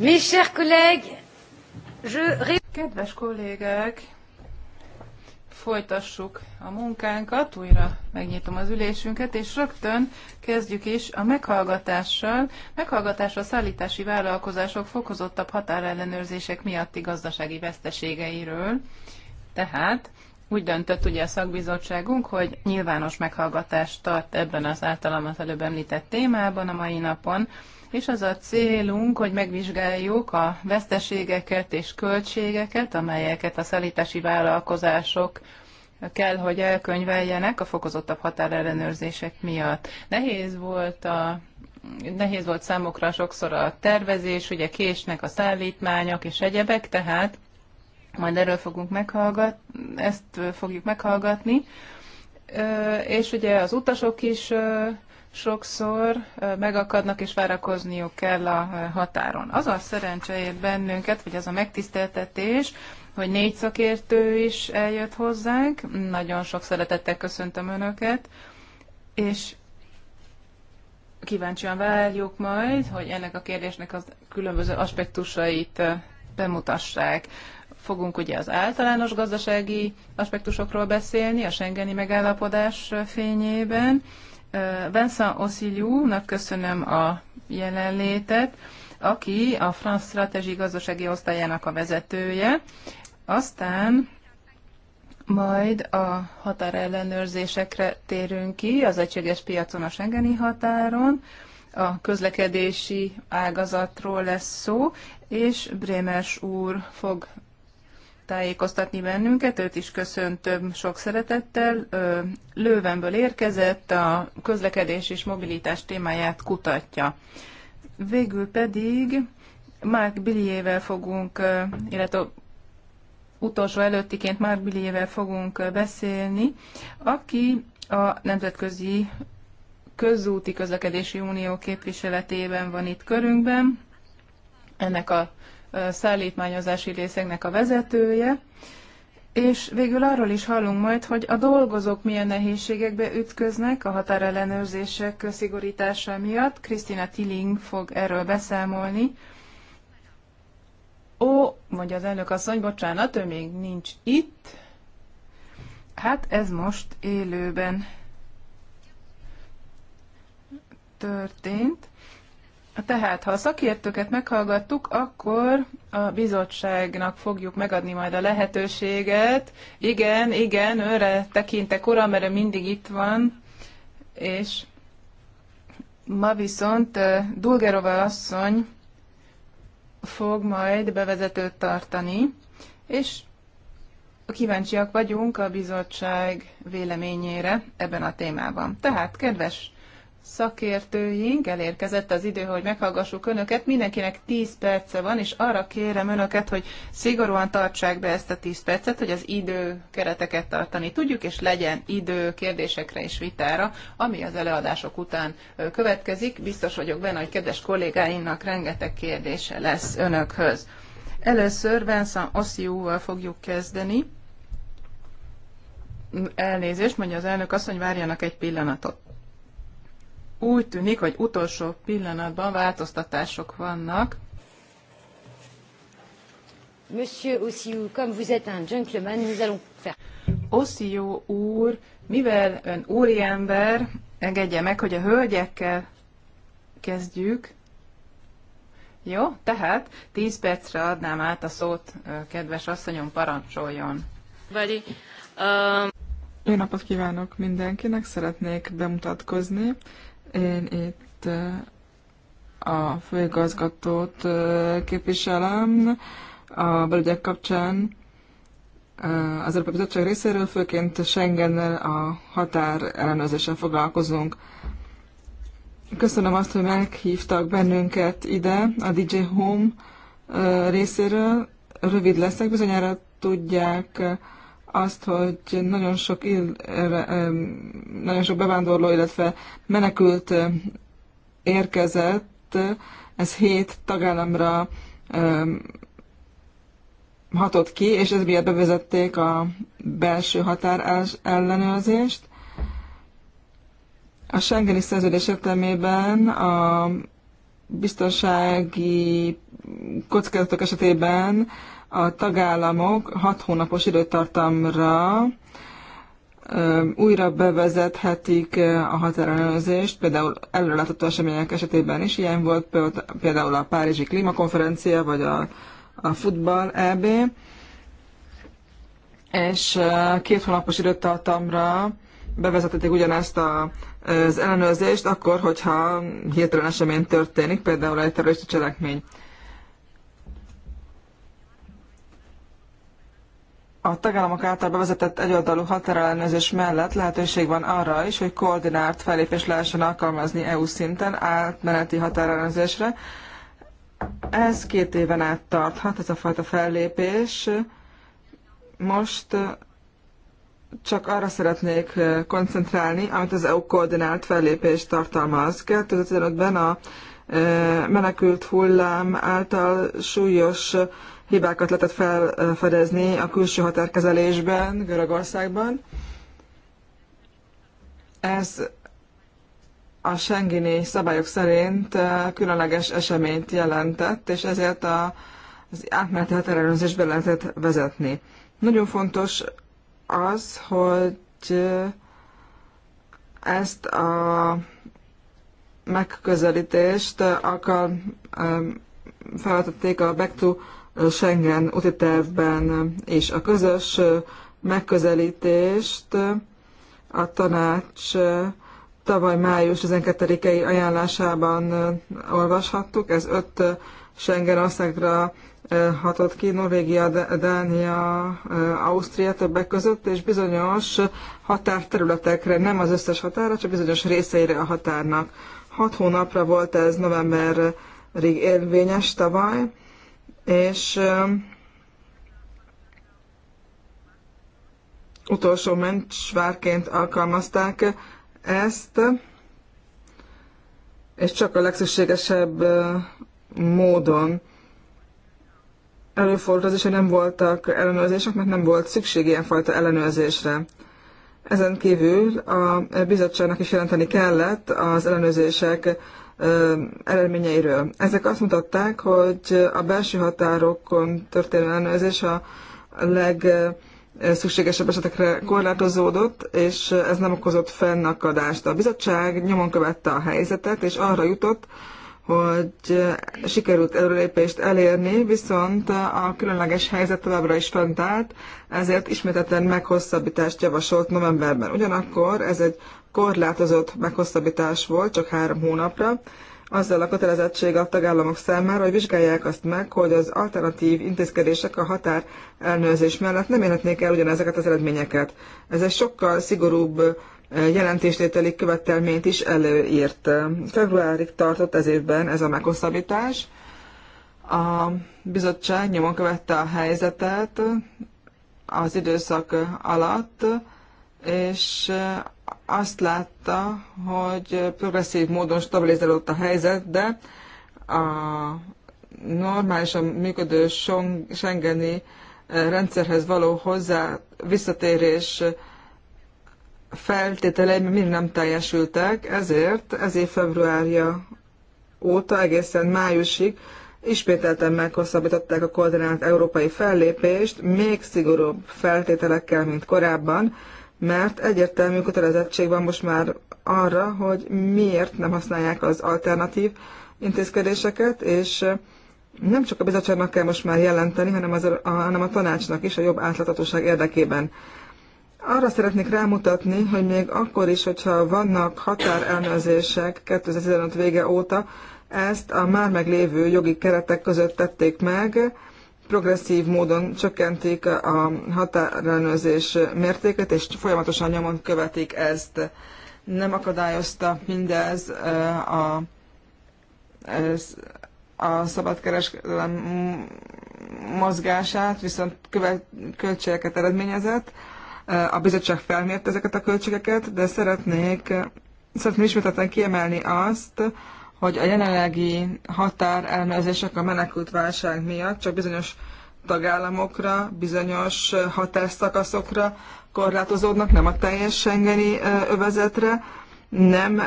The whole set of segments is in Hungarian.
Mes chers collègues, je... Kedves kollégák, folytassuk a munkánkat, újra megnyitom az ülésünket, és rögtön kezdjük is a meghallgatással. Meghallgatásra szállítási vállalkozások fokozottabb határellenőrzések miatti gazdasági veszteségeiről. Tehát úgy döntött ugye a szakbizottságunk, hogy nyilvános meghallgatást tart ebben az általam az előbb említett témában a mai napon, és az a célunk, hogy megvizsgáljuk a veszteségeket és költségeket, amelyeket a szállítási vállalkozások kell, hogy elkönyveljenek a fokozottabb határellenőrzések miatt. Nehéz volt a nehéz volt számokra sokszor a tervezés, ugye késnek a szállítmányok és egyebek, tehát majd erről fogunk meghallgat, ezt fogjuk meghallgatni. És ugye az utasok is sokszor megakadnak és várakozniuk kell a határon. Az a szerencse ért bennünket, vagy az a megtiszteltetés, hogy négy szakértő is eljött hozzánk. Nagyon sok szeretettel köszöntöm Önöket, és kíváncsian várjuk majd, hogy ennek a kérdésnek az különböző aspektusait bemutassák fogunk ugye az általános gazdasági aspektusokról beszélni a Schengeni megállapodás fényében. Vincent Ossiliou-nak köszönöm a jelenlétet, aki a France Strategy Gazdasági Osztályának a vezetője. Aztán majd a határellenőrzésekre térünk ki, az egységes piacon a Schengeni határon, a közlekedési ágazatról lesz szó, és Brémers úr fog tájékoztatni bennünket, őt is köszöntöm sok szeretettel. Lővenből érkezett, a közlekedés és mobilitás témáját kutatja. Végül pedig Mark Billyével fogunk, illetve utolsó előttiként Mark Billyével fogunk beszélni, aki a Nemzetközi Közúti Közlekedési Unió képviseletében van itt körünkben. Ennek a szállítmányozási részegnek a vezetője, és végül arról is hallunk majd, hogy a dolgozók milyen nehézségekbe ütköznek a határellenőrzések szigorítása miatt. Krisztina Tilling fog erről beszámolni. Ó, mondja az elnök asszony, bocsánat, ő még nincs itt. Hát ez most élőben történt. Tehát, ha a szakértőket meghallgattuk, akkor a bizottságnak fogjuk megadni majd a lehetőséget. Igen, igen, őre tekintek, uram, mert mindig itt van, és ma viszont Dulgerova asszony fog majd bevezetőt tartani, és kíváncsiak vagyunk a bizottság véleményére ebben a témában. Tehát, kedves szakértőink, elérkezett az idő, hogy meghallgassuk önöket. Mindenkinek 10 perce van, és arra kérem önöket, hogy szigorúan tartsák be ezt a 10 percet, hogy az idő kereteket tartani tudjuk, és legyen idő kérdésekre és vitára, ami az előadások után következik. Biztos vagyok benne, hogy kedves kollégáinak rengeteg kérdése lesz önökhöz. Először Vincent Ossiúval fogjuk kezdeni. Elnézést, mondja az elnök azt, hogy várjanak egy pillanatot úgy tűnik, hogy utolsó pillanatban változtatások vannak. Monsieur Ossiou, comme vous êtes un gentleman, nous allons faire. Ossiou úr, mivel ön úriember, engedje meg, hogy a hölgyekkel kezdjük. Jó, tehát 10 percre adnám át a szót, kedves asszonyom, parancsoljon. Vagy, um... Jó napot kívánok mindenkinek, szeretnék bemutatkozni. Én itt eh, a főigazgatót eh, képviselem a belügyek kapcsán eh, az Európai Bizottság részéről, főként Schengennel a határ ellenőrzéssel foglalkozunk. Köszönöm azt, hogy meghívtak bennünket ide a DJ Home részéről. Rövid leszek, bizonyára tudják azt, hogy nagyon sok, ill, eh, eh, nagyon sok bevándorló, illetve menekült eh, érkezett, ez hét tagállamra hatott ki, és ez miatt bevezették a belső határ ellenőrzést. A Schengeni szerződés értelmében a biztonsági kockázatok esetében a tagállamok hat hónapos időtartamra újra bevezethetik a határelőzést, például előlátható események esetében is ilyen volt, például a Párizsi Klímakonferencia, vagy a, a futball EB, és két hónapos időtartamra bevezetették ugyanezt a, az ellenőrzést, akkor, hogyha hirtelen esemény történik, például egy terrorista cselekmény. a tagállamok által bevezetett egyoldalú határellenőrzés mellett lehetőség van arra is, hogy koordinált fellépést lehessen alkalmazni EU szinten átmeneti határellenőrzésre. Ez két éven át tarthat, ez a fajta fellépés. Most csak arra szeretnék koncentrálni, amit az EU koordinált fellépés tartalmaz. 2015-ben a menekült hullám által súlyos hibákat lehetett felfedezni a külső határkezelésben Görögországban. Ez a Schengeni szabályok szerint különleges eseményt jelentett, és ezért a, az átmeneti határelőzést be lehetett vezetni. Nagyon fontos az, hogy ezt a megközelítést akar felvetették a Back to Schengen úti tervben és A közös megközelítést a tanács tavaly május 12-i ajánlásában olvashattuk. Ez öt Schengen országra hatott ki, Norvégia, Dánia, Ausztria többek között, és bizonyos határterületekre, nem az összes határa, csak bizonyos részeire a határnak. Hat hónapra volt ez novemberig érvényes tavaly, és utolsó mencsvárként alkalmazták ezt, és csak a legszükségesebb módon előfordult az is, hogy nem voltak ellenőrzések, mert nem volt szükség ilyenfajta ellenőrzésre. Ezen kívül a bizottságnak is jelenteni kellett az ellenőrzések eredményeiről. Ezek azt mutatták, hogy a belső határokon történő ellenőrzés a legszükségesebb esetekre korlátozódott, és ez nem okozott fennakadást. A bizottság nyomon követte a helyzetet, és arra jutott, hogy eh, sikerült előlépést elérni, viszont a különleges helyzet továbbra is fennállt, ezért ismételten meghosszabbítást javasolt novemberben. Ugyanakkor ez egy korlátozott meghosszabbítás volt, csak három hónapra, azzal a kötelezettség a tagállamok számára, hogy vizsgálják azt meg, hogy az alternatív intézkedések a határ elnőrzés mellett nem érhetnék el ugyanezeket az eredményeket. Ez egy sokkal szigorúbb jelentéstételi követelményt is előírt. Februárig tartott ez évben ez a meghosszabbítás. A bizottság nyomon követte a helyzetet az időszak alatt, és azt látta, hogy progresszív módon stabilizálódott a helyzet, de a normálisan működő Schengeni rendszerhez való hozzá visszatérés feltételeim mind nem teljesültek, ezért ez év februárja óta egészen májusig ismételten meghosszabbították a koordinált európai fellépést, még szigorúbb feltételekkel, mint korábban, mert egyértelmű kötelezettség van most már arra, hogy miért nem használják az alternatív intézkedéseket, és nem csak a bizottságnak kell most már jelenteni, hanem, az, a, hanem a tanácsnak is a jobb átláthatóság érdekében. Arra szeretnék rámutatni, hogy még akkor is, hogyha vannak határelnőzések 2015 vége óta, ezt a már meglévő jogi keretek között tették meg, progresszív módon csökkentik a határelnőzés mértéket, és folyamatosan nyomon követik ezt. Nem akadályozta mindez a, a szabadkereskedelem mozgását, viszont követ, költségeket eredményezett. A bizottság felmért ezeket a költségeket, de szeretnék, szeretném ismételten kiemelni azt, hogy a jelenlegi határ ellenőrzések a menekült válság miatt csak bizonyos tagállamokra, bizonyos határszakaszokra korlátozódnak, nem a teljes Schengeni övezetre, nem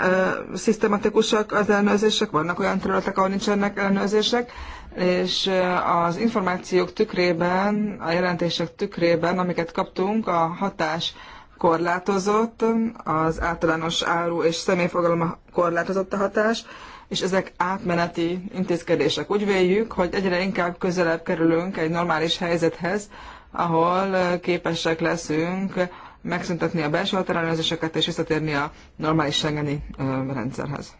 szisztematikusak az ellenőrzések, vannak olyan területek, ahol nincsenek ellenőrzések, és az információk tükrében, a jelentések tükrében, amiket kaptunk, a hatás korlátozott, az általános áru és személyfogalom korlátozott a hatás, és ezek átmeneti intézkedések. Úgy véljük, hogy egyre inkább közelebb kerülünk egy normális helyzethez, ahol képesek leszünk megszüntetni a belső határelőzéseket és visszatérni a normális Schengeni rendszerhez.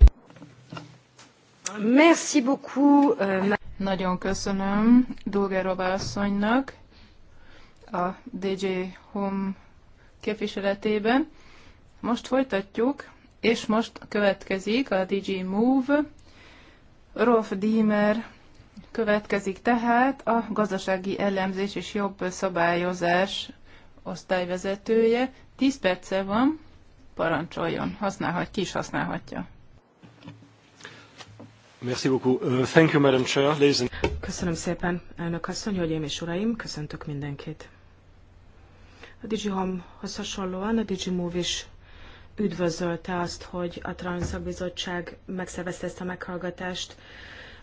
Merci beaucoup. Euh, nagyon köszönöm Dulgerova asszonynak a DJ Home képviseletében. Most folytatjuk, és most következik a DJ Move. Rolf Diemer következik tehát a gazdasági ellenzés és jobb szabályozás osztályvezetője. 10 perce van, parancsoljon, használhat, ki is használhatja. Uh, Köszönöm szépen, elnök asszony, hölgyeim és uraim, köszöntök mindenkit. A DigiHome-hoz hasonlóan a DigiMove is üdvözölte azt, hogy a Transzakbizottság megszervezte ezt a meghallgatást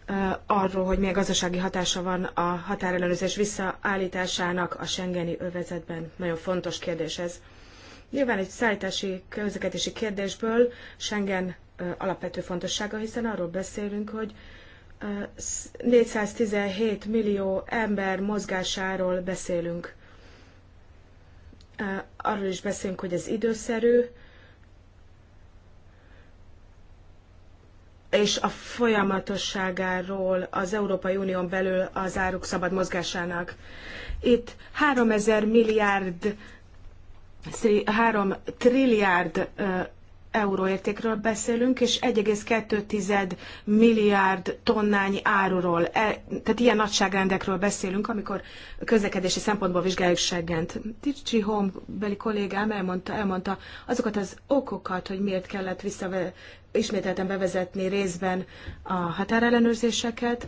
uh, arról, hogy milyen gazdasági hatása van a határellenőrzés visszaállításának a Schengeni övezetben. Nagyon fontos kérdés ez. Nyilván egy szállítási, közlekedési kérdésből Schengen alapvető fontossága, hiszen arról beszélünk, hogy 417 millió ember mozgásáról beszélünk. Arról is beszélünk, hogy ez időszerű, és a folyamatosságáról az Európai Unión belül az áruk szabad mozgásának. Itt 3000 milliárd, 3 trilliárd euróértékről beszélünk, és 1,2 milliárd tonnányi áruról, e, tehát ilyen nagyságrendekről beszélünk, amikor közlekedési szempontból vizsgáljuk Seggent. Ticsi Home beli kollégám elmondta, elmondta azokat az okokat, hogy miért kellett vissza ismételten bevezetni részben a határellenőrzéseket,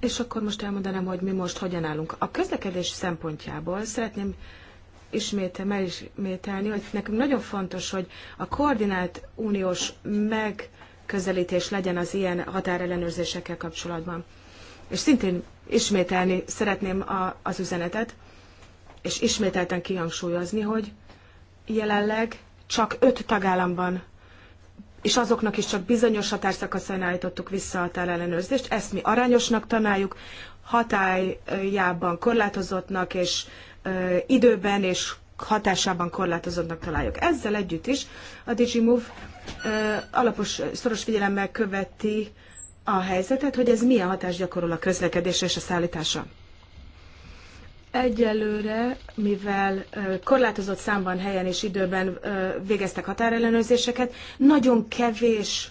és akkor most elmondanám, hogy mi most hogyan állunk. A közlekedés szempontjából szeretném ismétel, megismételni, hogy nekünk nagyon fontos, hogy a koordinált uniós megközelítés legyen az ilyen határellenőrzésekkel kapcsolatban. És szintén ismételni szeretném a, az üzenetet, és ismételten kihangsúlyozni, hogy jelenleg csak öt tagállamban és azoknak is csak bizonyos határszakaszán állítottuk vissza a határellenőrzést. Ezt mi arányosnak tanáljuk, hatályjában korlátozottnak és időben és hatásában korlátozottnak találjuk. Ezzel együtt is a DigiMove alapos, szoros figyelemmel követi a helyzetet, hogy ez milyen hatást gyakorol a közlekedésre és a szállításra. Egyelőre, mivel korlátozott számban, helyen és időben végeztek határellenőrzéseket, nagyon kevés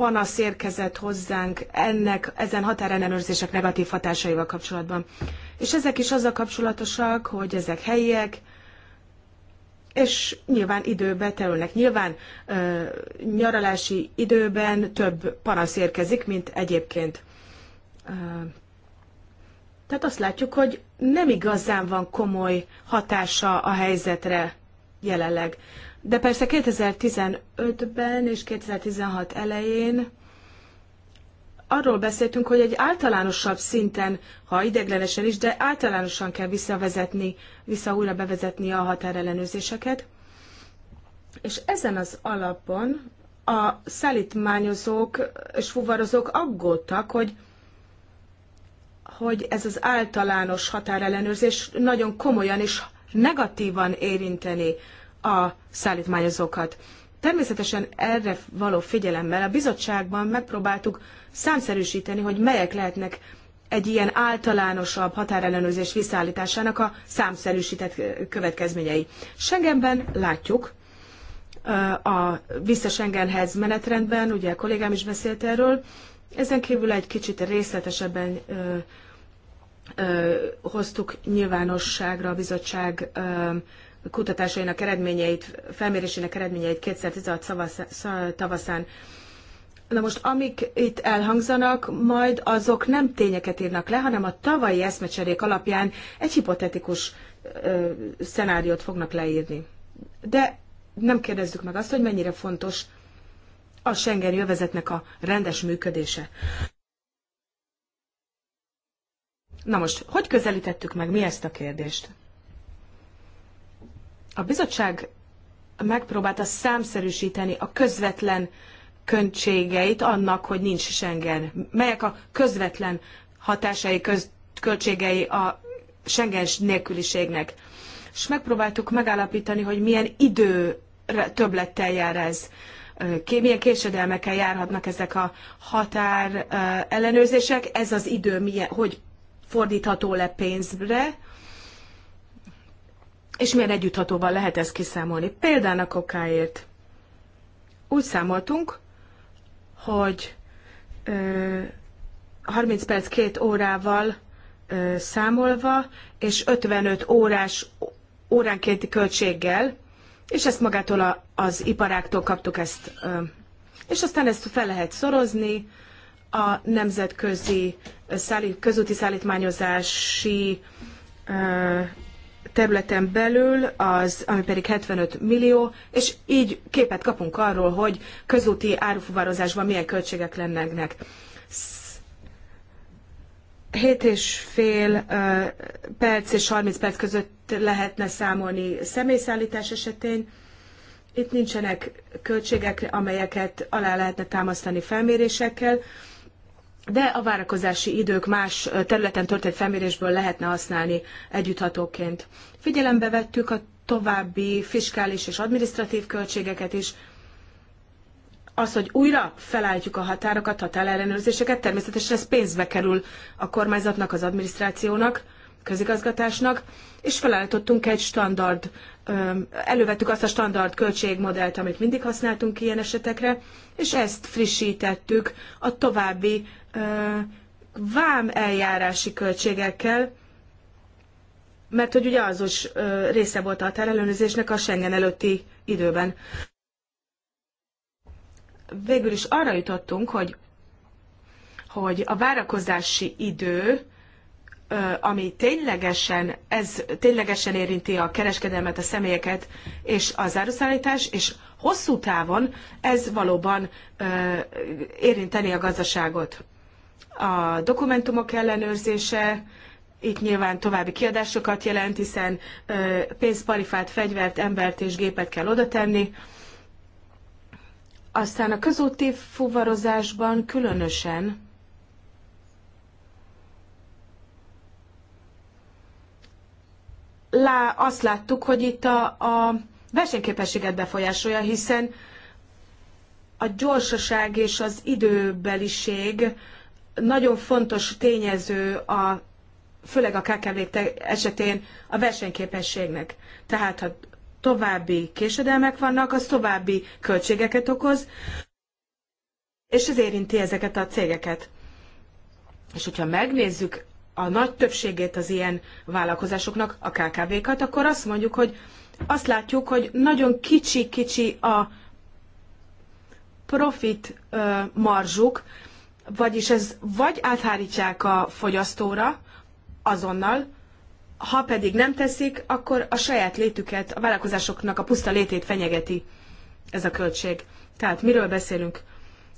panasz érkezett hozzánk ennek, ezen határellenőrzések negatív hatásaival kapcsolatban. És ezek is azzal kapcsolatosak, hogy ezek helyiek, és nyilván időbe telnek Nyilván ö, nyaralási időben több panasz érkezik, mint egyébként. Ö, tehát azt látjuk, hogy nem igazán van komoly hatása a helyzetre jelenleg. De persze 2015-ben és 2016 elején arról beszéltünk, hogy egy általánosabb szinten, ha ideglenesen is, de általánosan kell visszavezetni, vissza újra bevezetni a határellenőrzéseket. És ezen az alapon a szállítmányozók és fuvarozók aggódtak, hogy hogy ez az általános határellenőrzés nagyon komolyan és negatívan érinteni a szállítmányozókat. Természetesen erre való figyelemmel a bizottságban megpróbáltuk számszerűsíteni, hogy melyek lehetnek egy ilyen általánosabb határellenőrzés visszaállításának a számszerűsített következményei. Schengenben látjuk, a vissza Schengenhez menetrendben, ugye a kollégám is beszélt erről, ezen kívül egy kicsit részletesebben ö, ö, hoztuk nyilvánosságra a bizottság ö, kutatásainak eredményeit, felmérésének eredményeit 2016 tavaszán. Na most, amik itt elhangzanak, majd azok nem tényeket írnak le, hanem a tavalyi eszmecserék alapján egy hipotetikus ö, szenáriót fognak leírni. De nem kérdezzük meg azt, hogy mennyire fontos a Schengen jövezetnek a rendes működése. Na most, hogy közelítettük meg mi ezt a kérdést? A bizottság megpróbálta számszerűsíteni a közvetlen költségeit annak, hogy nincs Schengen. Melyek a közvetlen hatásai, köz, költségei a Schengen nélküliségnek. És megpróbáltuk megállapítani, hogy milyen idő többlettel jár ez milyen késedelmekkel járhatnak ezek a határ ellenőrzések, ez az idő milyen, hogy fordítható le pénzre, és milyen együtthatóban lehet ezt kiszámolni. Például a kokáért úgy számoltunk, hogy ö, 30 perc két órával ö, számolva, és 55 órás óránkénti költséggel, és ezt magától a, az iparáktól kaptuk ezt, ö, és aztán ezt fel lehet szorozni a nemzetközi szállít, közúti szállítmányozási ö, területen belül, az, ami pedig 75 millió, és így képet kapunk arról, hogy közúti árufuvarozásban milyen költségek lennének. 7 és fél perc és 30 perc között lehetne számolni személyszállítás esetén. Itt nincsenek költségek, amelyeket alá lehetne támasztani felmérésekkel de a várakozási idők más területen történt felmérésből lehetne használni együtthatóként. Figyelembe vettük a további fiskális és adminisztratív költségeket is, az, hogy újra felállítjuk a határokat, határellenőrzéseket, természetesen ez pénzbe kerül a kormányzatnak, az adminisztrációnak, közigazgatásnak, és felállítottunk egy standard elővettük azt a standard költségmodellt, amit mindig használtunk ilyen esetekre, és ezt frissítettük a további vám eljárási költségekkel, mert hogy ugye az is része volt a határellenőrzésnek a Schengen előtti időben. Végül is arra jutottunk, hogy, hogy a várakozási idő ami ténylegesen, ez ténylegesen érinti a kereskedelmet, a személyeket és az áruszállítás, és hosszú távon ez valóban érinteni a gazdaságot. A dokumentumok ellenőrzése, itt nyilván további kiadásokat jelent, hiszen pénzparifát, fegyvert, embert és gépet kell odatenni. Aztán a közúti fuvarozásban különösen lá, azt láttuk, hogy itt a, a versenyképességet befolyásolja, hiszen a gyorsaság és az időbeliség nagyon fontos tényező a főleg a kkv esetén a versenyképességnek. Tehát ha további késedelmek vannak, az további költségeket okoz, és ez érinti ezeket a cégeket. És hogyha megnézzük a nagy többségét az ilyen vállalkozásoknak, a KKV-kat, akkor azt mondjuk, hogy azt látjuk, hogy nagyon kicsi-kicsi a profit ö, marzsuk, vagyis ez vagy áthárítják a fogyasztóra azonnal, ha pedig nem teszik, akkor a saját létüket, a vállalkozásoknak a puszta létét fenyegeti ez a költség. Tehát miről beszélünk?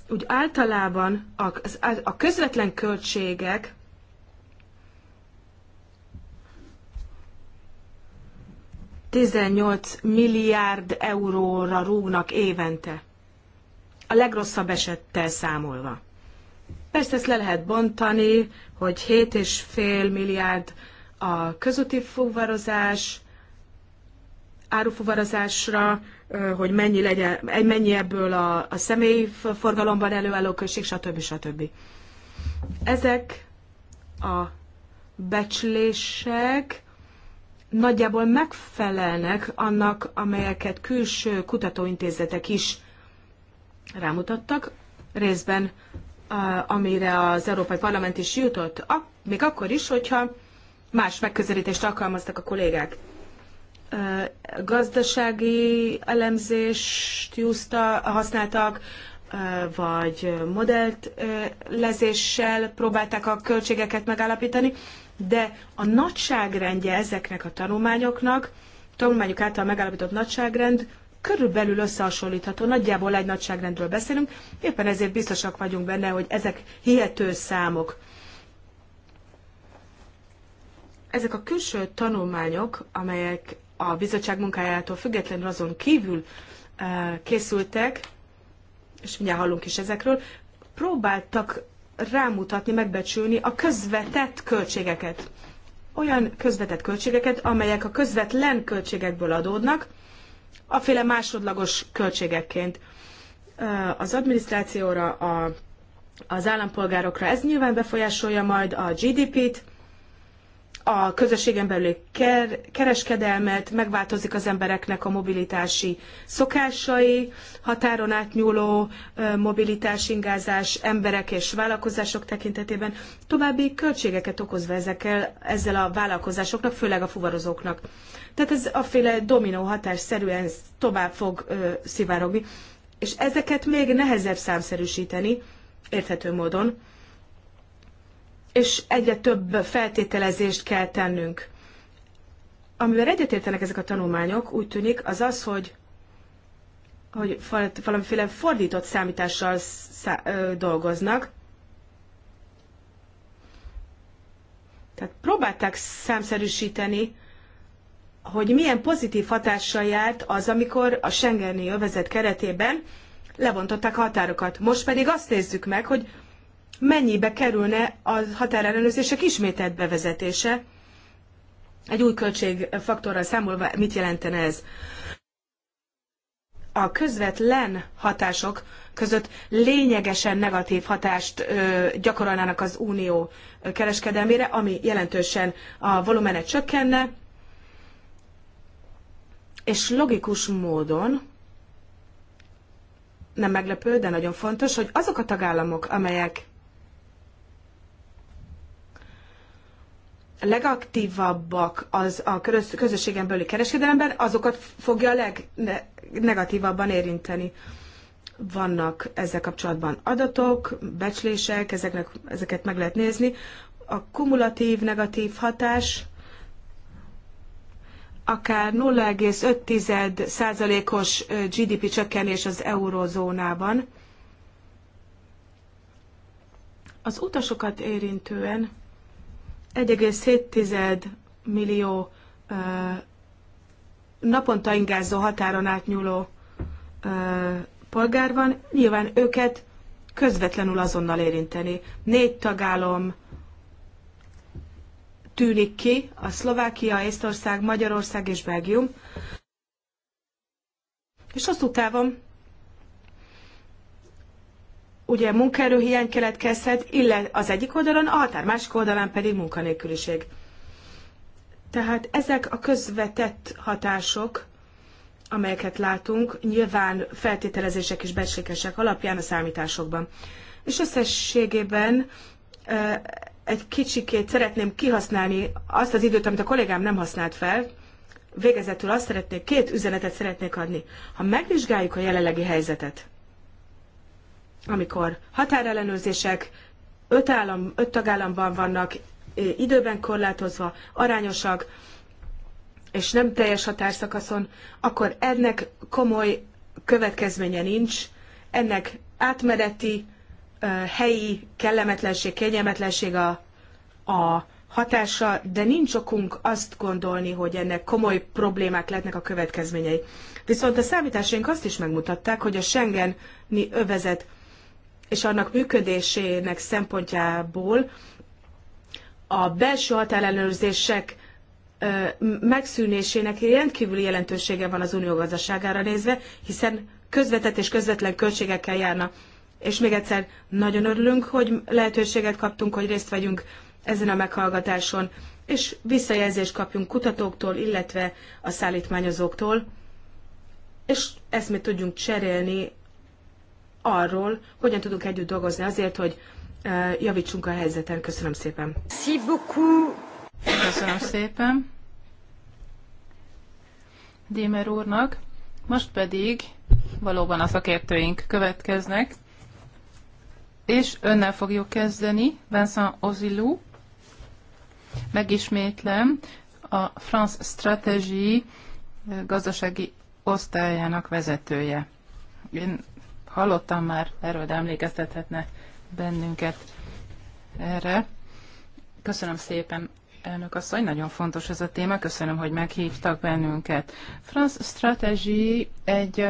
Úgy általában a, a közvetlen költségek 18 milliárd euróra rúgnak évente. A legrosszabb esettel számolva. Persze ezt le lehet bontani, hogy 7,5 milliárd a közúti fuvarozás, árufuvarozásra, hogy mennyi, legyen, mennyi ebből a, a személyi forgalomban előálló község, stb. stb. Ezek a becslések nagyjából megfelelnek annak, amelyeket külső kutatóintézetek is rámutattak, részben amire az Európai Parlament is jutott, még akkor is, hogyha más megközelítést alkalmaztak a kollégák. Gazdasági elemzést júzta, használtak, vagy modellt lezéssel próbálták a költségeket megállapítani, de a nagyságrendje ezeknek a tanulmányoknak, tanulmányok által megállapított nagyságrend körülbelül összehasonlítható, nagyjából egy nagyságrendről beszélünk, éppen ezért biztosak vagyunk benne, hogy ezek hihető számok. Ezek a külső tanulmányok, amelyek a bizottság munkájától függetlenül azon kívül eh, készültek, és mindjárt hallunk is ezekről, próbáltak rámutatni, megbecsülni a közvetett költségeket. Olyan közvetett költségeket, amelyek a közvetlen költségekből adódnak, aféle másodlagos költségekként. Az adminisztrációra, a, az állampolgárokra ez nyilván befolyásolja majd a GDP-t, a közösségen belüli kereskedelmet, megváltozik az embereknek a mobilitási szokásai, határon átnyúló mobilitás, ingázás emberek és vállalkozások tekintetében további költségeket okozva ezekkel, ezzel a vállalkozásoknak, főleg a fuvarozóknak. Tehát ez a féle dominó hatás szerűen tovább fog ö, szivárogni, és ezeket még nehezebb számszerűsíteni, érthető módon és egyre több feltételezést kell tennünk. Amivel egyetértenek ezek a tanulmányok, úgy tűnik, az az, hogy, hogy valamiféle fordított számítással szá, ö, dolgoznak. Tehát próbálták számszerűsíteni, hogy milyen pozitív hatással járt az, amikor a Schengeni övezet keretében levontották határokat. Most pedig azt nézzük meg, hogy mennyibe kerülne a határellenőrzések ismételt bevezetése, egy új költségfaktorral számolva mit jelentene ez? A közvetlen hatások között lényegesen negatív hatást gyakorolnának az unió kereskedelmére, ami jelentősen a volumene csökkenne, és logikus módon nem meglepő, de nagyon fontos, hogy azok a tagállamok, amelyek legaktívabbak az a közösségen belüli kereskedelemben, azokat fogja a legnegatívabban érinteni. Vannak ezzel kapcsolatban adatok, becslések, ezeknek, ezeket meg lehet nézni. A kumulatív negatív hatás akár 0,5%-os GDP csökkenés az eurozónában. Az utasokat érintően 1,7 millió naponta ingázó határon átnyúló polgár van, nyilván őket közvetlenül azonnal érinteni. Négy tagállam tűnik ki, a Szlovákia, Észtország, Magyarország és Belgium. És hosszú távon ugye munkaerőhiány keletkezhet, illetve az egyik oldalon a határ, másik oldalán pedig munkanélküliség. Tehát ezek a közvetett hatások, amelyeket látunk, nyilván feltételezések és becslések alapján a számításokban. És összességében egy kicsikét szeretném kihasználni azt az időt, amit a kollégám nem használt fel, Végezetül azt szeretnék, két üzenetet szeretnék adni. Ha megvizsgáljuk a jelenlegi helyzetet, amikor határellenőrzések öt, állam, öt tagállamban vannak, időben korlátozva, arányosak, és nem teljes határszakaszon, akkor ennek komoly következménye nincs, ennek átmeneti, helyi kellemetlenség, kényelmetlenség a, a hatása, de nincs okunk azt gondolni, hogy ennek komoly problémák lehetnek a következményei. Viszont a számításaink azt is megmutatták, hogy a Schengeni övezet és annak működésének szempontjából a belső határellenőrzések megszűnésének rendkívüli jelentősége van az unió gazdaságára nézve, hiszen közvetett és közvetlen költségekkel járna. És még egyszer nagyon örülünk, hogy lehetőséget kaptunk, hogy részt vegyünk ezen a meghallgatáson, és visszajelzést kapjunk kutatóktól, illetve a szállítmányozóktól, és ezt mi tudjunk cserélni arról, hogyan tudunk együtt dolgozni azért, hogy javítsunk a helyzeten. Köszönöm szépen. Köszönöm szépen. Démer úrnak. Most pedig valóban a szakértőink következnek, és önnel fogjuk kezdeni, Vincent Ozilou. Megismétlem, a France Stratégie gazdasági osztályának vezetője. Én hallottam már erről, de emlékeztethetne bennünket erre. Köszönöm szépen, elnök asszony, nagyon fontos ez a téma, köszönöm, hogy meghívtak bennünket. France Strategy egy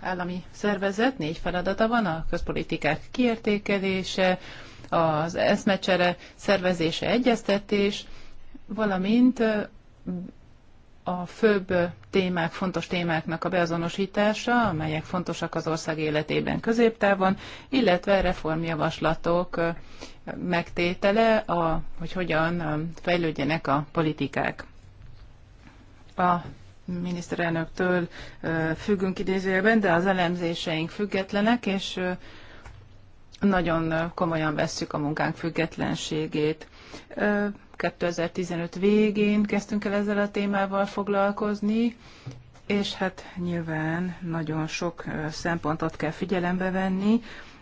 állami szervezet, négy feladata van, a közpolitikák kiértékelése, az eszmecsere szervezése, egyeztetés, valamint a főbb témák, fontos témáknak a beazonosítása, amelyek fontosak az ország életében középtávon, illetve reformjavaslatok megtétele, a, hogy hogyan fejlődjenek a politikák. A miniszterelnöktől függünk idézőjelben, de az elemzéseink függetlenek, és nagyon komolyan vesszük a munkánk függetlenségét. 2015 végén kezdtünk el ezzel a témával foglalkozni, és hát nyilván nagyon sok szempontot kell figyelembe venni,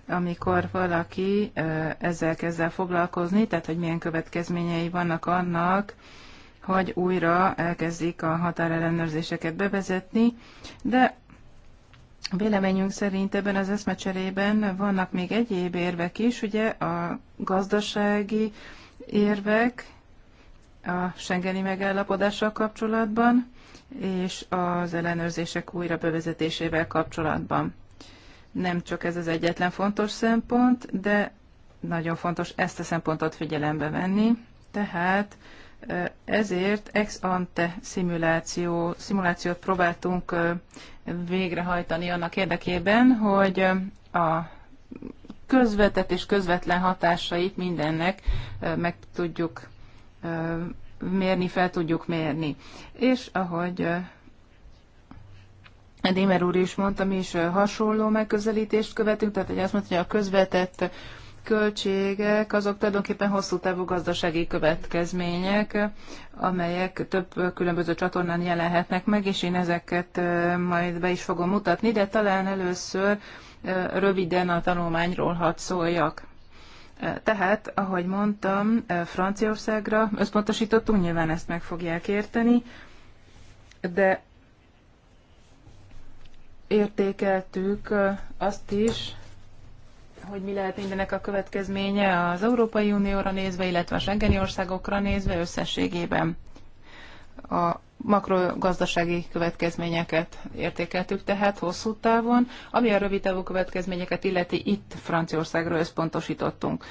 amikor valaki ezzel kezd el foglalkozni, tehát hogy milyen következményei vannak annak, hogy újra elkezdik a határellenőrzéseket bevezetni, de Véleményünk szerint ebben az eszmecserében vannak még egyéb érvek is, ugye a gazdasági érvek, a Schengeni megállapodással kapcsolatban, és az ellenőrzések újra bevezetésével kapcsolatban. Nem csak ez az egyetlen fontos szempont, de nagyon fontos ezt a szempontot figyelembe venni, tehát ezért ex ante szimuláció, szimulációt próbáltunk végrehajtani annak érdekében, hogy a közvetett és közvetlen hatásait mindennek meg tudjuk mérni, fel tudjuk mérni. És ahogy Démer úr is mondta, mi is hasonló megközelítést követünk, tehát hogy azt mondta, hogy a közvetett költségek azok tulajdonképpen hosszú távú gazdasági következmények, amelyek több különböző csatornán jelenhetnek meg, és én ezeket majd be is fogom mutatni, de talán először röviden a tanulmányról hadd szóljak. Tehát, ahogy mondtam, Franciaországra összpontosítottunk, nyilván ezt meg fogják érteni, de értékeltük azt is, hogy mi lehet mindenek a következménye az Európai Unióra nézve, illetve a Schengeni országokra nézve összességében. A makrogazdasági következményeket értékeltük tehát hosszú távon, ami a rövid távú következményeket illeti, itt Franciaországra összpontosítottunk.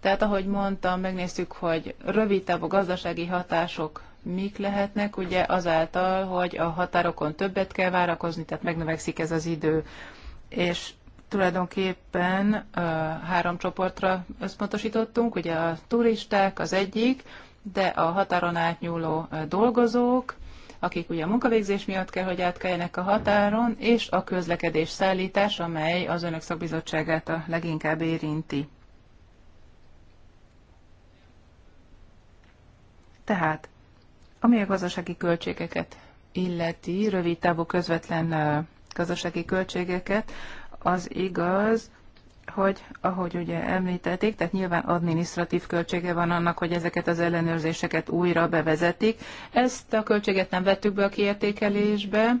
Tehát, ahogy mondtam, megnéztük, hogy rövid távú gazdasági hatások mik lehetnek, ugye azáltal, hogy a határokon többet kell várakozni, tehát megnövekszik ez az idő. És tulajdonképpen uh, három csoportra összpontosítottunk, ugye a turisták az egyik, de a határon átnyúló dolgozók, akik ugye a munkavégzés miatt kell, hogy átkeljenek a határon, és a közlekedés szállítás, amely az önök szakbizottságát a leginkább érinti. Tehát, ami a gazdasági költségeket illeti, rövid távú közvetlen gazdasági költségeket, az igaz, hogy, ahogy ugye említették, tehát nyilván adminisztratív költsége van annak, hogy ezeket az ellenőrzéseket újra bevezetik. Ezt a költséget nem vettük be a kiértékelésbe,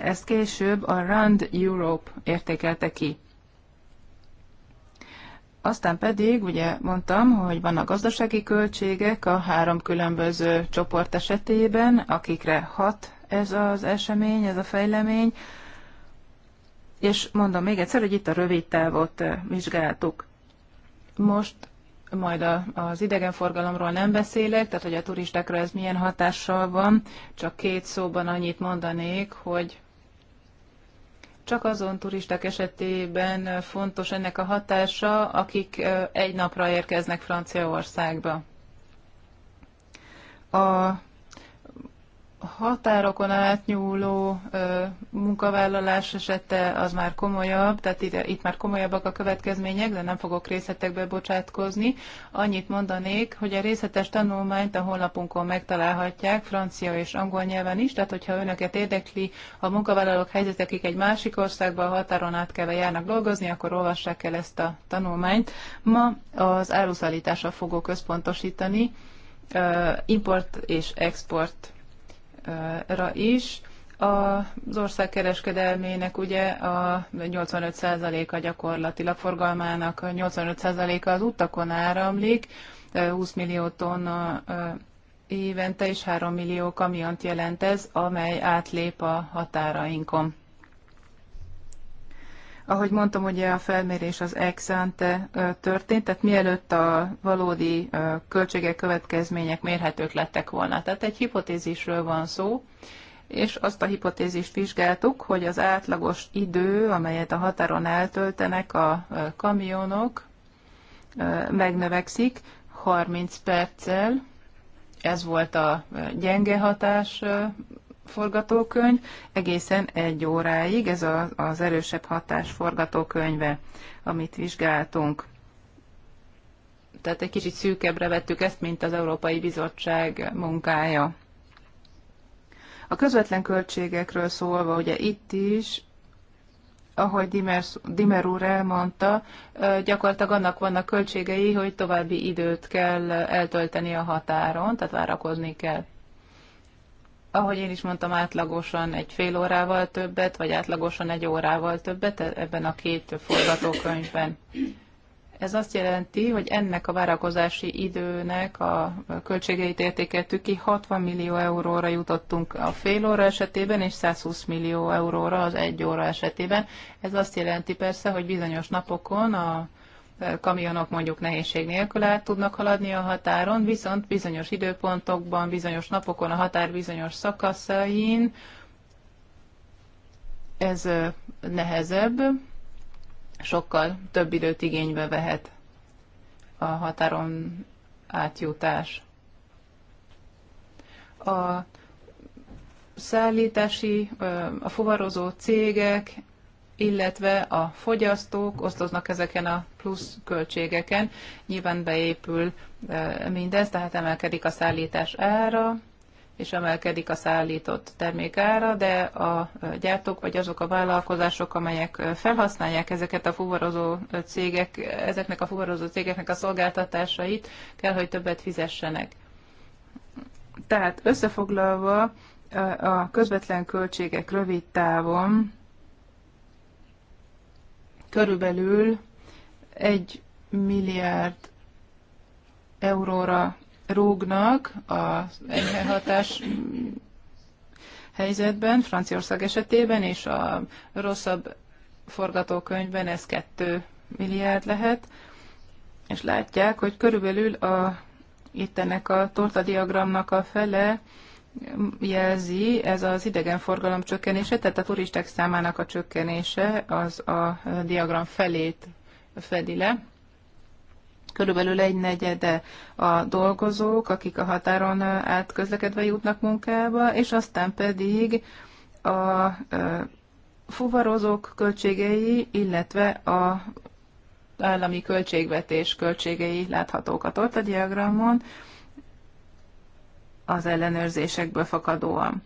ezt később a Rand Europe értékelte ki. Aztán pedig, ugye mondtam, hogy van a gazdasági költségek a három különböző csoport esetében, akikre hat ez az esemény, ez a fejlemény, és mondom még egyszer, hogy itt a rövid távot vizsgáltuk. Most majd a, az idegenforgalomról nem beszélek, tehát hogy a turistákra ez milyen hatással van, csak két szóban annyit mondanék, hogy csak azon turisták esetében fontos ennek a hatása, akik egy napra érkeznek Franciaországba. A határokon átnyúló ö, munkavállalás esete az már komolyabb, tehát ide, itt már komolyabbak a következmények, de nem fogok részletekbe bocsátkozni. Annyit mondanék, hogy a részletes tanulmányt a honlapunkon megtalálhatják francia és angol nyelven is, tehát hogyha önöket érdekli a munkavállalók helyzet, akik egy másik országban a határon átkelve járnak dolgozni, akkor olvassák el ezt a tanulmányt. Ma az áruszállításra fogok központosítani, ö, import és export ra is. Az ország kereskedelmének ugye a 85%-a gyakorlatilag forgalmának 85%-a az utakon áramlik, 20 millió tonna évente és 3 millió kamiont jelent ez, amely átlép a határainkon. Ahogy mondtam, ugye a felmérés az ex ante történt, tehát mielőtt a valódi költségek, következmények mérhetők lettek volna. Tehát egy hipotézisről van szó, és azt a hipotézist vizsgáltuk, hogy az átlagos idő, amelyet a határon eltöltenek a kamionok, megnövekszik 30 perccel, ez volt a gyenge hatás forgatókönyv egészen egy óráig, ez a, az erősebb hatás forgatókönyve, amit vizsgáltunk. Tehát egy kicsit szűkebbre vettük ezt, mint az Európai Bizottság munkája. A közvetlen költségekről szólva, ugye itt is, ahogy Dimer, Dimer úr elmondta, gyakorlatilag annak vannak költségei, hogy további időt kell eltölteni a határon, tehát várakozni kell ahogy én is mondtam, átlagosan egy fél órával többet, vagy átlagosan egy órával többet ebben a két forgatókönyvben. Ez azt jelenti, hogy ennek a várakozási időnek a költségeit értékeltük ki, 60 millió euróra jutottunk a fél óra esetében, és 120 millió euróra az egy óra esetében. Ez azt jelenti persze, hogy bizonyos napokon a kamionok mondjuk nehézség nélkül át tudnak haladni a határon, viszont bizonyos időpontokban, bizonyos napokon, a határ bizonyos szakaszain ez nehezebb, sokkal több időt igénybe vehet a határon átjutás. A szállítási, a fuvarozó cégek illetve a fogyasztók osztoznak ezeken a plusz költségeken. Nyilván beépül e, mindez, tehát emelkedik a szállítás ára, és emelkedik a szállított termék ára, de a e, gyártók vagy azok a vállalkozások, amelyek e, felhasználják ezeket a fuvarozó cégek, ezeknek a fuvarozó cégeknek a szolgáltatásait, kell, hogy többet fizessenek. Tehát összefoglalva a közvetlen költségek rövid távon körülbelül egy milliárd euróra rúgnak a enyhe hatás helyzetben, Franciaország esetében, és a rosszabb forgatókönyvben ez 2 milliárd lehet, és látják, hogy körülbelül a, itt ennek a tortadiagramnak a fele jelzi ez az idegenforgalom csökkenése, tehát a turisták számának a csökkenése az a diagram felét fedi le. Körülbelül egy negyede a dolgozók, akik a határon át közlekedve jutnak munkába, és aztán pedig a fuvarozók költségei, illetve a állami költségvetés költségei láthatók a tortadiagramon. diagramon az ellenőrzésekből fakadóan.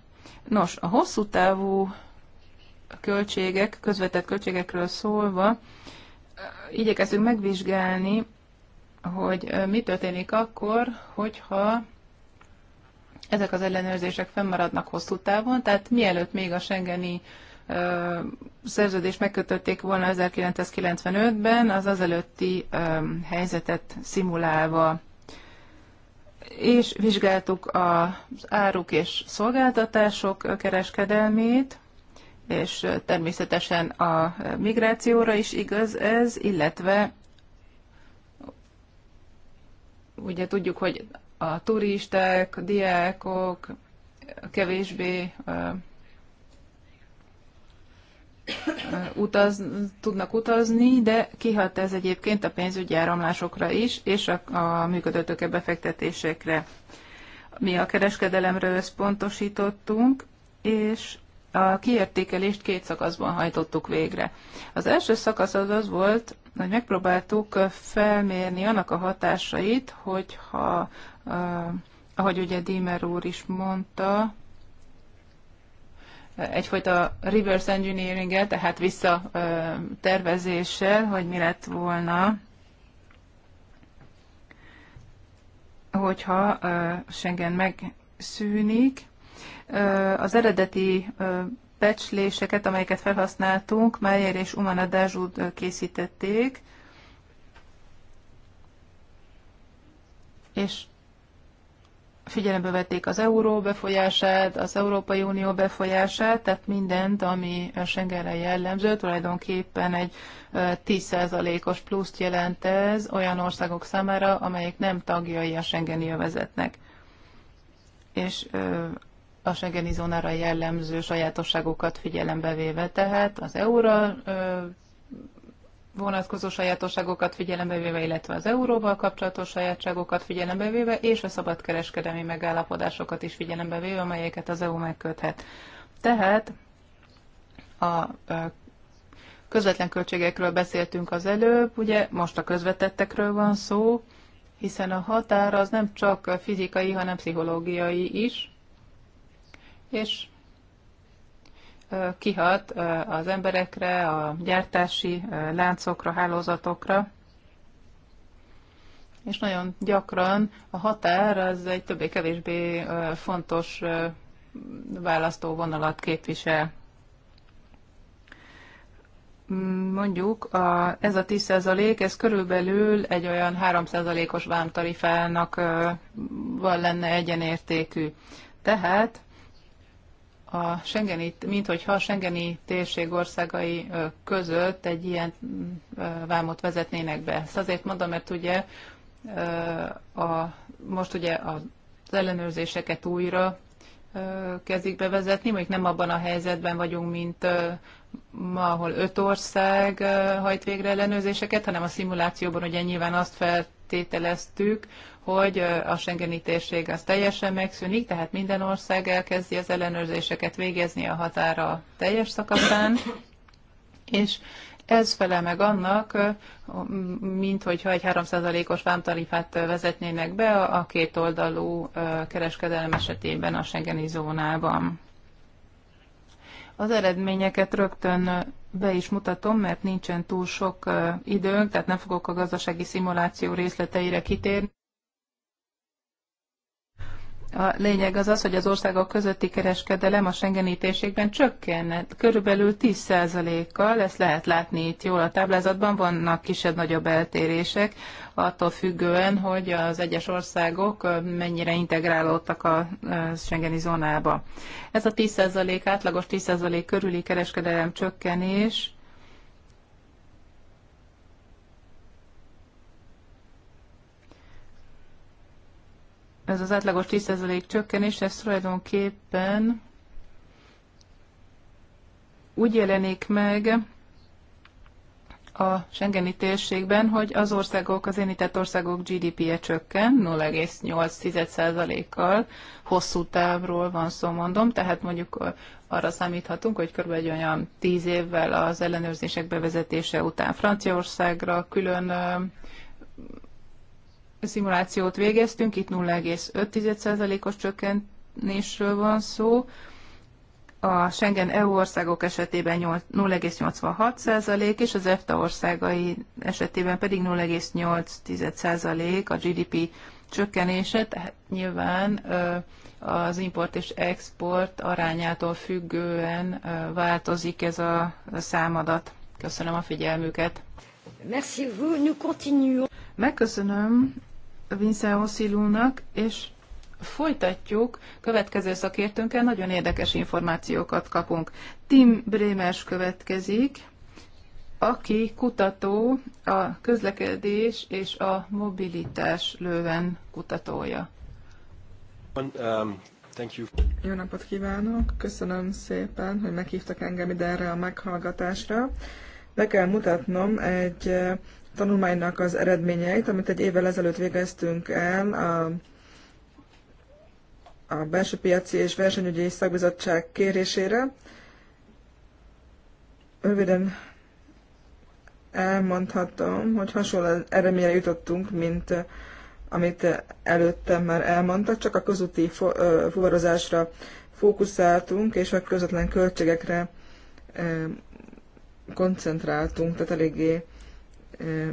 Nos, a hosszú távú költségek, közvetett költségekről szólva, igyekeztünk megvizsgálni, hogy mi történik akkor, hogyha ezek az ellenőrzések fennmaradnak hosszú távon, tehát mielőtt még a Schengeni ö, szerződést megkötötték volna 1995-ben, az azelőtti ö, helyzetet szimulálva és vizsgáltuk az áruk és szolgáltatások kereskedelmét, és természetesen a migrációra is igaz ez, illetve ugye tudjuk, hogy a turisták, a diákok kevésbé utaz, tudnak utazni, de kihat ez egyébként a pénzügyi áramlásokra is, és a, a működőtöke befektetésekre. Mi a kereskedelemre összpontosítottunk, és a kiértékelést két szakaszban hajtottuk végre. Az első szakasz az az volt, hogy megpróbáltuk felmérni annak a hatásait, hogyha, ahogy ugye Dímer úr is mondta, egyfajta reverse engineering tehát tervezéssel, hogy mi lett volna, hogyha Schengen megszűnik. Az eredeti becsléseket, amelyeket felhasználtunk, Meyer és Umana Dázsúd készítették, és figyelembe vették az euró befolyását, az Európai Unió befolyását, tehát mindent, ami Schengenre jellemző, tulajdonképpen egy 10%-os pluszt jelent ez olyan országok számára, amelyek nem tagjai a Schengeni övezetnek. És a Schengeni zónára jellemző sajátosságokat figyelembe véve, tehát az euró vonatkozó sajátosságokat figyelembe véve, illetve az euróval kapcsolatos sajátságokat figyelembe véve, és a szabadkereskedelmi megállapodásokat is figyelembe véve, amelyeket az EU megköthet. Tehát a közvetlen költségekről beszéltünk az előbb, ugye most a közvetettekről van szó, hiszen a határ az nem csak fizikai, hanem pszichológiai is, és kihat az emberekre, a gyártási láncokra, hálózatokra, és nagyon gyakran a határ az egy többé-kevésbé fontos választóvonalat képvisel. Mondjuk a, ez a 10% ez körülbelül egy olyan 3%-os vámtarifának van lenne egyenértékű. Tehát a Schengeni, mint hogyha a Schengeni térség országai között egy ilyen vámot vezetnének be. Ezt azért mondom, mert ugye a, most ugye az ellenőrzéseket újra kezdik bevezetni, mondjuk nem abban a helyzetben vagyunk, mint ma, ahol öt ország hajt végre ellenőrzéseket, hanem a szimulációban ugye nyilván azt fel feltételeztük, hogy a Schengeni térség az teljesen megszűnik, tehát minden ország elkezdi az ellenőrzéseket végezni a határa teljes szakaszán, és ez felel meg annak, mint hogyha egy 3%-os vámtarifát vezetnének be a két oldalú kereskedelem esetében a Schengeni zónában. Az eredményeket rögtön be is mutatom, mert nincsen túl sok időnk, tehát nem fogok a gazdasági szimuláció részleteire kitérni. A lényeg az az, hogy az országok közötti kereskedelem a Schengeni térségben csökkenne, körülbelül 10%-kal, ezt lehet látni itt jól a táblázatban, vannak kisebb-nagyobb eltérések, attól függően, hogy az egyes országok mennyire integrálódtak a Schengeni zónába. Ez a 10% átlagos 10% körüli kereskedelem csökkenés, ez az átlagos 10% csökkenés, ez tulajdonképpen úgy jelenik meg a Schengeni térségben, hogy az országok, az érintett országok GDP-je csökken 0,8%-kal, hosszú távról van szó, mondom, tehát mondjuk arra számíthatunk, hogy kb. egy olyan 10 évvel az ellenőrzések bevezetése után Franciaországra külön szimulációt végeztünk, itt 0,5%-os csökkenésről van szó, a Schengen EU országok esetében 0,86% és az EFTA országai esetében pedig 0,8% a GDP csökkenése, tehát nyilván az import és export arányától függően változik ez a számadat. Köszönöm a figyelmüket. Merci vous. Nous continuons. Megköszönöm Vincent Oszilúnak, és folytatjuk következő szakértőnkkel, nagyon érdekes információkat kapunk. Tim Brémers következik, aki kutató, a közlekedés és a mobilitás lőven kutatója. Um, Jó napot kívánok! Köszönöm szépen, hogy meghívtak engem ide erre a meghallgatásra. Be kell mutatnom egy tanulmánynak az eredményeit, amit egy évvel ezelőtt végeztünk el a, a belső piaci és versenyügyi szakbizottság kérésére. Röviden elmondhatom, hogy hasonló eredményre jutottunk, mint amit előtte már elmondtak, csak a közúti fuvarozásra fókuszáltunk, és a közvetlen költségekre koncentráltunk, tehát eléggé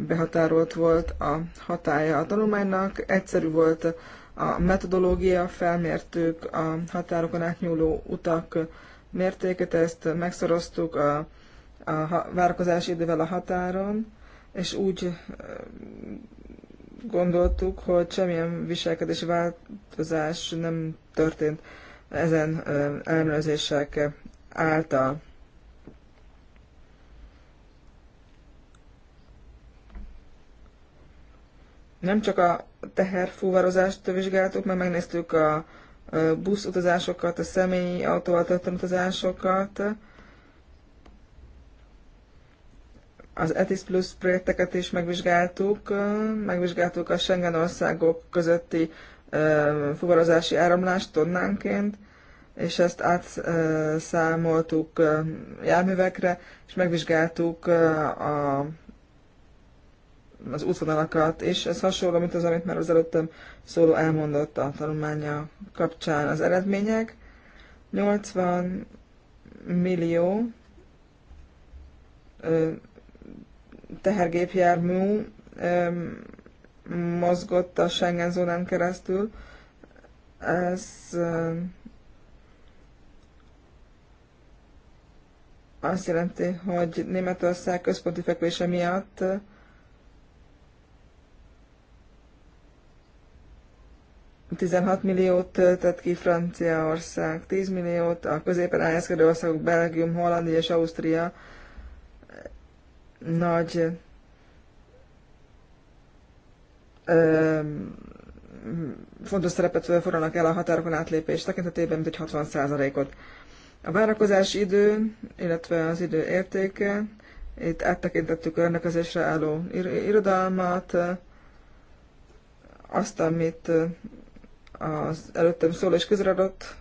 behatárolt volt a hatája a tanulmánynak, egyszerű volt a metodológia, felmértük a határokon átnyúló utak mértéket, ezt megszoroztuk a, a várakozási idővel a határon, és úgy gondoltuk, hogy semmilyen viselkedési változás nem történt ezen ellenőrzések által. nem csak a teherfúvarozást vizsgáltuk, mert megnéztük a buszutazásokat, a személyi autóval történő utazásokat, az ETIS Plus projekteket is megvizsgáltuk, megvizsgáltuk a Schengen országok közötti fuvarozási áramlást tonnánként, és ezt átszámoltuk járművekre, és megvizsgáltuk a az útvonalakat, és ez hasonló, mint az, amit már az előttem szóló elmondott a tanulmánya kapcsán az eredmények. 80 millió tehergépjármű mozgott a Schengen zónán keresztül. Ez azt jelenti, hogy Németország központi fekvése miatt 16 milliót töltött ki Franciaország, 10 milliót, a középen elhelyezkedő országok Belgium, Hollandia és Ausztria nagy ö, fontos szerepet forranak el a határokon átlépés tekintetében, mint egy 60%-ot. A várakozás idő, illetve az idő értéke, itt áttekintettük a rendelkezésre álló irodalmat, azt, amit az előttem szóló és közradott.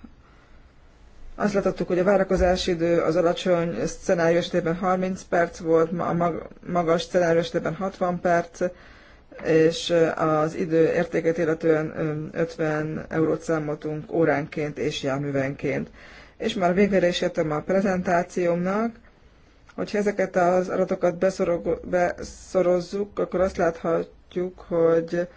Azt láthattuk, hogy a várakozási idő az alacsony szenárió esetében 30 perc volt, a magas szenárió esetében 60 perc, és az idő értékét illetően 50 eurót számoltunk óránként és járművenként. És már végre is értem a prezentációmnak, hogyha ezeket az adatokat beszorozzuk, akkor azt láthatjuk, hogy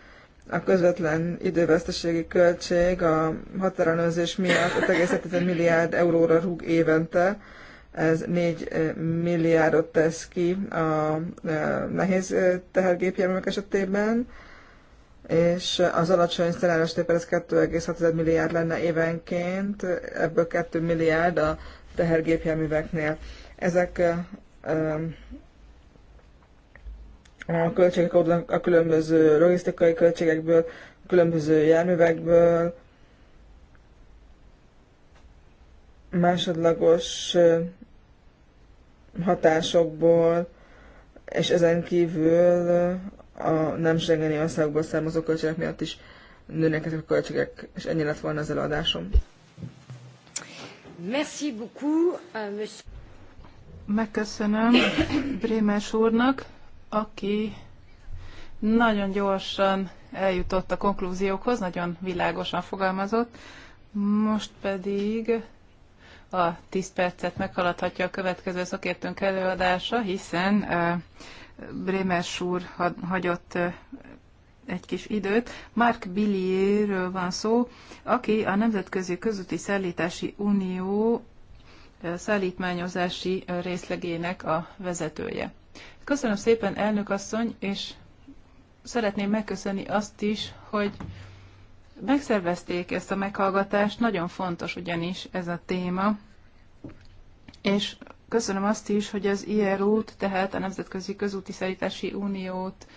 a közvetlen időveszteségi költség a határelőzés miatt 5,7 milliárd euróra rúg évente, ez 4 eh, milliárdot tesz ki a eh, nehéz eh, tehergépjárművek esetében, és az alacsony szerelmes tépel ez 2,6 milliárd lenne évenként, ebből 2 milliárd a tehergépjárműveknél. Ezek a költségek a különböző logisztikai költségekből, a különböző járművekből, másodlagos hatásokból, és ezen kívül a nem Schengeni országból származó költségek miatt is nőnek ezek a költségek, és ennyi lett volna az előadásom. Merci beaucoup, euh, monsieur. Megköszönöm Brémás úrnak aki nagyon gyorsan eljutott a konklúziókhoz, nagyon világosan fogalmazott, most pedig a 10 percet meghaladhatja a következő szakértőnk előadása, hiszen Bremer úr hagyott egy kis időt. Mark Billierről van szó, aki a Nemzetközi Közúti Szállítási Unió szállítmányozási részlegének a vezetője. Köszönöm szépen, elnök asszony, és szeretném megköszönni azt is, hogy megszervezték ezt a meghallgatást, nagyon fontos ugyanis ez a téma, és köszönöm azt is, hogy az IRU-t, tehát a Nemzetközi Közúti Szállítási Uniót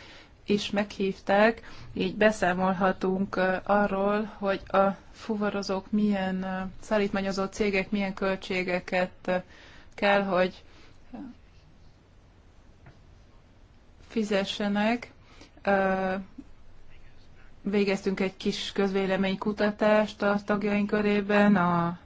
is meghívták, így beszámolhatunk arról, hogy a fuvarozók milyen szállítmányozó cégek milyen költségeket kell, hogy fizessenek. Végeztünk egy kis közvéleménykutatást a tagjaink körében, a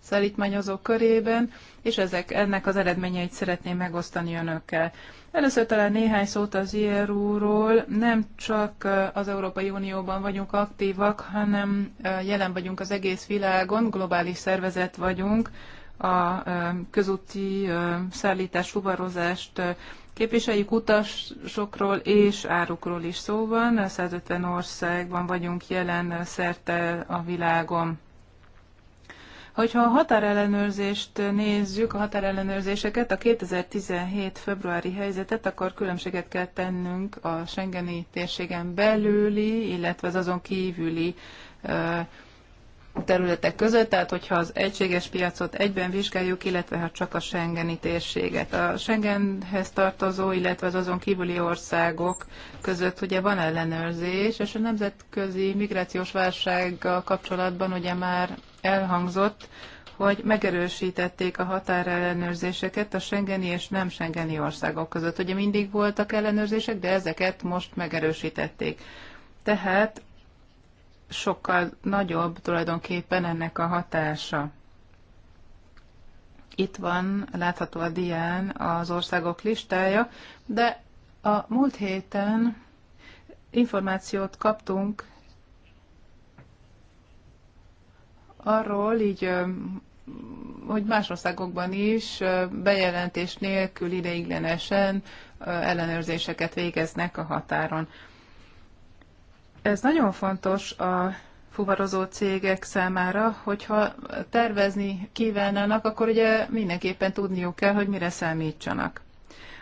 szállítmányozók körében, és ezek, ennek az eredményeit szeretném megosztani önökkel. Először talán néhány szót az IRU-ról. Nem csak az Európai Unióban vagyunk aktívak, hanem jelen vagyunk az egész világon, globális szervezet vagyunk, a közúti szállítás fuvarozást képviseljük utasokról és árukról is szó van. 150 országban vagyunk jelen szerte a világon. Hogyha a határellenőrzést nézzük, a határellenőrzéseket, a 2017 februári helyzetet, akkor különbséget kell tennünk a Schengeni térségen belüli, illetve az azon kívüli területek között, tehát hogyha az egységes piacot egyben vizsgáljuk, illetve ha hát csak a Schengeni térséget. A Schengenhez tartozó, illetve az azon kívüli országok között ugye van ellenőrzés, és a nemzetközi migrációs válsággal kapcsolatban ugye már elhangzott, hogy megerősítették a határellenőrzéseket a Schengeni és nem Schengeni országok között. Ugye mindig voltak ellenőrzések, de ezeket most megerősítették. Tehát sokkal nagyobb tulajdonképpen ennek a hatása. Itt van látható a dián az országok listája, de a múlt héten információt kaptunk arról, így hogy más országokban is bejelentés nélkül ideiglenesen ellenőrzéseket végeznek a határon. Ez nagyon fontos a fuvarozó cégek számára, hogyha tervezni kívánnának, akkor ugye mindenképpen tudniuk kell, hogy mire számítsanak.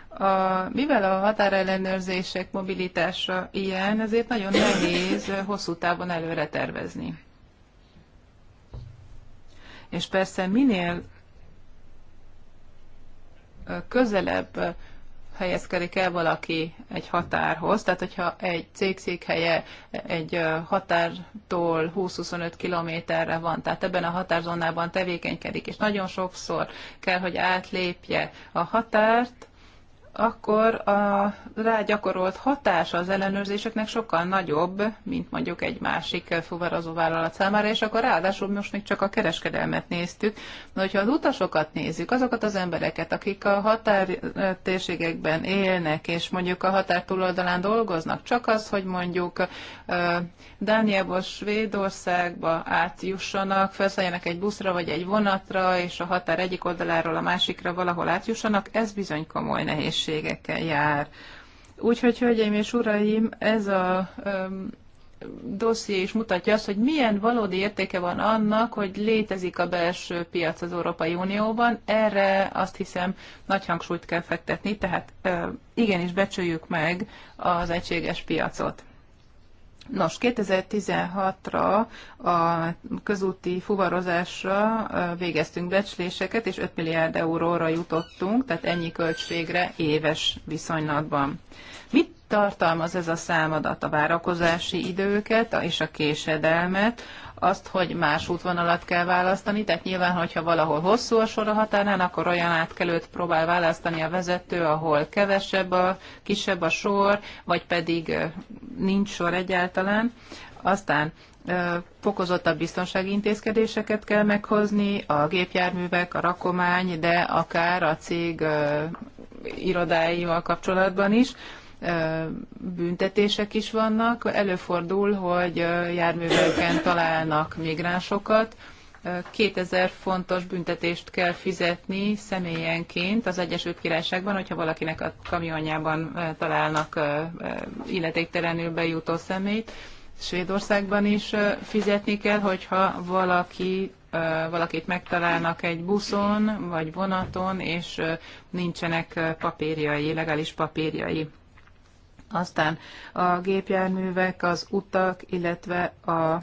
A, mivel a határellenőrzések mobilitása ilyen, ezért nagyon nehéz hosszú távon előre tervezni. És persze minél közelebb helyezkedik el valaki egy határhoz, tehát hogyha egy cég székhelye egy határtól 20-25 kilométerre van, tehát ebben a határzónában tevékenykedik, és nagyon sokszor kell, hogy átlépje a határt, akkor a rá gyakorolt hatása az ellenőrzéseknek sokkal nagyobb, mint mondjuk egy másik fuvarozó vállalat számára, és akkor ráadásul most még csak a kereskedelmet néztük. Na, hogyha az utasokat nézzük, azokat az embereket, akik a határtérségekben élnek, és mondjuk a határ túloldalán dolgoznak, csak az, hogy mondjuk Dániából Svédországba átjussanak, felszálljanak egy buszra vagy egy vonatra, és a határ egyik oldaláról a másikra valahol átjussanak, ez bizony komoly nehéz nehézségekkel jár. Úgyhogy, hölgyeim és uraim, ez a um, dosszié is mutatja azt, hogy milyen valódi értéke van annak, hogy létezik a belső piac az Európai Unióban. Erre azt hiszem nagy hangsúlyt kell fektetni, tehát igenis becsüljük meg az egységes piacot. Nos, 2016-ra a közúti fuvarozásra végeztünk becsléseket, és 5 milliárd euróra jutottunk, tehát ennyi költségre éves viszonylatban. Mit tartalmaz ez a számadat? A várakozási időket és a késedelmet, azt, hogy más útvonalat kell választani, tehát nyilván, hogyha valahol hosszú a sor a határán, akkor olyan átkelőt próbál választani a vezető, ahol kevesebb a, kisebb a sor, vagy pedig nincs sor egyáltalán. Aztán fokozottabb biztonsági intézkedéseket kell meghozni, a gépjárművek, a rakomány, de akár a cég irodáival kapcsolatban is büntetések is vannak. Előfordul, hogy járműveken találnak migránsokat. 2000 fontos büntetést kell fizetni személyenként az Egyesült Királyságban, hogyha valakinek a kamionjában találnak illetéktelenül bejutó szemét. Svédországban is fizetni kell, hogyha valaki, valakit megtalálnak egy buszon vagy vonaton, és nincsenek papírjai, legális papírjai aztán a gépjárművek, az utak, illetve a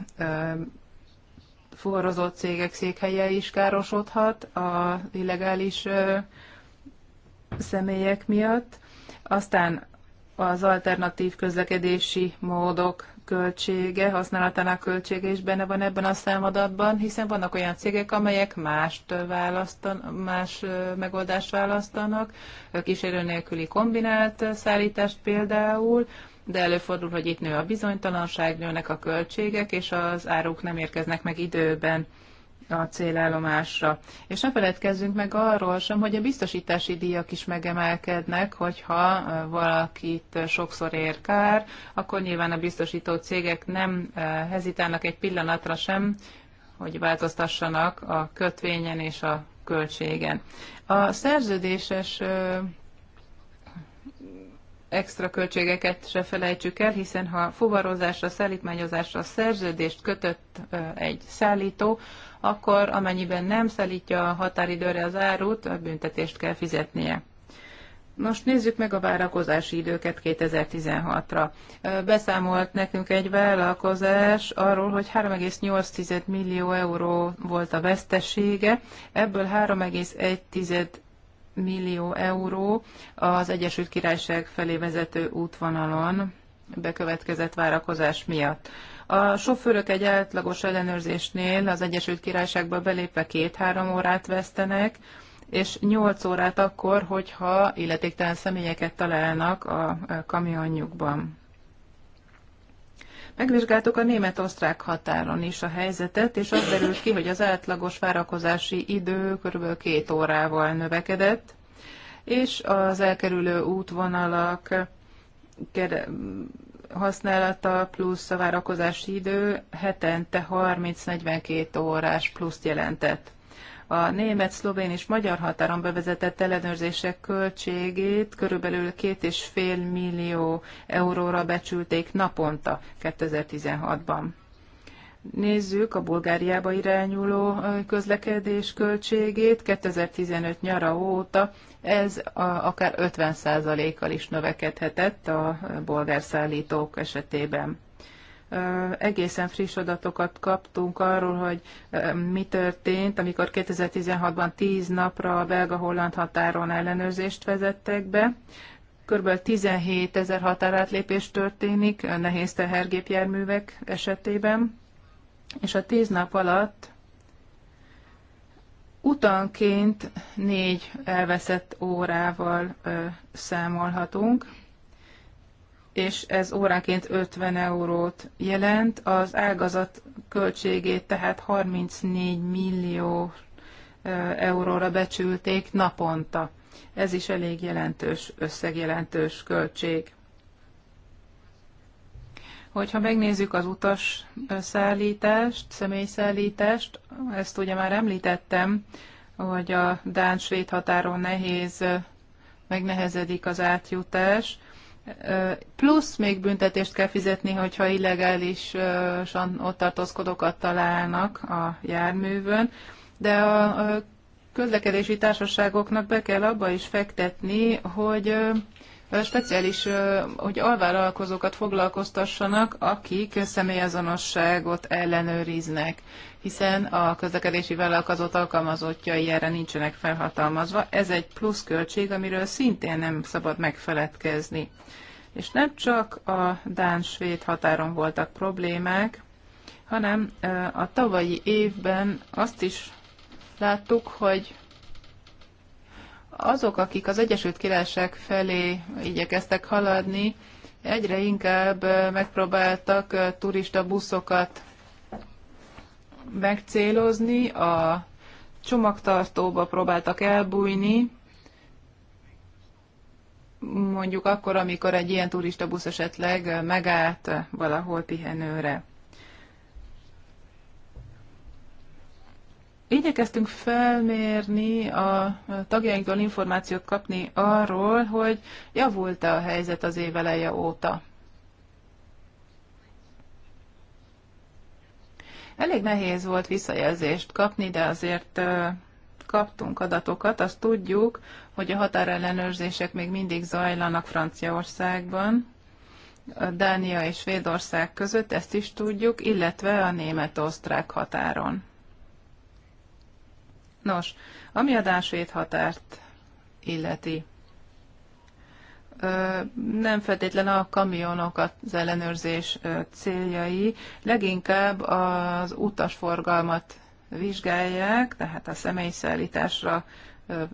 forrozott cégek székhelye is károsodhat az illegális személyek miatt. Aztán az alternatív közlekedési módok költsége, használatának költsége is benne van ebben a számadatban, hiszen vannak olyan cégek, amelyek mást választan, más megoldást választanak, kísérő nélküli kombinált szállítást például, de előfordul, hogy itt nő a bizonytalanság, nőnek a költségek, és az áruk nem érkeznek meg időben a célállomásra. És ne feledkezzünk meg arról sem, hogy a biztosítási díjak is megemelkednek, hogyha valakit sokszor ér kár, akkor nyilván a biztosító cégek nem hezitálnak egy pillanatra sem, hogy változtassanak a kötvényen és a költségen. A szerződéses extra költségeket se felejtsük el, hiszen ha fuvarozásra, szállítmányozásra szerződést kötött egy szállító, akkor amennyiben nem szállítja a határidőre az árut, a büntetést kell fizetnie. Most nézzük meg a várakozási időket 2016-ra. Beszámolt nekünk egy vállalkozás arról, hogy 3,8 millió euró volt a vesztesége, ebből 3,1 millió euró az Egyesült Királyság felé vezető útvonalon bekövetkezett várakozás miatt. A sofőrök egy átlagos ellenőrzésnél az Egyesült Királyságba belépve két-három órát vesztenek, és 8 órát akkor, hogyha illetéktelen személyeket találnak a kamionjukban. Megvizsgáltuk a német-osztrák határon is a helyzetet, és az derült ki, hogy az átlagos várakozási idő kb. két órával növekedett, és az elkerülő útvonalak használata plusz a várakozási idő hetente 30-42 órás pluszt jelentett. A német, szlovén és magyar határon bevezetett ellenőrzések költségét körülbelül 2,5 millió euróra becsülték naponta 2016-ban nézzük a Bulgáriába irányuló közlekedés költségét, 2015 nyara óta ez a, akár 50%-kal is növekedhetett a bolgár szállítók esetében. Egészen friss adatokat kaptunk arról, hogy mi történt, amikor 2016-ban 10 napra a belga-holland határon ellenőrzést vezettek be, körülbelül 17 ezer határátlépés történik nehéz tehergépjárművek esetében és a tíz nap alatt utanként négy elveszett órával ö, számolhatunk, és ez óránként 50 eurót jelent, az ágazat költségét tehát 34 millió ö, euróra becsülték naponta. Ez is elég jelentős összeg, jelentős költség. Hogyha megnézzük az utas szállítást, személyszállítást, ezt ugye már említettem, hogy a Dán-Svéd határon nehéz, megnehezedik az átjutás, plusz még büntetést kell fizetni, hogyha illegálisan ott tartózkodókat találnak a járművön, de a közlekedési társaságoknak be kell abba is fektetni, hogy speciális, hogy alvállalkozókat foglalkoztassanak, akik személyazonosságot ellenőriznek, hiszen a közlekedési vállalkozót alkalmazottjai erre nincsenek felhatalmazva. Ez egy plusz költség, amiről szintén nem szabad megfeledkezni. És nem csak a Dán-Svéd határon voltak problémák, hanem a tavalyi évben azt is láttuk, hogy azok, akik az Egyesült Királyság felé igyekeztek haladni, egyre inkább megpróbáltak turista buszokat megcélozni, a csomagtartóba próbáltak elbújni, mondjuk akkor, amikor egy ilyen busz esetleg megállt valahol pihenőre. Igyekeztünk felmérni, a tagjainktól információt kapni arról, hogy javult-e a helyzet az év óta. Elég nehéz volt visszajelzést kapni, de azért kaptunk adatokat. Azt tudjuk, hogy a határellenőrzések még mindig zajlanak Franciaországban, Dánia és Svédország között, ezt is tudjuk, illetve a német-osztrák határon. Nos, ami a dánsvéd határt illeti, nem feltétlen a kamionokat az ellenőrzés céljai, leginkább az utasforgalmat vizsgálják, tehát a személyszállításra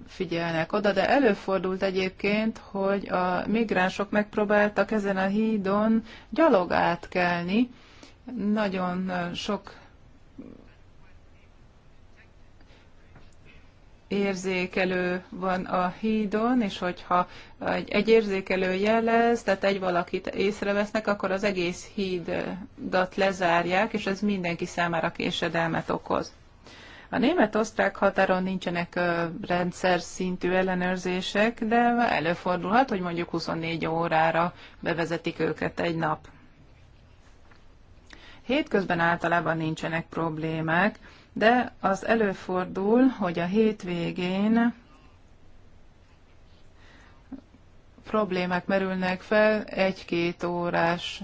figyelnek oda, de előfordult egyébként, hogy a migránsok megpróbáltak ezen a hídon gyalog átkelni. Nagyon sok érzékelő van a hídon, és hogyha egy, egy érzékelő jelez, tehát egy valakit észrevesznek, akkor az egész hídat lezárják, és ez mindenki számára késedelmet okoz. A német-osztrák határon nincsenek rendszer szintű ellenőrzések, de előfordulhat, hogy mondjuk 24 órára bevezetik őket egy nap. Hétközben általában nincsenek problémák, de az előfordul, hogy a hétvégén problémák merülnek fel egy-két órás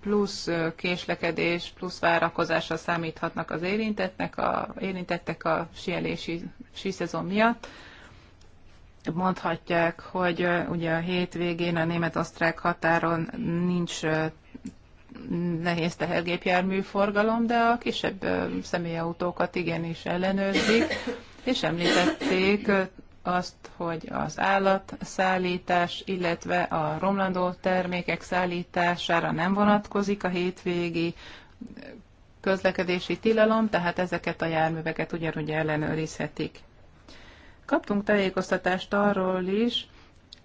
plusz késlekedés, plusz várakozásra számíthatnak az érintettek a, érintettek a sielési szezon miatt. Mondhatják, hogy uh, ugye a hétvégén a német-osztrák határon nincs uh, nehéz tehergépjármű forgalom, de a kisebb személyautókat igenis ellenőrzik, és említették azt, hogy az állatszállítás, illetve a romlandó termékek szállítására nem vonatkozik a hétvégi közlekedési tilalom, tehát ezeket a járműveket ugyanúgy ellenőrizhetik. Kaptunk tájékoztatást arról is,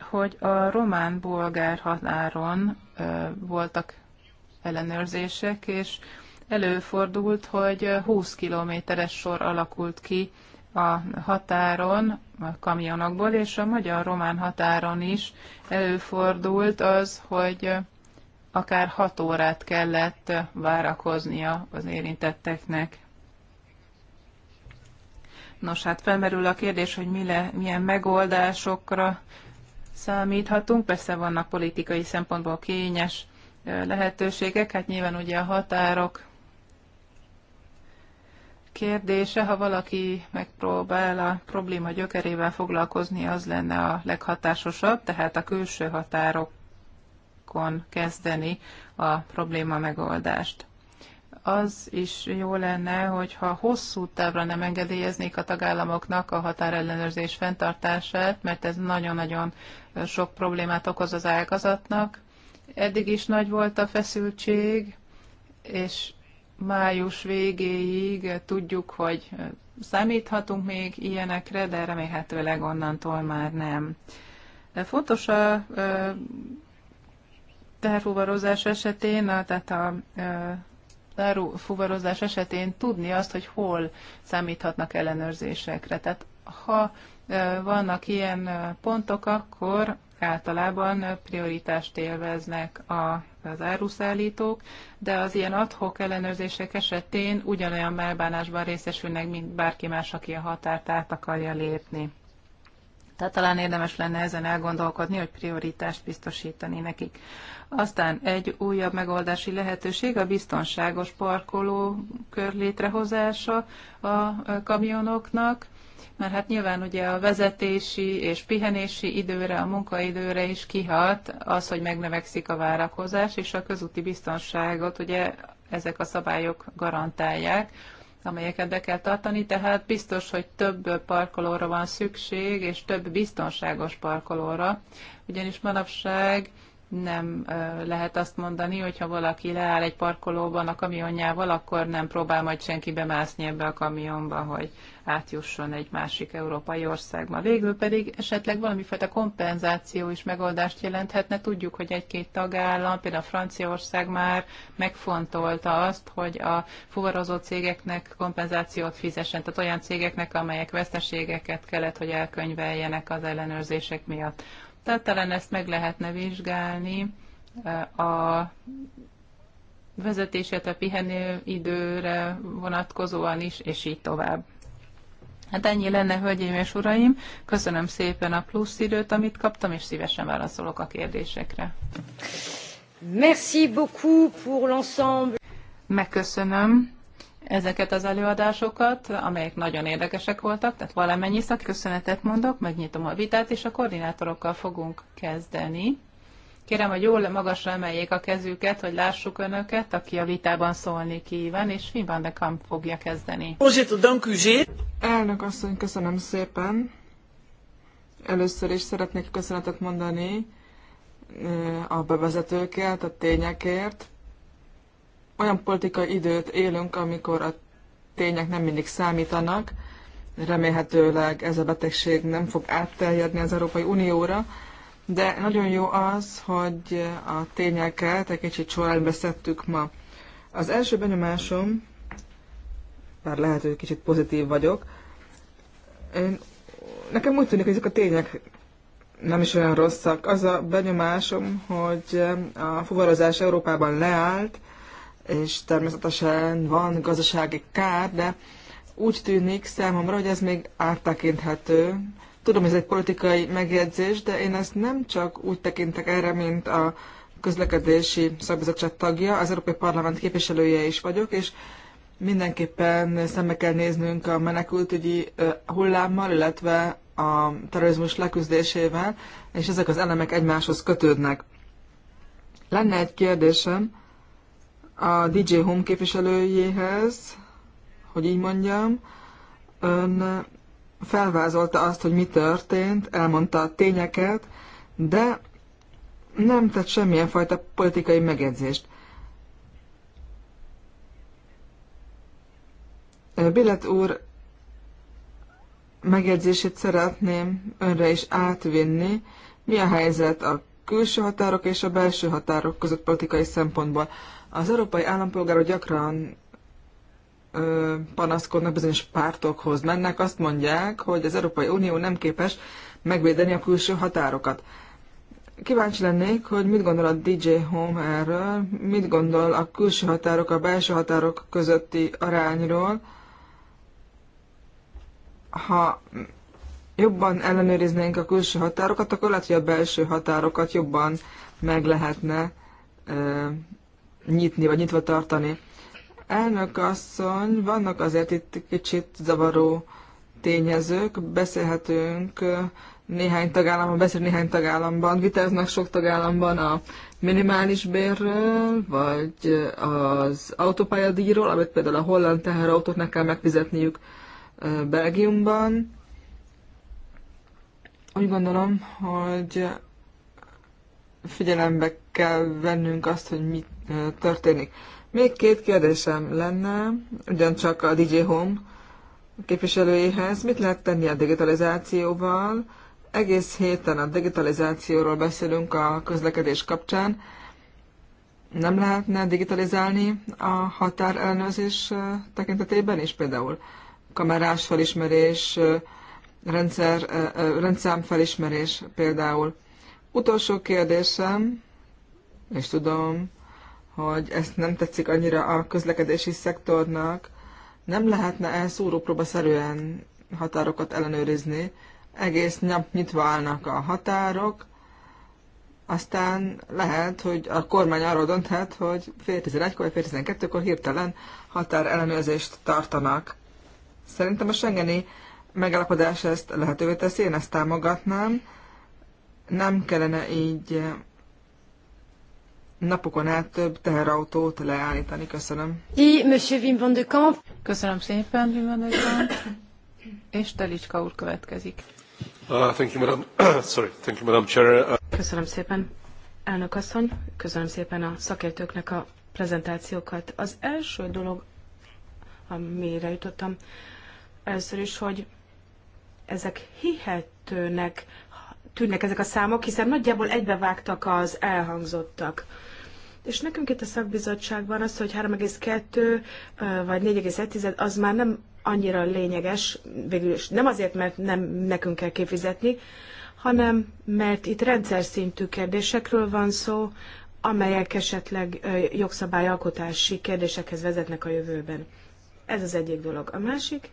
hogy a román-bolgár határon voltak ellenőrzések, és előfordult, hogy 20 kilométeres sor alakult ki a határon, a kamionokból, és a magyar-román határon is előfordult az, hogy akár 6 órát kellett várakoznia az érintetteknek. Nos, hát felmerül a kérdés, hogy mi le, milyen megoldásokra számíthatunk. Persze vannak politikai szempontból kényes lehetőségek, hát nyilván ugye a határok kérdése, ha valaki megpróbál a probléma gyökerével foglalkozni, az lenne a leghatásosabb, tehát a külső határokon kezdeni a probléma megoldást. Az is jó lenne, hogyha hosszú távra nem engedélyeznék a tagállamoknak a határellenőrzés fenntartását, mert ez nagyon-nagyon sok problémát okoz az ágazatnak, Eddig is nagy volt a feszültség, és május végéig tudjuk, hogy számíthatunk még ilyenekre, de remélhetőleg onnantól már nem. De fontos a teherfuvarozás esetén, a, tehát a fuvarozás esetén tudni azt, hogy hol számíthatnak ellenőrzésekre. Tehát ha vannak ilyen pontok, akkor általában prioritást élveznek a, az áruszállítók, de az ilyen adhok ellenőrzések esetén ugyanolyan melbánásban részesülnek, mint bárki más, aki a határt át akarja lépni. Tehát talán érdemes lenne ezen elgondolkodni, hogy prioritást biztosítani nekik. Aztán egy újabb megoldási lehetőség a biztonságos kör létrehozása a kamionoknak mert hát nyilván ugye a vezetési és pihenési időre, a munkaidőre is kihat az, hogy megnövekszik a várakozás, és a közúti biztonságot ugye ezek a szabályok garantálják amelyeket be kell tartani, tehát biztos, hogy több parkolóra van szükség, és több biztonságos parkolóra, ugyanis manapság nem lehet azt mondani, hogy ha valaki leáll egy parkolóban a kamionjával, akkor nem próbál majd senki bemászni ebbe a kamionba, hogy átjusson egy másik európai országba. Végül pedig esetleg valamifajta kompenzáció is megoldást jelenthetne. Tudjuk, hogy egy-két tagállam, például Franciaország már megfontolta azt, hogy a fuvarozó cégeknek kompenzációt fizessen, tehát olyan cégeknek, amelyek veszteségeket kellett, hogy elkönyveljenek az ellenőrzések miatt. Tehát talán ezt meg lehetne vizsgálni eh, a vezetését a pihenő időre vonatkozóan is, és így tovább. Hát ennyi lenne, hölgyeim és uraim. Köszönöm szépen a plusz időt, amit kaptam, és szívesen válaszolok a kérdésekre. Merci beaucoup pour l'ensemble. Megköszönöm ezeket az előadásokat, amelyek nagyon érdekesek voltak, tehát valamennyi szakköszönetet mondok, megnyitom a vitát, és a koordinátorokkal fogunk kezdeni. Kérem, hogy jól magasra emeljék a kezüket, hogy lássuk önöket, aki a vitában szólni kíván, és mi van nekem fogja kezdeni. Elnök asszony, köszönöm szépen. Először is szeretnék köszönetet mondani eh, a bevezetőkért, a tényekért, olyan politikai időt élünk, amikor a tények nem mindig számítanak. Remélhetőleg ez a betegség nem fog átterjedni az Európai Unióra, de nagyon jó az, hogy a tényeket egy kicsit során beszettük ma. Az első benyomásom, bár lehet, hogy kicsit pozitív vagyok, én, nekem úgy tűnik, hogy ezek a tények nem is olyan rosszak. Az a benyomásom, hogy a fuvarozás Európában leállt, és természetesen van gazdasági kár, de úgy tűnik számomra, hogy ez még áttekinthető. Tudom, ez egy politikai megjegyzés, de én ezt nem csak úgy tekintek erre, mint a közlekedési szakbizottság tagja, az Európai Parlament képviselője is vagyok, és mindenképpen szembe kell néznünk a menekültügyi hullámmal, illetve a terrorizmus leküzdésével, és ezek az elemek egymáshoz kötődnek. Lenne egy kérdésem, a DJ Home képviselőjéhez, hogy így mondjam, ön felvázolta azt, hogy mi történt, elmondta a tényeket, de nem tett semmilyen fajta politikai megjegyzést. Billet úr megjegyzését szeretném önre is átvinni. Mi a helyzet a külső határok és a belső határok között politikai szempontból? Az európai állampolgárok gyakran ö, panaszkodnak, bizonyos pártokhoz mennek, azt mondják, hogy az Európai Unió nem képes megvédeni a külső határokat. Kíváncsi lennék, hogy mit gondol a DJ Home erről, mit gondol a külső határok, a belső határok közötti arányról, ha jobban ellenőriznénk a külső határokat, akkor lehet, hogy a belső határokat jobban meg lehetne nyitni, vagy nyitva tartani. Elnök asszony, vannak azért itt kicsit zavaró tényezők, beszélhetünk néhány tagállamban, beszél néhány tagállamban, vitáznak sok tagállamban a minimális bérről, vagy az autópályadíjról, amit például a holland teherautóknak kell megfizetniük Belgiumban. Úgy gondolom, hogy figyelembe kell vennünk azt, hogy mit történik. Még két kérdésem lenne, ugyancsak a DJ Home képviselőjéhez. Mit lehet tenni a digitalizációval? Egész héten a digitalizációról beszélünk a közlekedés kapcsán. Nem lehetne digitalizálni a határellenőrzés tekintetében is például? Kamerás felismerés, rendszer, rendszám felismerés például. Utolsó kérdésem, és tudom, hogy ezt nem tetszik annyira a közlekedési szektornak, nem lehetne el szúrópróba szerűen határokat ellenőrizni. Egész nap nyitva állnak a határok, aztán lehet, hogy a kormány arról dönthet, hogy fél 11-kor fél 12-kor hirtelen határ ellenőrzést tartanak. Szerintem a Schengeni megállapodás ezt lehetővé teszi, én ezt támogatnám. Nem kellene így napokon át több teherautót leállítani. Köszönöm. I, Monsieur Wim van de Kamp. Köszönöm szépen, Wim van de Kamp. És Telicska úr következik. Uh, thank you, madam. Sorry, thank you, madam chair. Uh... Köszönöm szépen, elnök asszony. Köszönöm szépen a szakértőknek a prezentációkat. Az első dolog, amire jutottam, először is, hogy ezek hihetőnek tűnnek ezek a számok, hiszen nagyjából egybevágtak az elhangzottak. És nekünk itt a szakbizottságban az, hogy 3,2 vagy 4,1 az már nem annyira lényeges, végül is nem azért, mert nem nekünk kell kifizetni, hanem mert itt rendszer szintű kérdésekről van szó, amelyek esetleg jogszabályalkotási kérdésekhez vezetnek a jövőben. Ez az egyik dolog. A másik,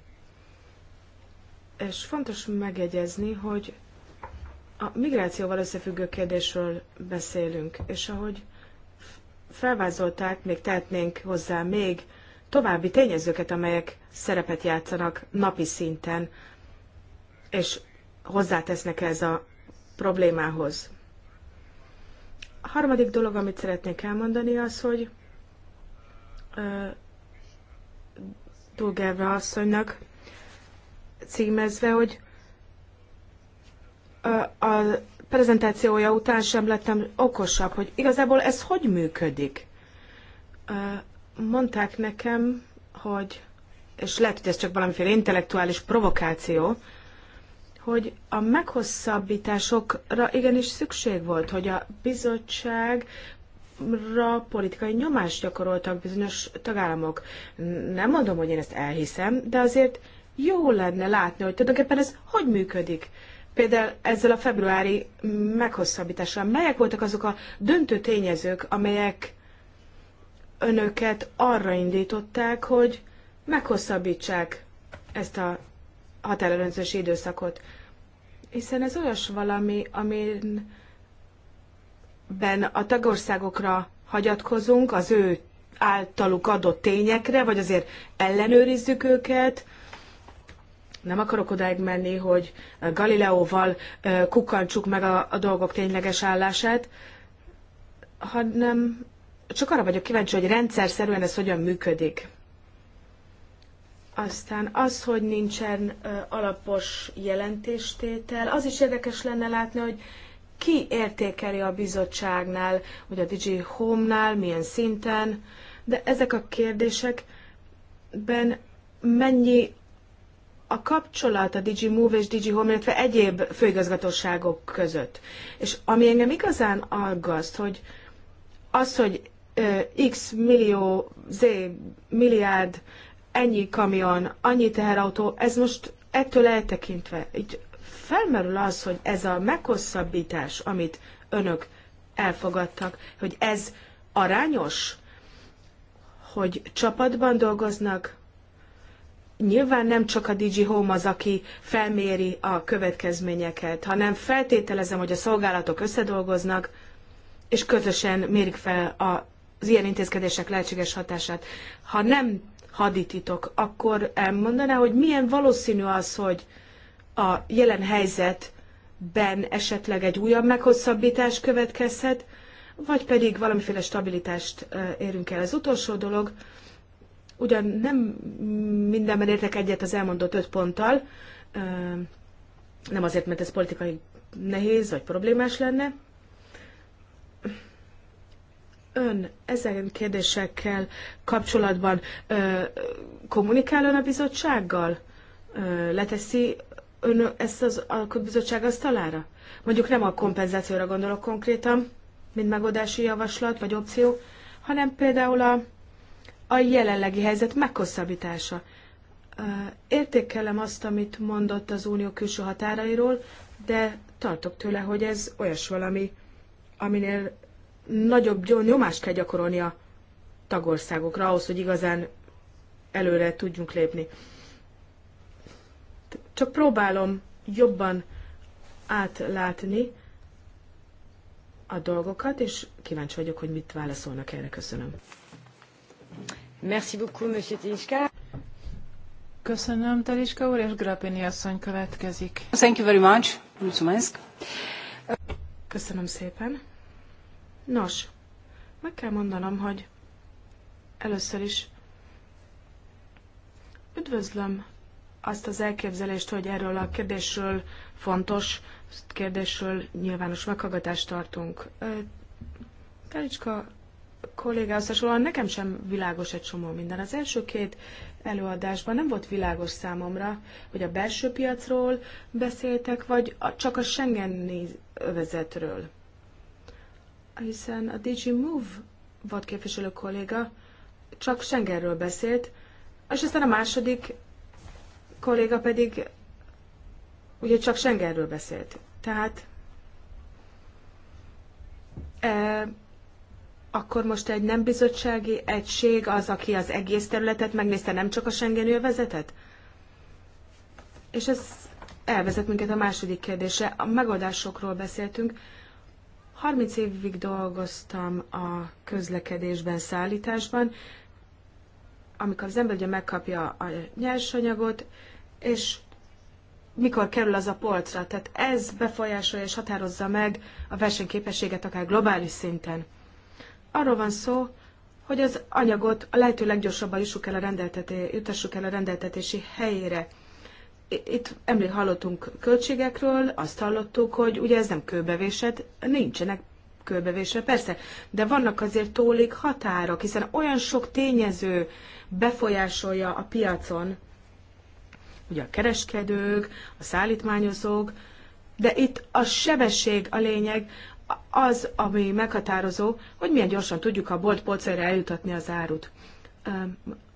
és fontos megjegyezni, hogy a migrációval összefüggő kérdésről beszélünk, és ahogy felvázolták, még tehetnénk hozzá még további tényezőket, amelyek szerepet játszanak napi szinten, és hozzátesznek ez a problémához. A harmadik dolog, amit szeretnék elmondani, az, hogy uh, Dulgevra asszonynak címezve, hogy uh, a prezentációja után sem lettem okosabb, hogy igazából ez hogy működik. Mondták nekem, hogy, és lehet, hogy ez csak valamiféle intellektuális provokáció, hogy a meghosszabbításokra igenis szükség volt, hogy a bizottság politikai nyomást gyakoroltak bizonyos tagállamok. Nem mondom, hogy én ezt elhiszem, de azért jó lenne látni, hogy tulajdonképpen ez hogy működik például ezzel a februári meghosszabbítással, melyek voltak azok a döntő tényezők, amelyek önöket arra indították, hogy meghosszabbítsák ezt a határelőnzős időszakot? Hiszen ez olyas valami, amiben a tagországokra hagyatkozunk, az ő általuk adott tényekre, vagy azért ellenőrizzük őket, nem akarok odáig menni, hogy eh, Galileóval eh, kukkantsuk meg a, a dolgok tényleges állását, hanem csak arra vagyok kíváncsi, hogy rendszer szerűen ez hogyan működik. Aztán az, hogy nincsen eh, alapos jelentéstétel, az is érdekes lenne látni, hogy ki értékeli a bizottságnál, vagy a Digi Home-nál, milyen szinten, de ezek a kérdésekben mennyi a kapcsolat a Digi Move és Digi Home, illetve egyéb főigazgatóságok között. És ami engem igazán aggaszt, hogy az, hogy X millió, Z milliárd, ennyi kamion, annyi teherautó, ez most ettől eltekintve, így felmerül az, hogy ez a meghosszabbítás, amit önök elfogadtak, hogy ez arányos, hogy csapatban dolgoznak, nyilván nem csak a DG Home az, aki felméri a következményeket, hanem feltételezem, hogy a szolgálatok összedolgoznak, és közösen mérik fel az ilyen intézkedések lehetséges hatását. Ha nem hadititok, akkor elmondaná, hogy milyen valószínű az, hogy a jelen helyzetben esetleg egy újabb meghosszabbítás következhet, vagy pedig valamiféle stabilitást érünk el. Az utolsó dolog, ugyan nem mindenben értek egyet az elmondott öt ponttal, nem azért, mert ez politikai nehéz vagy problémás lenne. Ön ezen kérdésekkel kapcsolatban ö, kommunikál ön a bizottsággal? Ö, leteszi ön ezt az alkotbizottság asztalára? Mondjuk nem a kompenzációra gondolok konkrétan, mint megoldási javaslat vagy opció, hanem például a a jelenlegi helyzet meghosszabbítása. Értékelem azt, amit mondott az unió külső határairól, de tartok tőle, hogy ez olyas valami, aminél nagyobb nyomást kell gyakorolni a tagországokra ahhoz, hogy igazán előre tudjunk lépni. Csak próbálom jobban átlátni a dolgokat, és kíváncsi vagyok, hogy mit válaszolnak erre. Köszönöm. Köszönöm, Teliska úr, és Grapini asszony következik. Thank you very much. Mulțumesc. Köszönöm szépen. Nos, meg kell mondanom, hogy először is üdvözlöm azt az elképzelést, hogy erről a kérdésről fontos kérdésről nyilvános meghallgatást tartunk. Telicska kollégához hasonlóan nekem sem világos egy csomó minden. Az első két előadásban nem volt világos számomra, hogy a belső piacról beszéltek, vagy a, csak a Schengeni övezetről. Hiszen a DG Move volt képviselő kolléga, csak Schengenről beszélt, és aztán a második kolléga pedig ugye csak Schengenről beszélt. Tehát e, akkor most egy nem bizottsági egység az, aki az egész területet megnézte, nem csak a Schengen vezetet? És ez elvezet minket a második kérdésre. A megoldásokról beszéltünk. 30 évig dolgoztam a közlekedésben, szállításban, amikor az ember ugye megkapja a nyersanyagot, és mikor kerül az a polcra. Tehát ez befolyásolja és határozza meg a versenyképességet akár globális szinten arról van szó, hogy az anyagot a lehető leggyorsabban jussuk el a rendelteté, jutassuk el a rendeltetési helyére. Itt emlék hallottunk költségekről, azt hallottuk, hogy ugye ez nem kőbevésed, nincsenek körbevésre, persze, de vannak azért tólik határok, hiszen olyan sok tényező befolyásolja a piacon, ugye a kereskedők, a szállítmányozók, de itt a sebesség a lényeg, az, ami meghatározó, hogy milyen gyorsan tudjuk a bolt polcaira eljutatni az árut.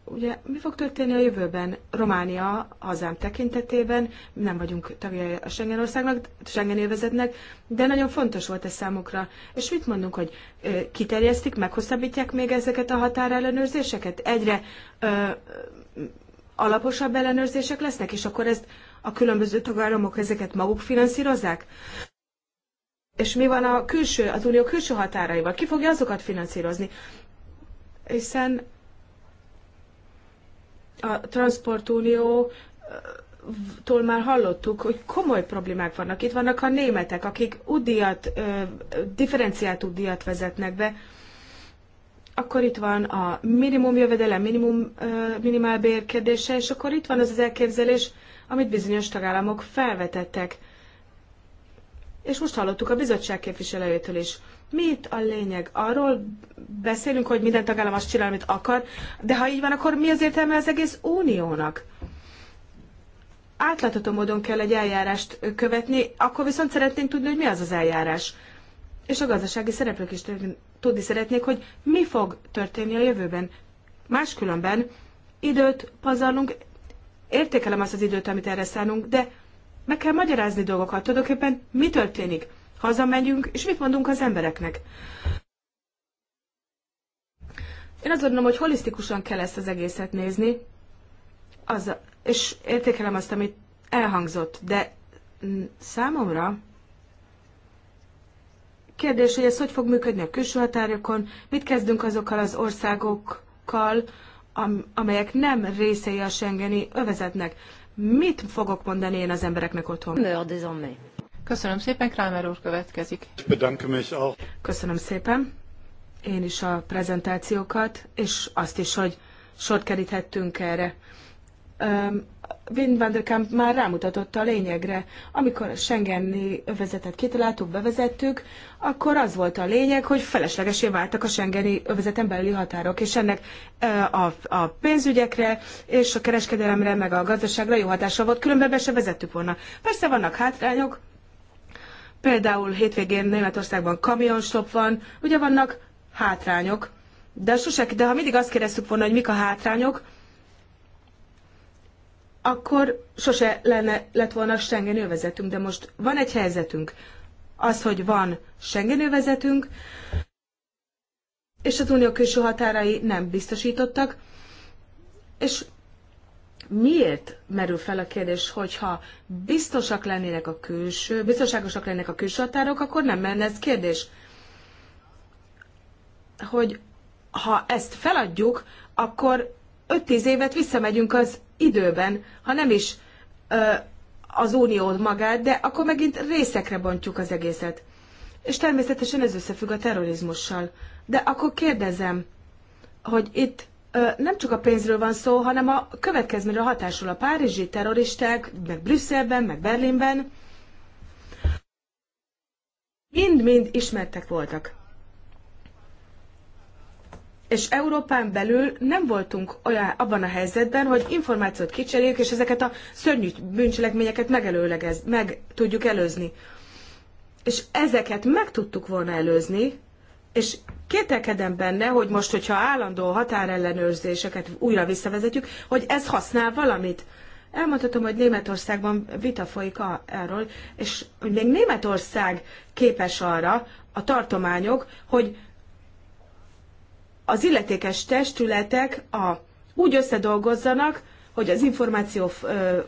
Ugye mi fog történni a jövőben? Románia hazám tekintetében nem vagyunk tagjai a Schengen országnak, Schengen élvezetnek, de nagyon fontos volt ez számukra. És mit mondunk, hogy kiterjesztik, meghosszabbítják még ezeket a határellenőrzéseket? Egyre ö, alaposabb ellenőrzések lesznek, és akkor ezt a különböző tagállamok ezeket maguk finanszírozzák? És mi van a külső, az unió külső határaival? Ki fogja azokat finanszírozni? Hiszen a transportunió tól már hallottuk, hogy komoly problémák vannak. Itt vannak a németek, akik udiat, differenciált udiat vezetnek be. Akkor itt van a minimum jövedelem, minimum, minimálbér kérdése, és akkor itt van az az elképzelés, amit bizonyos tagállamok felvetettek és most hallottuk a bizottság képviselőjétől is. Mi itt a lényeg? Arról beszélünk, hogy minden tagállam azt csinál, amit akar, de ha így van, akkor mi az értelme az egész uniónak? Átlátható módon kell egy eljárást követni, akkor viszont szeretnénk tudni, hogy mi az az eljárás. És a gazdasági szereplők is tudni szeretnék, hogy mi fog történni a jövőben. Máskülönben időt pazarlunk, értékelem azt az időt, amit erre szánunk, de meg kell magyarázni dolgokat, tulajdonképpen mi történik. Hazamegyünk, és mit mondunk az embereknek. Én azt gondolom, hogy holisztikusan kell ezt az egészet nézni, az, és értékelem azt, amit elhangzott, de mm, számomra kérdés, hogy ez hogy fog működni a külső határokon, mit kezdünk azokkal az országokkal, amelyek nem részei a Schengeni övezetnek. Mit fogok mondani én az embereknek otthon? Köszönöm szépen, Kramer úr következik. Köszönöm szépen én is a prezentációkat, és azt is, hogy sort keríthettünk erre. Wim van der Kamp már rámutatott a lényegre. Amikor a Schengeni övezetet kitaláltuk, bevezettük, akkor az volt a lényeg, hogy feleslegesé váltak a Schengeni övezeten belüli határok, és ennek a, a pénzügyekre és a kereskedelemre, meg a gazdaságra jó hatása volt, különben be se vezettük volna. Persze vannak hátrányok, például hétvégén Németországban kamionstop van, ugye vannak hátrányok, de sosek, de ha mindig azt kérdeztük volna, hogy mik a hátrányok, akkor sose lenne, lett volna Schengen övezetünk, de most van egy helyzetünk. Az, hogy van Schengen övezetünk, és az unió külső határai nem biztosítottak, és miért merül fel a kérdés, hogyha biztosak lennének a külső, biztonságosak lennének a külső határok, akkor nem menne ez kérdés. Hogy ha ezt feladjuk, akkor 5-10 évet visszamegyünk az időben, ha nem is ö, az uniót magát, de akkor megint részekre bontjuk az egészet. És természetesen ez összefügg a terrorizmussal. De akkor kérdezem, hogy itt ö, nem csak a pénzről van szó, hanem a következményre hatásul a párizsi terroristák, meg Brüsszelben, meg Berlinben, mind-mind ismertek voltak és Európán belül nem voltunk olyan, abban a helyzetben, hogy információt kicseréljük, és ezeket a szörnyű bűncselekményeket megelőlegez, meg tudjuk előzni. És ezeket meg tudtuk volna előzni, és kételkedem benne, hogy most, hogyha állandó határellenőrzéseket újra visszavezetjük, hogy ez használ valamit. Elmondhatom, hogy Németországban vita folyik a, erről, és hogy még Németország képes arra, a tartományok, hogy az illetékes testületek a, úgy összedolgozzanak, hogy az információ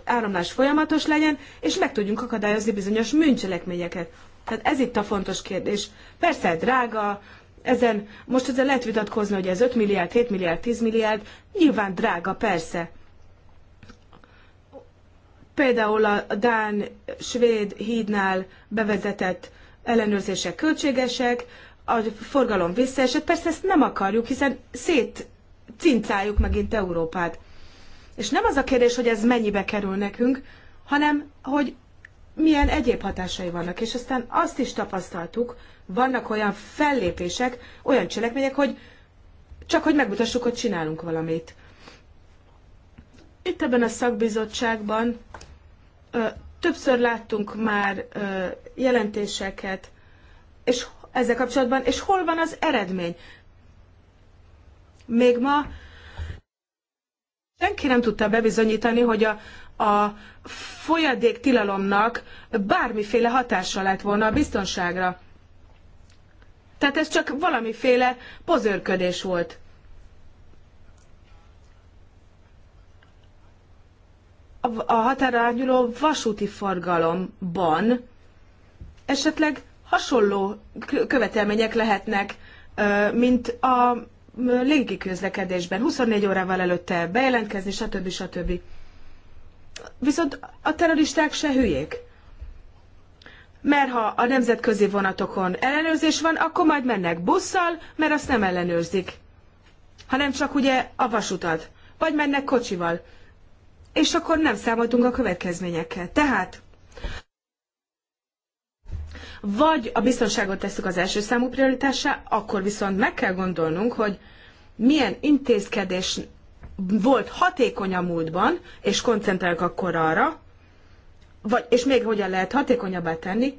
áramlás folyamatos legyen, és meg tudjunk akadályozni bizonyos műncselekményeket. Tehát ez itt a fontos kérdés. Persze drága, ezen, most ezzel lehet vitatkozni, hogy ez 5 milliárd, 7 milliárd, 10 milliárd, nyilván drága, persze. Például a Dán-Svéd hídnál bevezetett ellenőrzések költségesek, a forgalom visszaesett, persze ezt nem akarjuk, hiszen szét cincáljuk megint Európát. És nem az a kérdés, hogy ez mennyibe kerül nekünk, hanem hogy milyen egyéb hatásai vannak. És aztán azt is tapasztaltuk, vannak olyan fellépések, olyan cselekmények, hogy csak hogy megmutassuk, hogy csinálunk valamit. Itt ebben a szakbizottságban ö, többször láttunk már ö, jelentéseket, és ezzel kapcsolatban, és hol van az eredmény? Még ma senki nem tudta bebizonyítani, hogy a, a folyadék tilalomnak bármiféle hatása lett volna a biztonságra. Tehát ez csak valamiféle pozőrködés volt. A, a határányuló vasúti forgalomban esetleg hasonló követelmények lehetnek, mint a légi közlekedésben, 24 órával előtte bejelentkezni, stb. stb. Viszont a terroristák se hülyék. Mert ha a nemzetközi vonatokon ellenőrzés van, akkor majd mennek busszal, mert azt nem ellenőrzik, hanem csak ugye a vasutat, vagy mennek kocsival. És akkor nem számoltunk a következményekkel. Tehát vagy a biztonságot tesszük az első számú prioritásá, akkor viszont meg kell gondolnunk, hogy milyen intézkedés volt hatékony a múltban, és koncentrálok akkor arra, vagy, és még hogyan lehet hatékonyabbá tenni,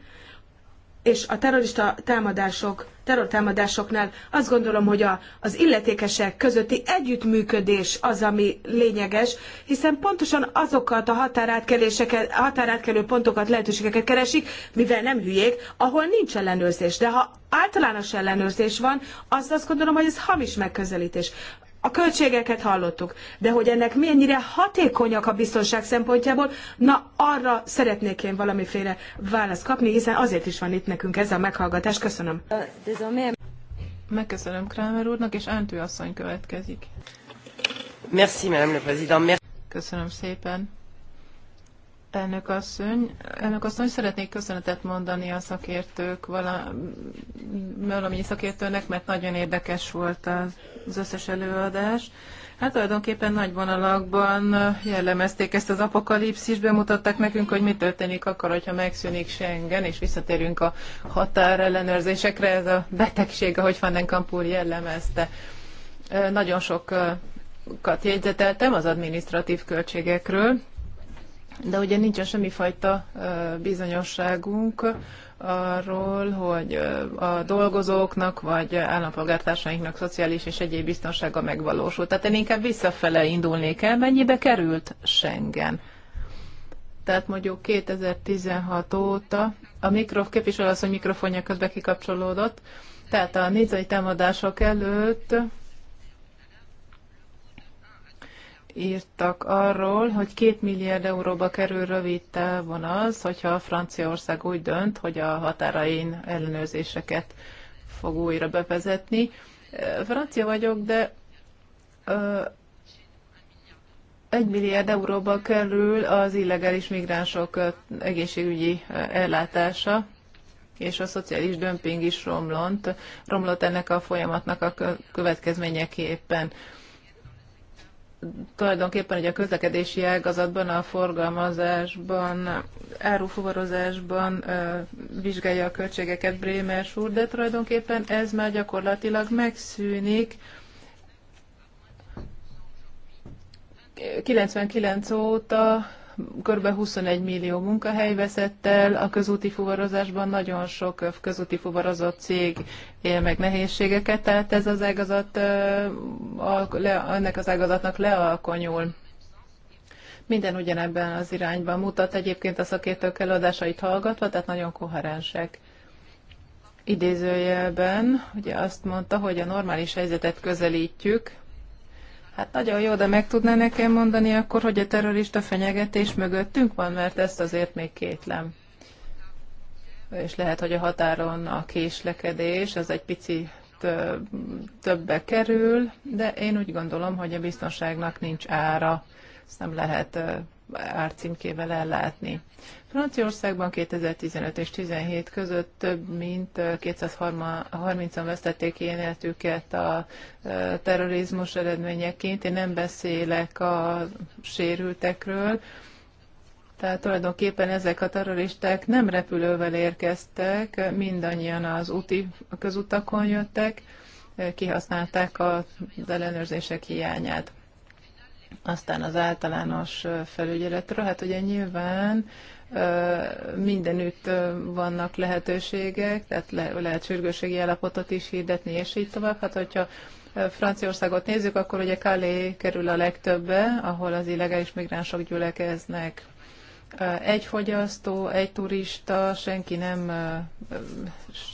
és a terrorista támadások, terrortámadásoknál azt gondolom, hogy a, az illetékesek közötti együttműködés az, ami lényeges, hiszen pontosan azokat a határátkeléseket, határátkelő pontokat, lehetőségeket keresik, mivel nem hülyék, ahol nincs ellenőrzés. De ha általános ellenőrzés van, azt azt gondolom, hogy ez hamis megközelítés a költségeket hallottuk, de hogy ennek mennyire hatékonyak a biztonság szempontjából, na arra szeretnék én valamiféle választ kapni, hiszen azért is van itt nekünk ez a meghallgatás. Köszönöm. Megköszönöm Kramer úrnak, és Öntő asszony következik. Merci, Madame le Président. Köszönöm szépen. Elnök asszony, elnök asszony, szeretnék köszönetet mondani a szakértők, vala, valamennyi szakértőnek, mert nagyon érdekes volt az összes előadás. Hát tulajdonképpen nagy vonalakban jellemezték ezt az apokalipszis, bemutatták nekünk, hogy mi történik akkor, hogyha megszűnik Schengen, és visszatérünk a határellenőrzésekre, ez a betegség, ahogy Fandenkamp úr jellemezte. Nagyon sokat jegyzeteltem az administratív költségekről, de ugye nincsen semmifajta bizonyosságunk arról, hogy a dolgozóknak vagy állampolgártársainknak szociális és egyéb biztonsága megvalósult, Tehát én inkább visszafele indulnék el, mennyibe került Schengen. Tehát mondjuk 2016 óta a mikrof, képviselő hogy mikrofonja közben kikapcsolódott, tehát a nizai támadások előtt írtak arról, hogy két milliárd euróba kerül rövid távon az, hogyha a Franciaország úgy dönt, hogy a határain ellenőrzéseket fog újra bevezetni. Francia vagyok, de egy milliárd euróba kerül az illegális migránsok egészségügyi ellátása, és a szociális dömping is romlott, romlott ennek a folyamatnak a következményeképpen tulajdonképpen hogy a közlekedési ágazatban, a forgalmazásban, árufuvarozásban vizsgálja a költségeket Brémers úr, de tulajdonképpen ez már gyakorlatilag megszűnik. 99 óta kb. 21 millió munkahely veszett el, a közúti fuvarozásban nagyon sok közúti fuvarozott cég él meg nehézségeket, tehát ez az ágazat, ennek az ágazatnak lealkonyul. Minden ugyanebben az irányban mutat, egyébként a szakértők előadásait hallgatva, tehát nagyon koherensek idézőjelben, ugye azt mondta, hogy a normális helyzetet közelítjük, Hát nagyon jó, de meg tudná nekem mondani akkor, hogy a terrorista fenyegetés mögöttünk van, mert ezt azért még kétlem. És lehet, hogy a határon a késlekedés az egy picit többe kerül, de én úgy gondolom, hogy a biztonságnak nincs ára, ezt nem lehet árcímkével ellátni. Franciaországban 2015 és 2017 között több mint 230-an vesztették életüket a terrorizmus eredményeként. Én nem beszélek a sérültekről, tehát tulajdonképpen ezek a terroristák nem repülővel érkeztek, mindannyian az úti a közutakon jöttek, kihasználták az ellenőrzések hiányát. Aztán az általános felügyeletről, hát ugye nyilván mindenütt vannak lehetőségek, tehát le, lehet sürgőségi állapotot is hirdetni, és így tovább. Hát, hogyha Franciaországot nézzük, akkor ugye Calais kerül a legtöbbe, ahol az illegális migránsok gyülekeznek egy fogyasztó, egy turista, senki nem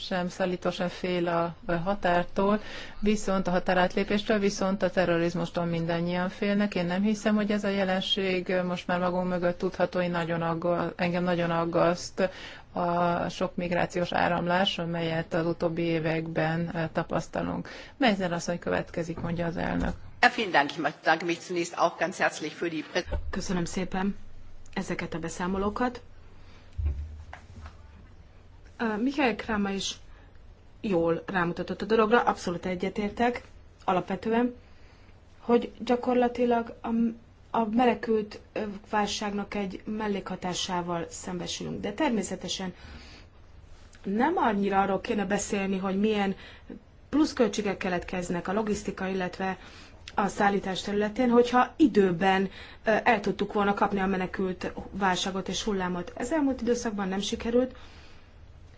sem szállító, sem fél a határtól, viszont a határátlépéstől, viszont a terrorizmustól mindannyian félnek. Én nem hiszem, hogy ez a jelenség most már magunk mögött tudható, én nagyon aggal, engem nagyon aggaszt a sok migrációs áramlás, amelyet az utóbbi években tapasztalunk. az, hogy következik, mondja az elnök. Köszönöm szépen ezeket a beszámolókat. Mihály Kráma is jól rámutatott a dologra, abszolút egyetértek alapvetően, hogy gyakorlatilag a, a menekült válságnak egy mellékhatásával szembesülünk. De természetesen nem annyira arról kéne beszélni, hogy milyen pluszköltségek keletkeznek a logisztika, illetve a szállítás területén, hogyha időben el tudtuk volna kapni a menekült válságot és hullámot. Ez elmúlt időszakban nem sikerült,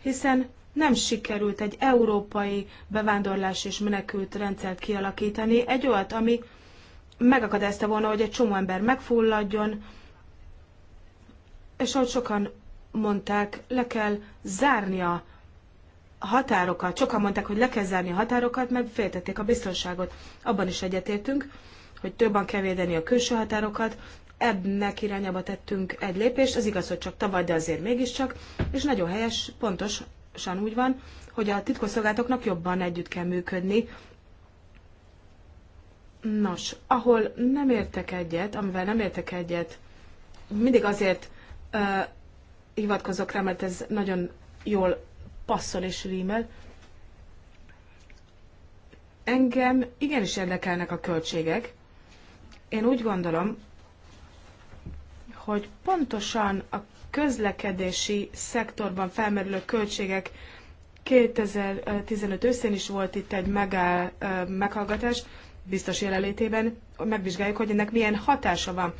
hiszen nem sikerült egy európai bevándorlás és menekült rendszert kialakítani, egy olyat, ami megakadályozta volna, hogy egy csomó ember megfulladjon, és ahogy sokan mondták, le kell zárnia határokat, sokan mondták, hogy le kell zárni a határokat, mert féltették a biztonságot. Abban is egyetértünk, hogy többen kell védeni a külső határokat, ebnek irányába tettünk egy lépést, az igaz, hogy csak tavaly, de azért mégiscsak, és nagyon helyes, pontosan úgy van, hogy a titkosszolgálatoknak jobban együtt kell működni. Nos, ahol nem értek egyet, amivel nem értek egyet, mindig azért uh, hivatkozok rá, mert ez nagyon jól passzol és rímel. Engem igenis érdekelnek a költségek. Én úgy gondolom, hogy pontosan a közlekedési szektorban felmerülő költségek 2015 őszén is volt itt egy megáll, meghallgatás, biztos jelenlétében megvizsgáljuk, hogy ennek milyen hatása van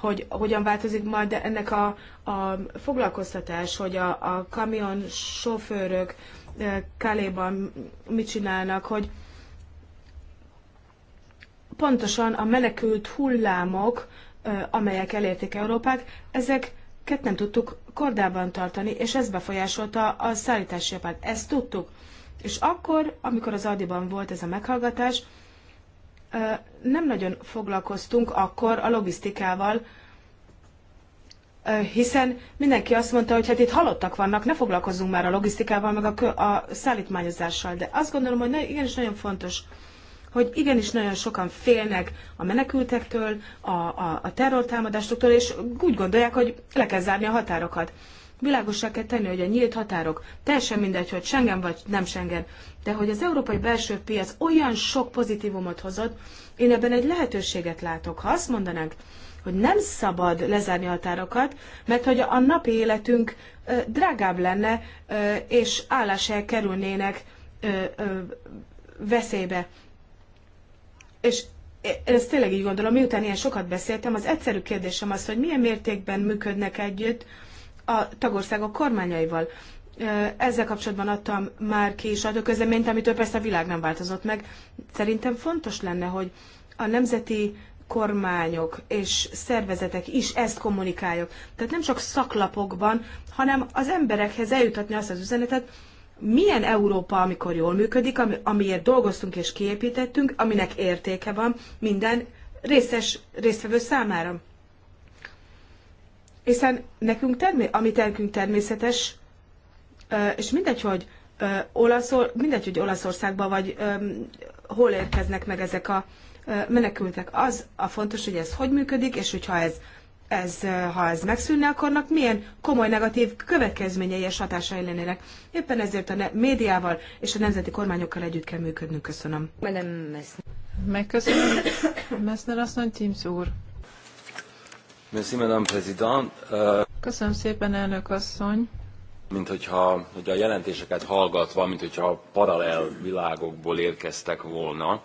hogy hogyan változik majd ennek a, a foglalkoztatás, hogy a, a kamion sofőrök e, Kaléban mit csinálnak, hogy pontosan a menekült hullámok, e, amelyek elérték Európát, ezeket nem tudtuk kordában tartani, és ez befolyásolta a szállítási japát. Ezt tudtuk. És akkor, amikor az Adiban volt ez a meghallgatás, nem nagyon foglalkoztunk akkor a logisztikával, hiszen mindenki azt mondta, hogy hát itt halottak vannak, ne foglalkozzunk már a logisztikával, meg a, a szállítmányozással. De azt gondolom, hogy ne, igenis nagyon fontos, hogy igenis nagyon sokan félnek a menekültektől, a, a, a terrortámadástól, és úgy gondolják, hogy le kell zárni a határokat. Világosra kell tenni, hogy a nyílt határok, teljesen mindegy, hogy Schengen vagy nem Schengen, de hogy az európai belső piac olyan sok pozitívumot hozott, én ebben egy lehetőséget látok. Ha azt mondanánk, hogy nem szabad lezárni a tárokat, mert hogy a napi életünk drágább lenne, és állás kerülnének veszélybe. És én ezt tényleg így gondolom, miután ilyen sokat beszéltem, az egyszerű kérdésem az, hogy milyen mértékben működnek együtt a tagországok kormányaival. Ezzel kapcsolatban adtam már ki is adóközleményt, amitől persze a világ nem változott meg. Szerintem fontos lenne, hogy a nemzeti kormányok és szervezetek is ezt kommunikáljuk. Tehát nem csak szaklapokban, hanem az emberekhez eljutatni azt az üzenetet, milyen Európa, amikor jól működik, ami, amiért dolgoztunk és kiépítettünk, aminek értéke van minden részes résztvevő számára. Hiszen nekünk termé- ami nekünk természetes, és mindegy, hogy Olaszor, mindegy, hogy olaszországban vagy hol érkeznek meg ezek a menekültek. Az a fontos, hogy ez hogy működik, és hogyha ez, ez, ha ez megszűnne, akkor milyen komoly negatív következményei és hatásai lennének. Éppen ezért a médiával és a nemzeti kormányokkal együtt kell működnünk. Köszönöm. Megköszönöm. Messner asszony, Timsz úr. Köszönöm szépen, elnök asszony mint hogyha hogy a jelentéseket hallgatva, mint hogyha paralel világokból érkeztek volna,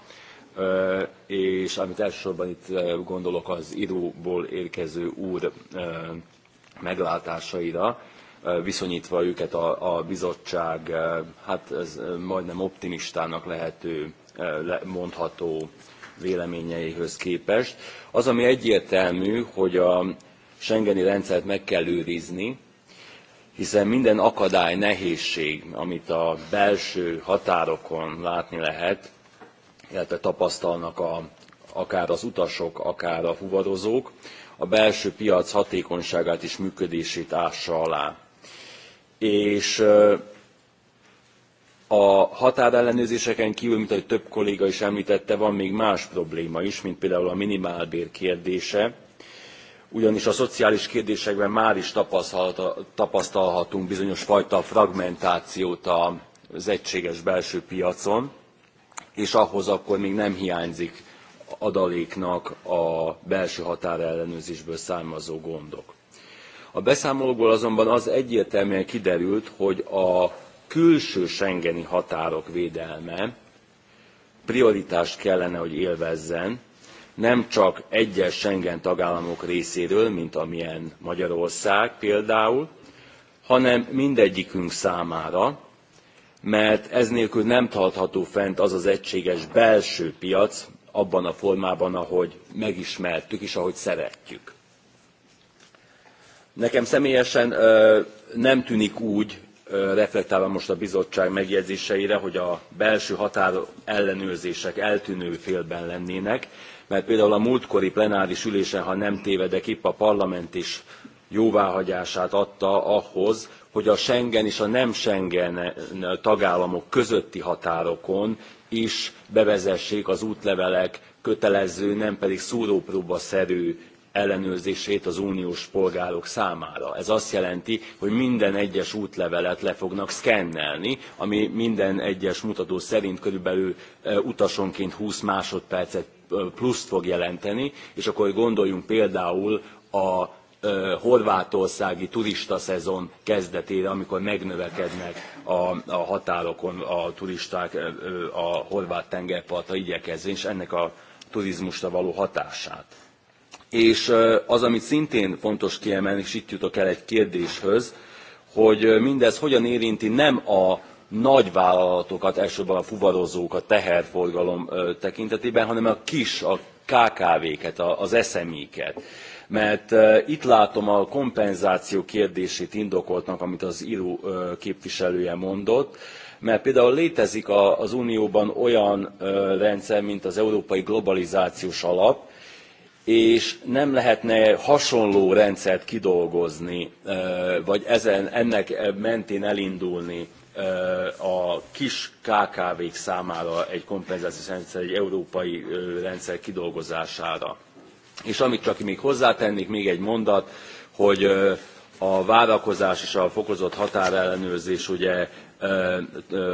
és amit elsősorban itt gondolok az íróból érkező úr meglátásaira, viszonyítva őket a, a bizottság, hát ez majdnem optimistának lehető, mondható véleményeihöz képest. Az, ami egyértelmű, hogy a Schengeni rendszert meg kell őrizni, hiszen minden akadály, nehézség, amit a belső határokon látni lehet, illetve tapasztalnak a, akár az utasok, akár a fuvarozók, a belső piac hatékonyságát és működését ássa alá. És a határellenőrzéseken kívül, mint ahogy több kolléga is említette, van még más probléma is, mint például a minimálbér kérdése, ugyanis a szociális kérdésekben már is tapasztalhatunk bizonyos fajta fragmentációt az egységes belső piacon, és ahhoz akkor még nem hiányzik adaléknak a belső határellenőrzésből származó gondok. A beszámolókból azonban az egyértelműen kiderült, hogy a külső Schengeni határok védelme prioritást kellene, hogy élvezzen, nem csak egyes Schengen tagállamok részéről, mint amilyen Magyarország például, hanem mindegyikünk számára, mert ez nélkül nem tartható fent az az egységes belső piac abban a formában, ahogy megismertük és ahogy szeretjük. Nekem személyesen nem tűnik úgy, reflektálva most a bizottság megjegyzéseire, hogy a belső határ ellenőrzések eltűnő félben lennének, mert például a múltkori plenáris ülésen, ha nem tévedek, épp a parlament is jóváhagyását adta ahhoz, hogy a Schengen és a nem Schengen tagállamok közötti határokon is bevezessék az útlevelek kötelező, nem pedig szúrópróbaszerű ellenőrzését az uniós polgárok számára. Ez azt jelenti, hogy minden egyes útlevelet le fognak szkennelni, ami minden egyes mutató szerint körülbelül eh, utasonként 20 másodpercet pluszt fog jelenteni, és akkor gondoljunk például a horvátországi turista szezon kezdetére, amikor megnövekednek a, a határokon a turisták a horvát tengerpartra igyekezve, és ennek a turizmusra való hatását. És az, amit szintén fontos kiemelni, és itt jutok el egy kérdéshöz, hogy mindez hogyan érinti nem a nagy vállalatokat, elsősorban a fuvarozókat, teherforgalom tekintetében, hanem a kis, a KKV-ket, az SMI-ket mert itt látom a kompenzáció kérdését indokoltnak, amit az író képviselője mondott, mert például létezik az Unióban olyan rendszer, mint az Európai Globalizációs Alap, és nem lehetne hasonló rendszert kidolgozni, vagy ezen, ennek mentén elindulni a kis KKV-k számára egy kompenzációs rendszer, egy európai rendszer kidolgozására. És amit csak még hozzátennék, még egy mondat, hogy a várakozás és a fokozott határellenőrzés ugye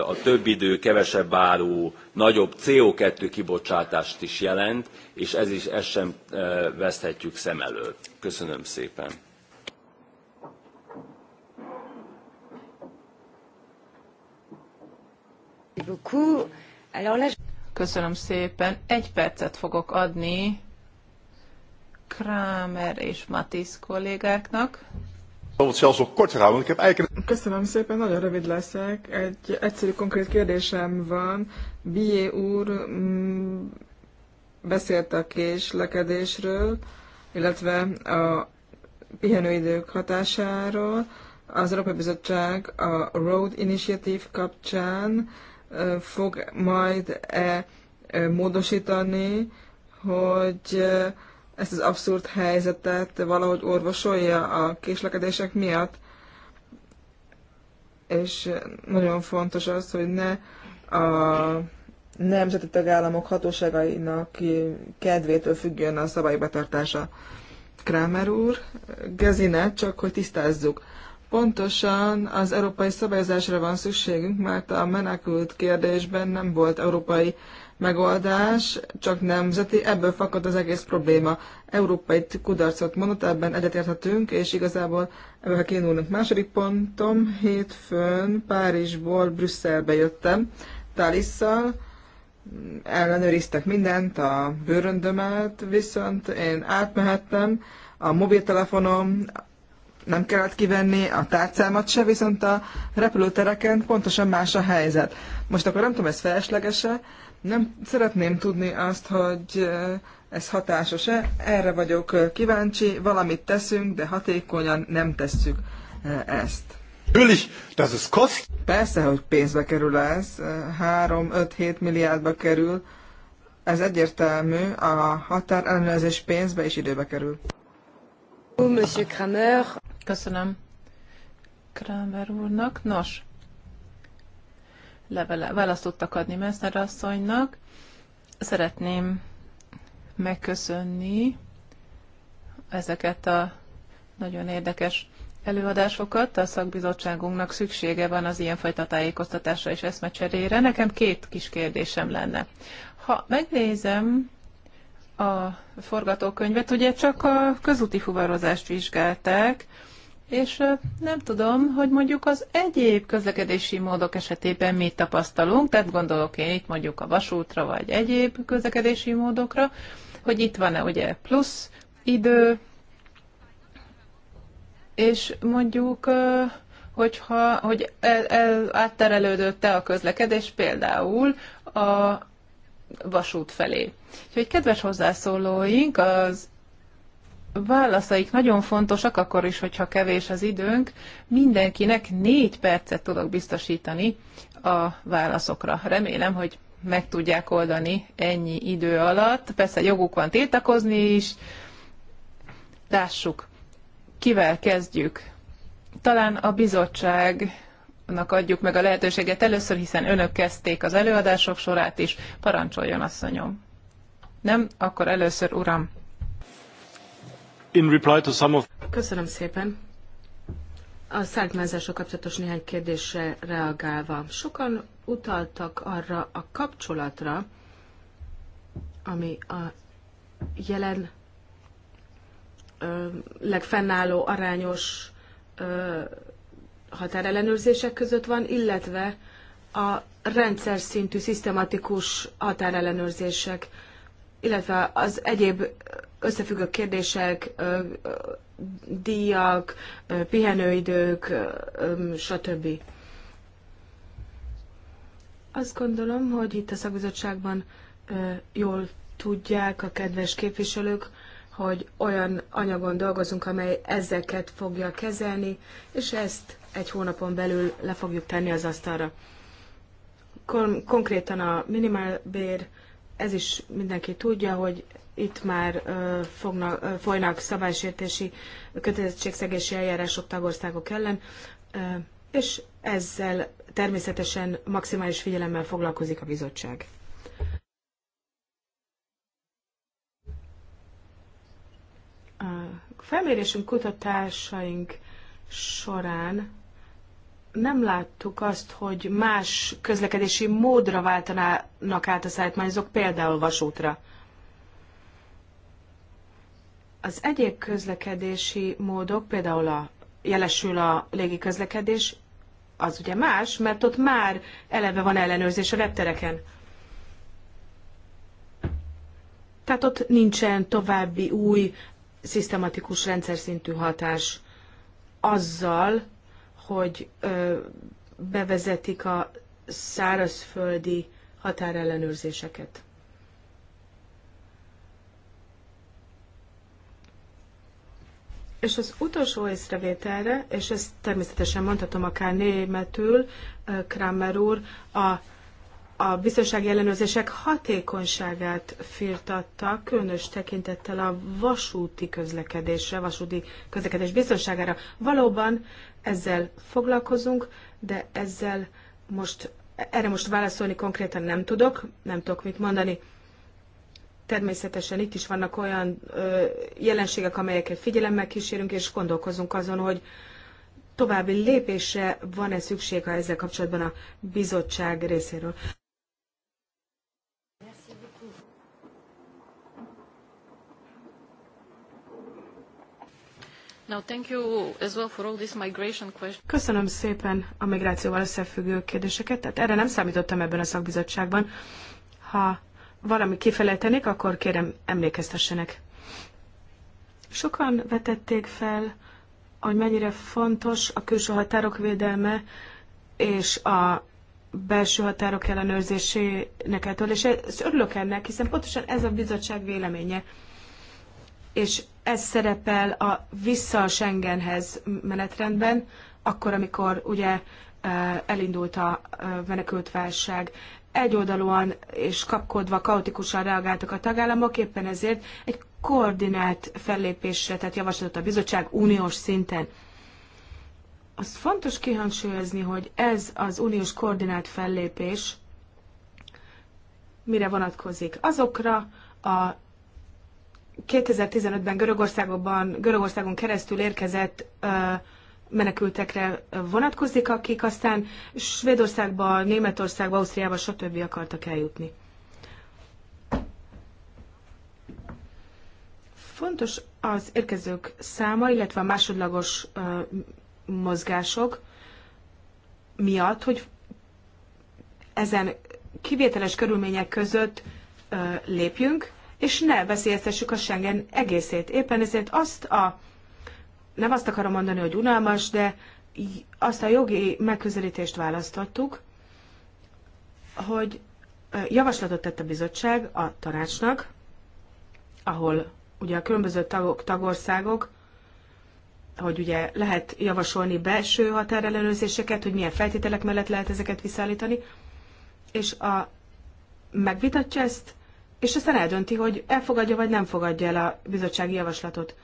a több idő, kevesebb áru, nagyobb CO2 kibocsátást is jelent, és ez is ezt sem veszthetjük szem elől. Köszönöm szépen. Köszönöm szépen. Egy percet fogok adni Kramer és Matisz kollégáknak. Köszönöm szépen, nagyon rövid leszek. Egy egyszerű konkrét kérdésem van. Bié úr mm, beszélt a késlekedésről, illetve a pihenőidők hatásáról. Az Európai Bizottság a Road Initiative kapcsán fog majd-e módosítani, hogy ezt az abszurd helyzetet valahogy orvosolja a késlekedések miatt. És nagyon fontos az, hogy ne a nemzeti tagállamok hatóságainak kedvétől függjön a szabály betartása. Krámer úr, Gezine, csak hogy tisztázzuk. Pontosan az európai szabályozásra van szükségünk, mert a menekült kérdésben nem volt európai megoldás, csak nemzeti, ebből fakad az egész probléma. Európai kudarcot mondott, ebben egyetérthetünk, és igazából ebből kiindulunk. Második pontom, hétfőn Párizsból Brüsszelbe jöttem, Talisszal, ellenőriztek mindent, a bőröndömet, viszont én átmehettem, a mobiltelefonom, nem kellett kivenni a tárcámat se, viszont a repülőtereken pontosan más a helyzet. Most akkor nem tudom, ez felesleges -e, nem szeretném tudni azt, hogy ez hatásos-e, erre vagyok kíváncsi, valamit teszünk, de hatékonyan nem tesszük ezt. Natürlich, das ist kost. Persze, hogy pénzbe kerül ez, 3-5-7 milliárdba kerül, ez egyértelmű, a határ ellenőrzés pénzbe és időbe kerül. Monsieur Kramer. Köszönöm Kramer úrnak. Nos, levele, választottak adni Messner asszonynak. Szeretném megköszönni ezeket a nagyon érdekes előadásokat. A szakbizottságunknak szüksége van az ilyenfajta tájékoztatásra és eszmecserére. Nekem két kis kérdésem lenne. Ha megnézem a forgatókönyvet, ugye csak a közúti fuvarozást vizsgálták, és nem tudom, hogy mondjuk az egyéb közlekedési módok esetében mit tapasztalunk, tehát gondolok én itt mondjuk a vasútra, vagy egyéb közlekedési módokra, hogy itt van-e ugye plusz idő, és mondjuk, hogyha, hogy el, el, átterelődött-e a közlekedés például a vasút felé. Úgyhogy kedves hozzászólóink, az válaszaik nagyon fontosak, akkor is, hogyha kevés az időnk. Mindenkinek négy percet tudok biztosítani a válaszokra. Remélem, hogy meg tudják oldani ennyi idő alatt. Persze joguk van tiltakozni is. Lássuk, kivel kezdjük. Talán a bizottságnak adjuk meg a lehetőséget először, hiszen önök kezdték az előadások sorát is. Parancsoljon, asszonyom. Nem? Akkor először, uram. In reply to some of... Köszönöm szépen. A szertmányzásra kapcsolatos néhány kérdésre reagálva. Sokan utaltak arra a kapcsolatra, ami a jelen ö, legfennálló arányos ö, határellenőrzések között van, illetve a rendszer szintű szisztematikus határellenőrzések, illetve az egyéb összefüggő kérdések, díjak, pihenőidők, stb. Azt gondolom, hogy itt a szakbizottságban jól tudják a kedves képviselők, hogy olyan anyagon dolgozunk, amely ezeket fogja kezelni, és ezt egy hónapon belül le fogjuk tenni az asztalra. Kon- konkrétan a minimálbér, ez is mindenki tudja, hogy itt már fognak, folynak szabálysértési kötelezettségszegési eljárások tagországok ellen, és ezzel természetesen maximális figyelemmel foglalkozik a bizottság. A felmérésünk, kutatásaink során nem láttuk azt, hogy más közlekedési módra váltanának át a szállítmányozók, például vasútra. Az egyéb közlekedési módok, például a jelesül a légi közlekedés, az ugye más, mert ott már eleve van ellenőrzés a reptereken. Tehát ott nincsen további új, szisztematikus rendszer szintű hatás azzal, hogy ö, bevezetik a szárazföldi határellenőrzéseket. És az utolsó észrevételre, és ezt természetesen mondhatom akár németül, Kramer úr, a, a biztonsági ellenőrzések hatékonyságát firtatta, különös tekintettel a vasúti közlekedésre, vasúti közlekedés biztonságára. Valóban ezzel foglalkozunk, de ezzel most, erre most válaszolni konkrétan nem tudok, nem tudok mit mondani. Természetesen itt is vannak olyan ö, jelenségek, amelyeket figyelemmel kísérünk, és gondolkozunk azon, hogy további lépésre van-e szükség ezzel kapcsolatban a bizottság részéről. Köszönöm szépen a migrációval összefüggő kérdéseket. Tehát erre nem számítottam ebben a szakbizottságban. Ha valami kifelejtenék, akkor kérem emlékeztessenek. Sokan vetették fel, hogy mennyire fontos a külső határok védelme és a belső határok ellenőrzésének eltörlése. Örülök ennek, hiszen pontosan ez a bizottság véleménye és ez szerepel a vissza a Schengenhez menetrendben, akkor, amikor ugye elindult a menekültválság. Egyoldalúan és kapkodva, kaotikusan reagáltak a tagállamok, éppen ezért egy koordinált fellépésre, tehát javaslatot a bizottság uniós szinten. Azt fontos kihangsúlyozni, hogy ez az uniós koordinált fellépés mire vonatkozik? Azokra a 2015-ben Görögországban, Görögországon keresztül érkezett menekültekre vonatkozik, akik aztán Svédországba, Németországba, Ausztriába, stb. akartak eljutni. Fontos az érkezők száma, illetve a másodlagos mozgások miatt, hogy ezen kivételes körülmények között lépjünk, és ne veszélyeztessük a Schengen egészét. Éppen ezért azt a, nem azt akarom mondani, hogy unalmas, de azt a jogi megközelítést választottuk, hogy javaslatot tett a bizottság a tanácsnak, ahol ugye a különböző tagok, tagországok, hogy ugye lehet javasolni belső határellenőrzéseket, hogy milyen feltételek mellett lehet ezeket visszaállítani, és a, megvitatja ezt és aztán eldönti, hogy elfogadja vagy nem fogadja el a bizottsági javaslatot.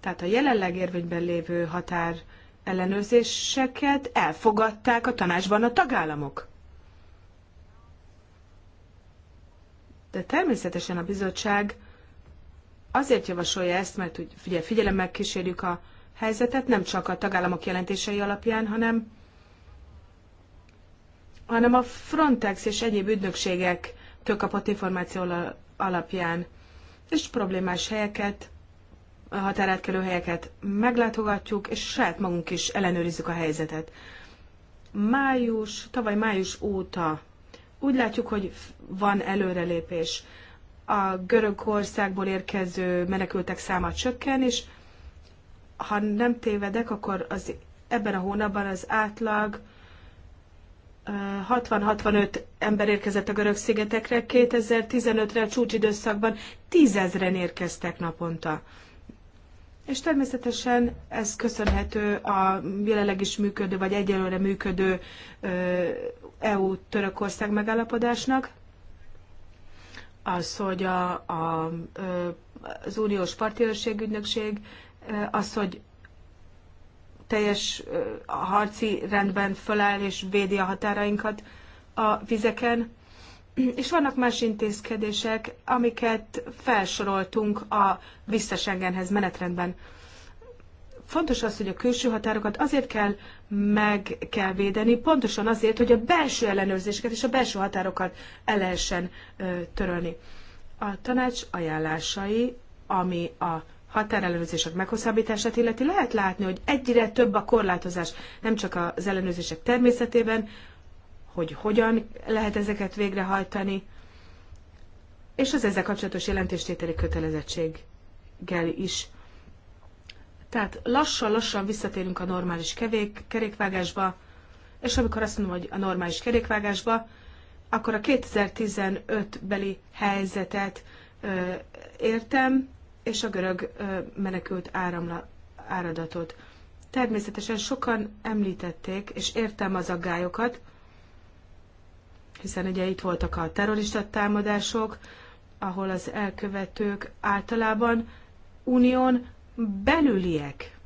Tehát a jelenleg érvényben lévő határ ellenőrzéseket elfogadták a tanácsban a tagállamok. De természetesen a bizottság azért javasolja ezt, mert ugye, figyelemmel kísérjük a helyzetet, nem csak a tagállamok jelentései alapján, hanem, hanem a Frontex és egyéb ügynökségek kapott információ alapján, és problémás helyeket, határátkelő helyeket meglátogatjuk, és saját magunk is ellenőrizzük a helyzetet. Május, tavaly május óta úgy látjuk, hogy van előrelépés. A Görögországból érkező menekültek száma csökken, és ha nem tévedek, akkor az, ebben a hónapban az átlag 60-65 ember érkezett a görög szigetekre, 2015-re a csúcsidőszakban tízezren érkeztek naponta. És természetesen ez köszönhető a jelenleg is működő, vagy egyelőre működő EU-Törökország megállapodásnak, az, hogy a, a, az uniós partnerségügynökség, az, hogy teljes harci rendben föláll és védi a határainkat a vizeken. És vannak más intézkedések, amiket felsoroltunk a visszasengenhez menetrendben. Fontos az, hogy a külső határokat azért kell meg kell védeni, pontosan azért, hogy a belső ellenőrzéseket és a belső határokat el lehessen ö, törölni. A tanács ajánlásai, ami a határellenőrzések meghosszabbítását illeti, lehet látni, hogy egyre több a korlátozás, nem csak az ellenőrzések természetében, hogy hogyan lehet ezeket végrehajtani, és az ezzel kapcsolatos jelentéstételi kötelezettséggel is. Tehát lassan-lassan visszatérünk a normális kevék, kerékvágásba, és amikor azt mondom, hogy a normális kerékvágásba, akkor a 2015 beli helyzetet ö, értem, és a görög menekült áramla, áradatot. Természetesen sokan említették, és értem az aggályokat, hiszen ugye itt voltak a terrorista támadások, ahol az elkövetők általában unión belüliek.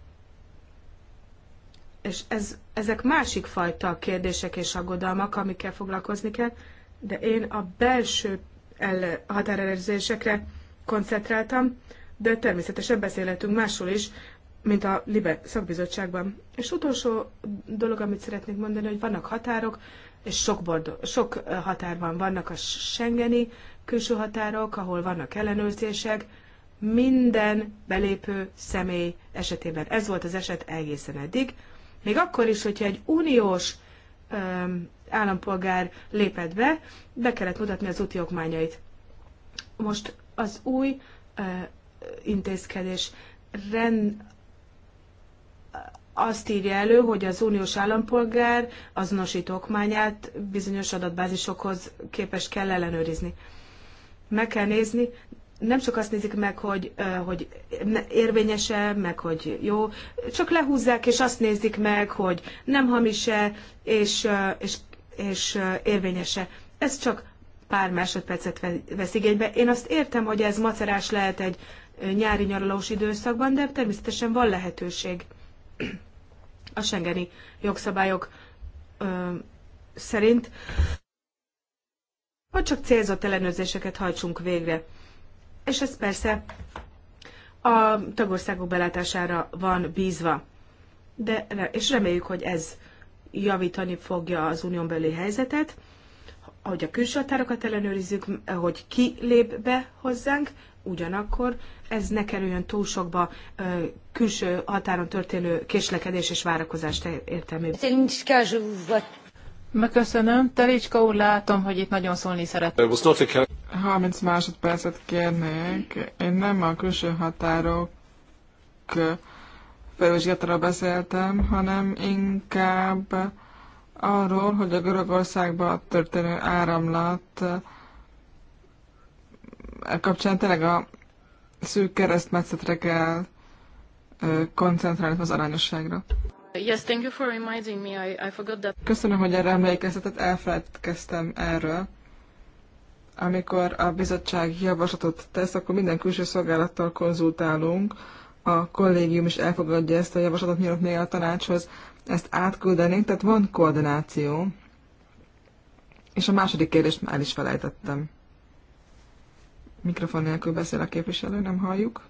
És ez, ezek másik fajta kérdések és aggodalmak, amikkel foglalkozni kell, de én a belső határerőzésekre koncentráltam, de természetesen beszélhetünk másról is, mint a LIBE szakbizottságban. És utolsó dolog, amit szeretnék mondani, hogy vannak határok, és sok, boldog, sok határ van. Vannak a Schengeni külső határok, ahol vannak ellenőrzések, minden belépő személy esetében. Ez volt az eset egészen eddig. Még akkor is, hogyha egy uniós um, állampolgár lépett be, be kellett mutatni az úti okmányait. Most az új intézkedés ren azt írja elő, hogy az uniós állampolgár azonosító okmányát bizonyos adatbázisokhoz képes kell ellenőrizni. Meg kell nézni, nem csak azt nézik meg, hogy, hogy érvényese, meg hogy jó, csak lehúzzák, és azt nézik meg, hogy nem hamise, és, és, és érvényese. Ez csak pár másodpercet vesz igénybe. Én azt értem, hogy ez macerás lehet egy nyári nyaralós időszakban, de természetesen van lehetőség a Schengeni jogszabályok ö, szerint, hogy csak célzott ellenőrzéseket hajtsunk végre. És ez persze a tagországok belátására van bízva. De, és reméljük, hogy ez javítani fogja az unión belüli helyzetet, hogy a külső határokat ellenőrizzük, hogy ki lép be hozzánk, ugyanakkor ez ne kerüljön túl sokba külső határon történő késlekedés és várakozás értelmében. Megköszönöm. Telicska úr, látom, hogy itt nagyon szólni szeret. 30 másodpercet kérnék. Én nem a külső határok felvizsgálatára beszéltem, hanem inkább arról, hogy a görögországban történő áramlat kapcsán tényleg a szűk keresztmetszetre kell koncentrálni az arányosságra. Yes, thank you for reminding me. I, I forgot that. Köszönöm, hogy erre emlékeztetett, elfelejtkeztem erről. Amikor a bizottság javaslatot tesz, akkor minden külső szolgálattal konzultálunk. A kollégium is elfogadja ezt a javaslatot, mielőtt még a tanácshoz ezt átküldenénk, tehát van koordináció. És a második kérdést már el is felejtettem. Mikrofon nélkül beszél a képviselő, nem halljuk.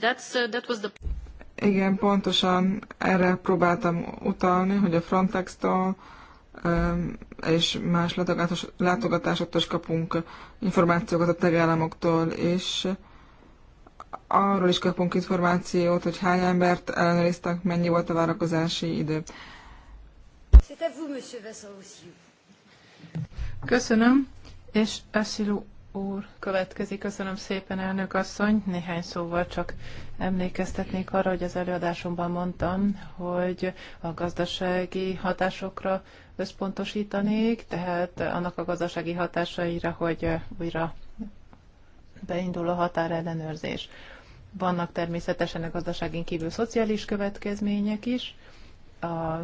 That's, uh, that was the... Igen, pontosan erre próbáltam utalni, hogy a Frontex-tól um, és más látogatásoktól is kapunk információkat a tagállamoktól, és arról is kapunk információt, hogy hány embert ellenőriztek, mennyi volt a várakozási idő. C'est à vous, monsieur Vincent, aussi. Köszönöm, és Asilu úr következik. Köszönöm szépen, elnök asszony. Néhány szóval csak emlékeztetnék arra, hogy az előadásomban mondtam, hogy a gazdasági hatásokra összpontosítanék, tehát annak a gazdasági hatásaira, hogy újra beindul a határellenőrzés. Vannak természetesen a gazdaságén kívül szociális következmények is, a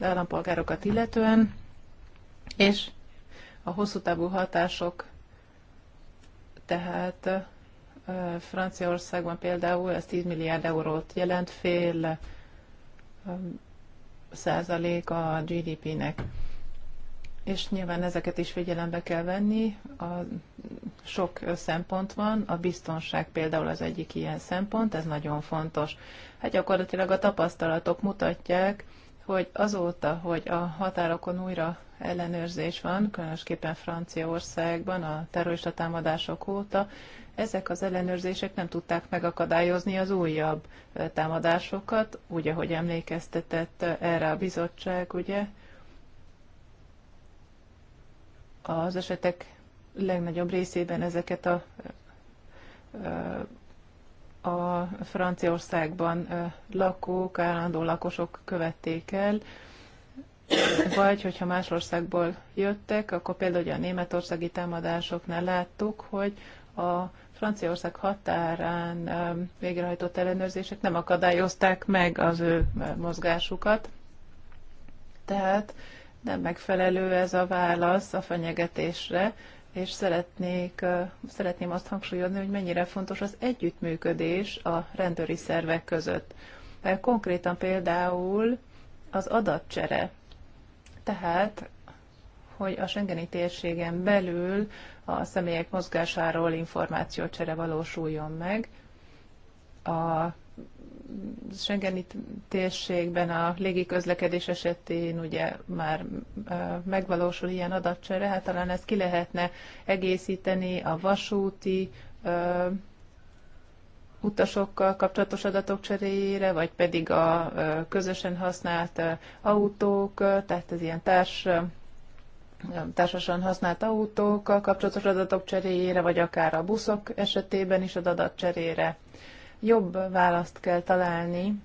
állampolgárokat illetően, és a hosszú távú hatások tehát Franciaországban például ez 10 milliárd eurót jelent, fél százalék a GDP-nek. És nyilván ezeket is figyelembe kell venni. A sok szempont van, a biztonság például az egyik ilyen szempont, ez nagyon fontos. Hát gyakorlatilag a tapasztalatok mutatják, hogy azóta, hogy a határokon újra ellenőrzés van, különösképpen Franciaországban a terrorista támadások óta. Ezek az ellenőrzések nem tudták megakadályozni az újabb támadásokat, úgy, ahogy emlékeztetett erre a bizottság, ugye? Az esetek legnagyobb részében ezeket a a Franciaországban lakók, állandó lakosok követték el, vagy hogyha más országból jöttek, akkor például a németországi támadásoknál láttuk, hogy a Franciaország határán végrehajtott ellenőrzések nem akadályozták meg az ő mozgásukat. Tehát nem megfelelő ez a válasz a fenyegetésre, és szeretnék, szeretném azt hangsúlyozni, hogy mennyire fontos az együttműködés a rendőri szervek között. Mert konkrétan például az adatcsere tehát hogy a Schengeni térségen belül a személyek mozgásáról információcsere valósuljon meg. A Schengeni térségben a légiközlekedés esetén ugye már megvalósul ilyen adatcsere, hát talán ezt ki lehetne egészíteni a vasúti utasokkal kapcsolatos adatok cseréjére, vagy pedig a közösen használt autók, tehát ez ilyen társ társasan használt autókkal kapcsolatos adatok cseréjére, vagy akár a buszok esetében is az adatcserére. Jobb választ kell találni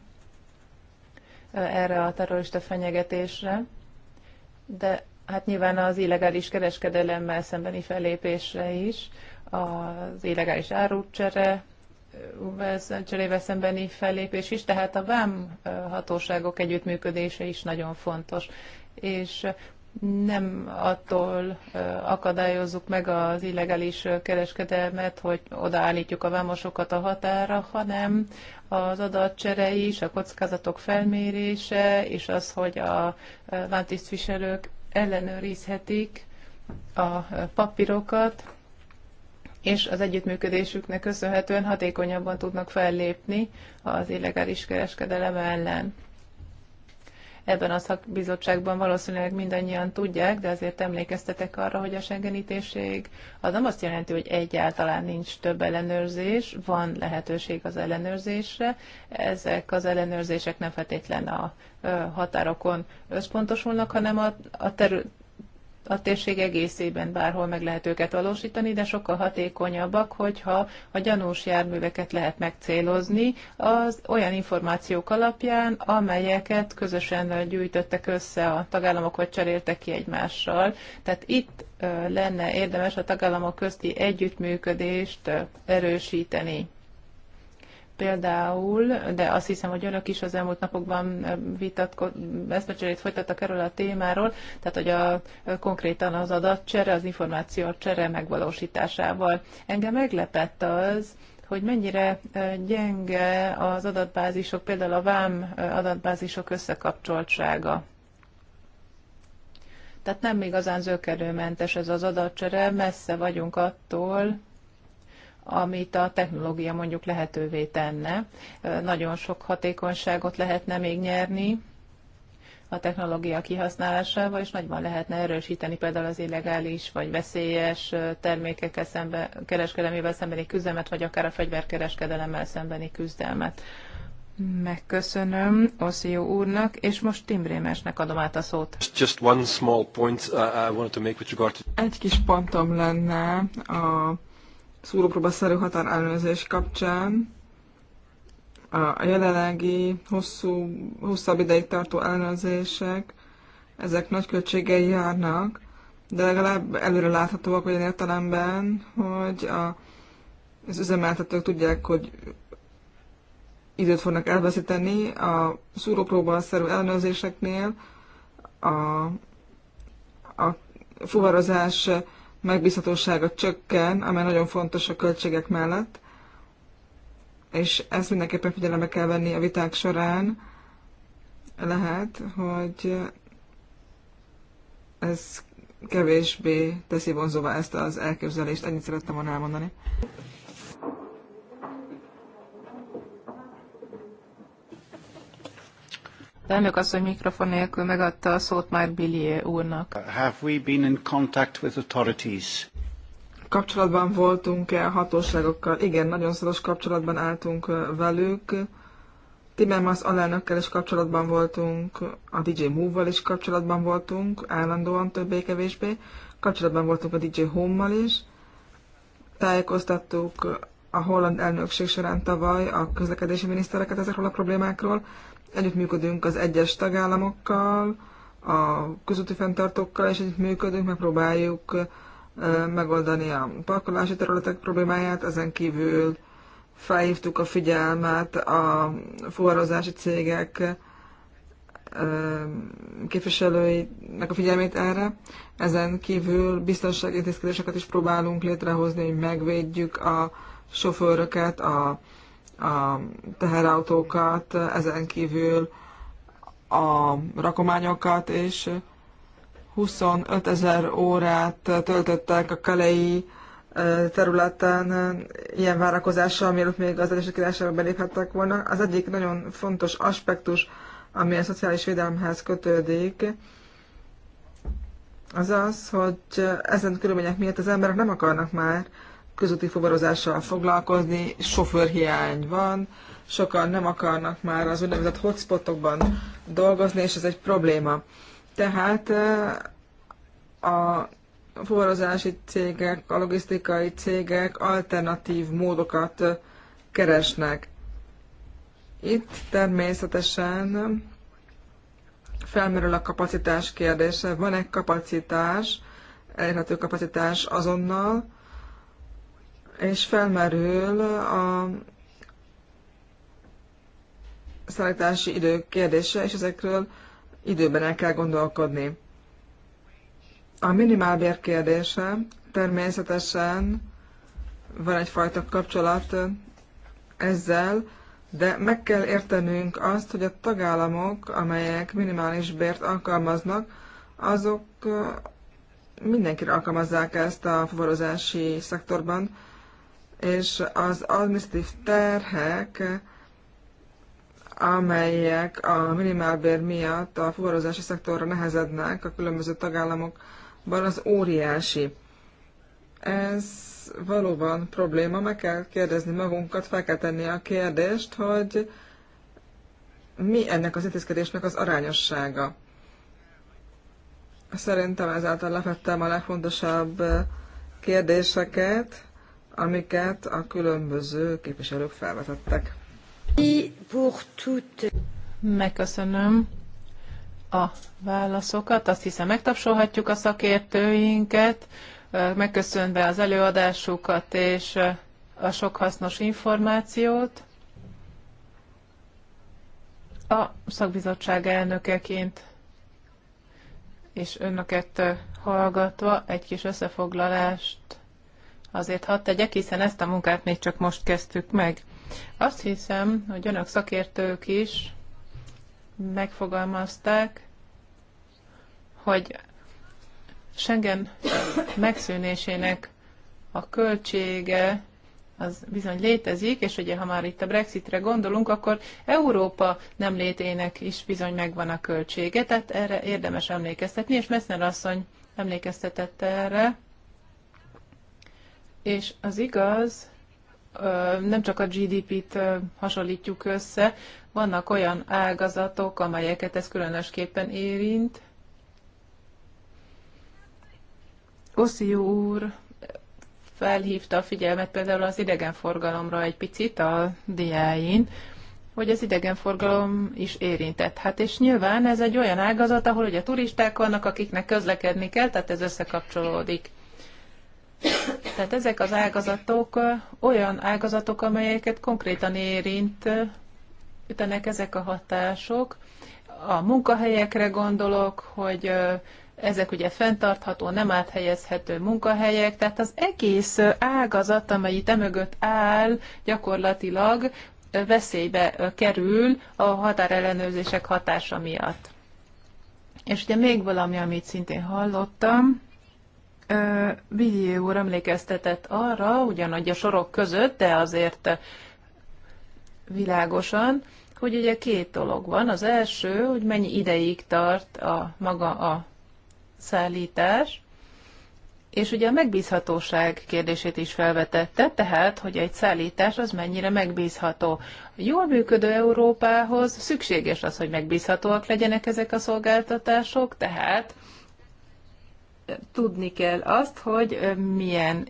erre a terrorista fenyegetésre, de hát nyilván az illegális kereskedelemmel szembeni fellépésre is, az illegális árucsere Uber cserébe szembeni fellépés is, tehát a vám hatóságok együttműködése is nagyon fontos. És nem attól akadályozzuk meg az illegális kereskedelmet, hogy odaállítjuk a vámosokat a határa, hanem az adatcsere is, a kockázatok felmérése, és az, hogy a vámtisztviselők ellenőrizhetik a papírokat, és az együttműködésüknek köszönhetően hatékonyabban tudnak fellépni az illegális kereskedelem ellen. Ebben a szakbizottságban valószínűleg mindannyian tudják, de azért emlékeztetek arra, hogy a Schengeni térség az nem azt jelenti, hogy egyáltalán nincs több ellenőrzés, van lehetőség az ellenőrzésre. Ezek az ellenőrzések nem feltétlen a határokon összpontosulnak, hanem a, a terület a térség egészében bárhol meg lehet őket valósítani, de sokkal hatékonyabbak, hogyha a gyanús járműveket lehet megcélozni az olyan információk alapján, amelyeket közösen gyűjtöttek össze a tagállamok, vagy cseréltek ki egymással. Tehát itt lenne érdemes a tagállamok közti együttműködést erősíteni. Például, de azt hiszem, hogy önök is az elmúlt napokban vitatko, eszmecserét folytattak erről a témáról, tehát hogy a, konkrétan az adatcsere, az információ csere megvalósításával. Engem meglepett az, hogy mennyire gyenge az adatbázisok, például a vám adatbázisok összekapcsoltsága. Tehát nem igazán zökerőmentes ez az adatcsere, messze vagyunk attól, amit a technológia mondjuk lehetővé tenne. Nagyon sok hatékonyságot lehetne még nyerni a technológia kihasználásával, és nagyban lehetne erősíteni például az illegális vagy veszélyes termékekkel szembe, kereskedelmével szembeni küzdelmet, vagy akár a fegyverkereskedelemmel szembeni küzdelmet. Megköszönöm Oszió úrnak, és most Tim Rémesnek adom át a szót. Uh, Egy kis pontom lenne a szúrópróbaszerű határellenőrzés kapcsán a jelenlegi hosszú, hosszabb ideig tartó ellenőrzések, ezek nagy költségei járnak, de legalább előre láthatóak olyan értelemben, hogy a, az üzemeltetők tudják, hogy időt fognak elveszíteni a szúrópróbaszerű ellenőrzéseknél, a, a fuvarozás megbízhatósága csökken, amely nagyon fontos a költségek mellett, és ezt mindenképpen figyelembe kell venni a viták során. Lehet, hogy ez kevésbé teszi vonzóvá ezt az elképzelést. Ennyit szerettem volna elmondani. Elnök mikrofon nélkül megadta a szót már úrnak. Have we been in contact with authorities? Kapcsolatban voltunk-e a hatóságokkal? Igen, nagyon szoros kapcsolatban álltunk velük. Timmermans alelnökkel is kapcsolatban voltunk, a DJ Move-val is kapcsolatban voltunk, állandóan többé-kevésbé. Kapcsolatban voltunk a DJ Home-mal is. Tájékoztattuk a holland elnökség során tavaly a közlekedési minisztereket ezekről a problémákról, Együttműködünk az egyes tagállamokkal, a közúti fenntartókkal, és együttműködünk, megpróbáljuk megoldani a parkolási területek problémáját, ezen kívül felhívtuk a figyelmet a fuvarozási cégek képviselőinek a figyelmét erre. Ezen kívül biztonsági intézkedéseket is próbálunk létrehozni, hogy megvédjük a sofőröket a a teherautókat, ezen kívül a rakományokat, és 25 ezer órát töltöttek a kelei területen ilyen várakozással, mielőtt még az Egyesült Királyságba beléphettek volna. Az egyik nagyon fontos aspektus, ami a szociális védelemhez kötődik, az az, hogy ezen körülmények miatt az emberek nem akarnak már közúti fuvarozással foglalkozni, sofőrhiány van, sokan nem akarnak már az úgynevezett hotspotokban dolgozni, és ez egy probléma. Tehát eh, a fuvarozási cégek, a logisztikai cégek alternatív módokat eh, keresnek. Itt természetesen felmerül a kapacitás kérdése. Van-e kapacitás, elérhető kapacitás azonnal, és felmerül a szállítási idő kérdése, és ezekről időben el kell gondolkodni. A minimálbér kérdése természetesen van egyfajta kapcsolat ezzel, de meg kell értenünk azt, hogy a tagállamok, amelyek minimális bért alkalmaznak, azok mindenkire alkalmazzák ezt a fuvarozási szektorban, és az administratív terhek, amelyek a minimálbér miatt a fuvarozási szektorra nehezednek a különböző tagállamokban, az óriási. Ez valóban probléma, meg kell kérdezni magunkat, fel kell tenni a kérdést, hogy mi ennek az intézkedésnek az arányossága. Szerintem ezáltal lefettem a legfontosabb kérdéseket amiket a különböző képviselők felvetettek. Megköszönöm a válaszokat. Azt hiszem, megtapsolhatjuk a szakértőinket, megköszönve az előadásukat és a sok hasznos információt. A szakbizottság elnökeként és önöket hallgatva egy kis összefoglalást azért hadd tegyek, hiszen ezt a munkát még csak most kezdtük meg. Azt hiszem, hogy önök szakértők is megfogalmazták, hogy Schengen megszűnésének a költsége az bizony létezik, és ugye ha már itt a Brexitre gondolunk, akkor Európa nem létének is bizony megvan a költsége, tehát erre érdemes emlékeztetni, és Messner asszony emlékeztetett erre, és az igaz, nem csak a GDP-t hasonlítjuk össze, vannak olyan ágazatok, amelyeket ez különösképpen érint. Oszi úr felhívta a figyelmet például az idegenforgalomra egy picit a diáin, hogy az idegenforgalom is érintett. Hát és nyilván ez egy olyan ágazat, ahol ugye turisták vannak, akiknek közlekedni kell, tehát ez összekapcsolódik. Tehát ezek az ágazatok olyan ágazatok, amelyeket konkrétan érint, ütenek ezek a hatások. A munkahelyekre gondolok, hogy ezek ugye fenntartható, nem áthelyezhető munkahelyek, tehát az egész ágazat, amely itt emögött áll, gyakorlatilag veszélybe kerül a határellenőrzések hatása miatt. És ugye még valami, amit szintén hallottam, Vigyé úr emlékeztetett arra, ugyanagy a sorok között, de azért világosan, hogy ugye két dolog van. Az első, hogy mennyi ideig tart a maga a szállítás, és ugye a megbízhatóság kérdését is felvetette, tehát, hogy egy szállítás az mennyire megbízható. Jól működő Európához szükséges az, hogy megbízhatóak legyenek ezek a szolgáltatások, tehát tudni kell azt, hogy milyen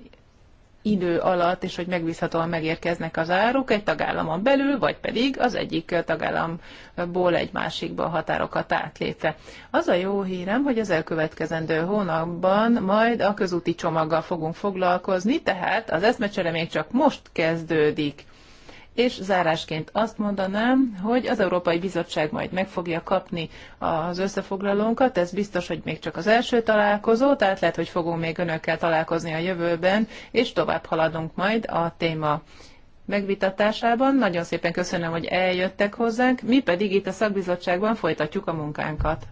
idő alatt, és hogy megbízhatóan megérkeznek az áruk egy tagállamon belül, vagy pedig az egyik tagállamból egy másikba a határokat átlépve. Az a jó hírem, hogy az elkövetkezendő hónapban majd a közúti csomaggal fogunk foglalkozni, tehát az eszmecsere még csak most kezdődik. És zárásként azt mondanám, hogy az Európai Bizottság majd meg fogja kapni az összefoglalónkat, ez biztos, hogy még csak az első találkozó, tehát lehet, hogy fogunk még önökkel találkozni a jövőben, és tovább haladunk majd a téma megvitatásában. Nagyon szépen köszönöm, hogy eljöttek hozzánk, mi pedig itt a szakbizottságban folytatjuk a munkánkat.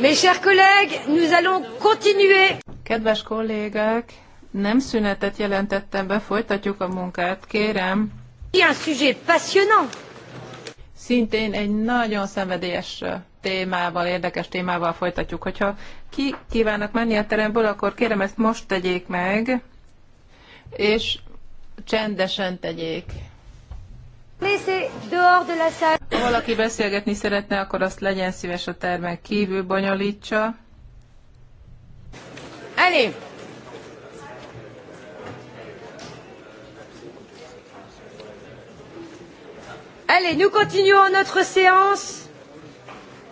Mes chers collègues, nous allons continuer. Kedves kollégák, nem szünetet jelentettem be, folytatjuk a munkát, kérem. Ilyen sujet passionnant. Szintén egy nagyon szenvedélyes témával, érdekes témával folytatjuk. Hogyha ki kívánnak menni a teremből, akkor kérem ezt most tegyék meg, és csendesen tegyék. Ha valaki beszélgetni szeretne, akkor azt legyen szíves a termen kívül bonyolítsa. Elé! Allez, nous continuons notre séance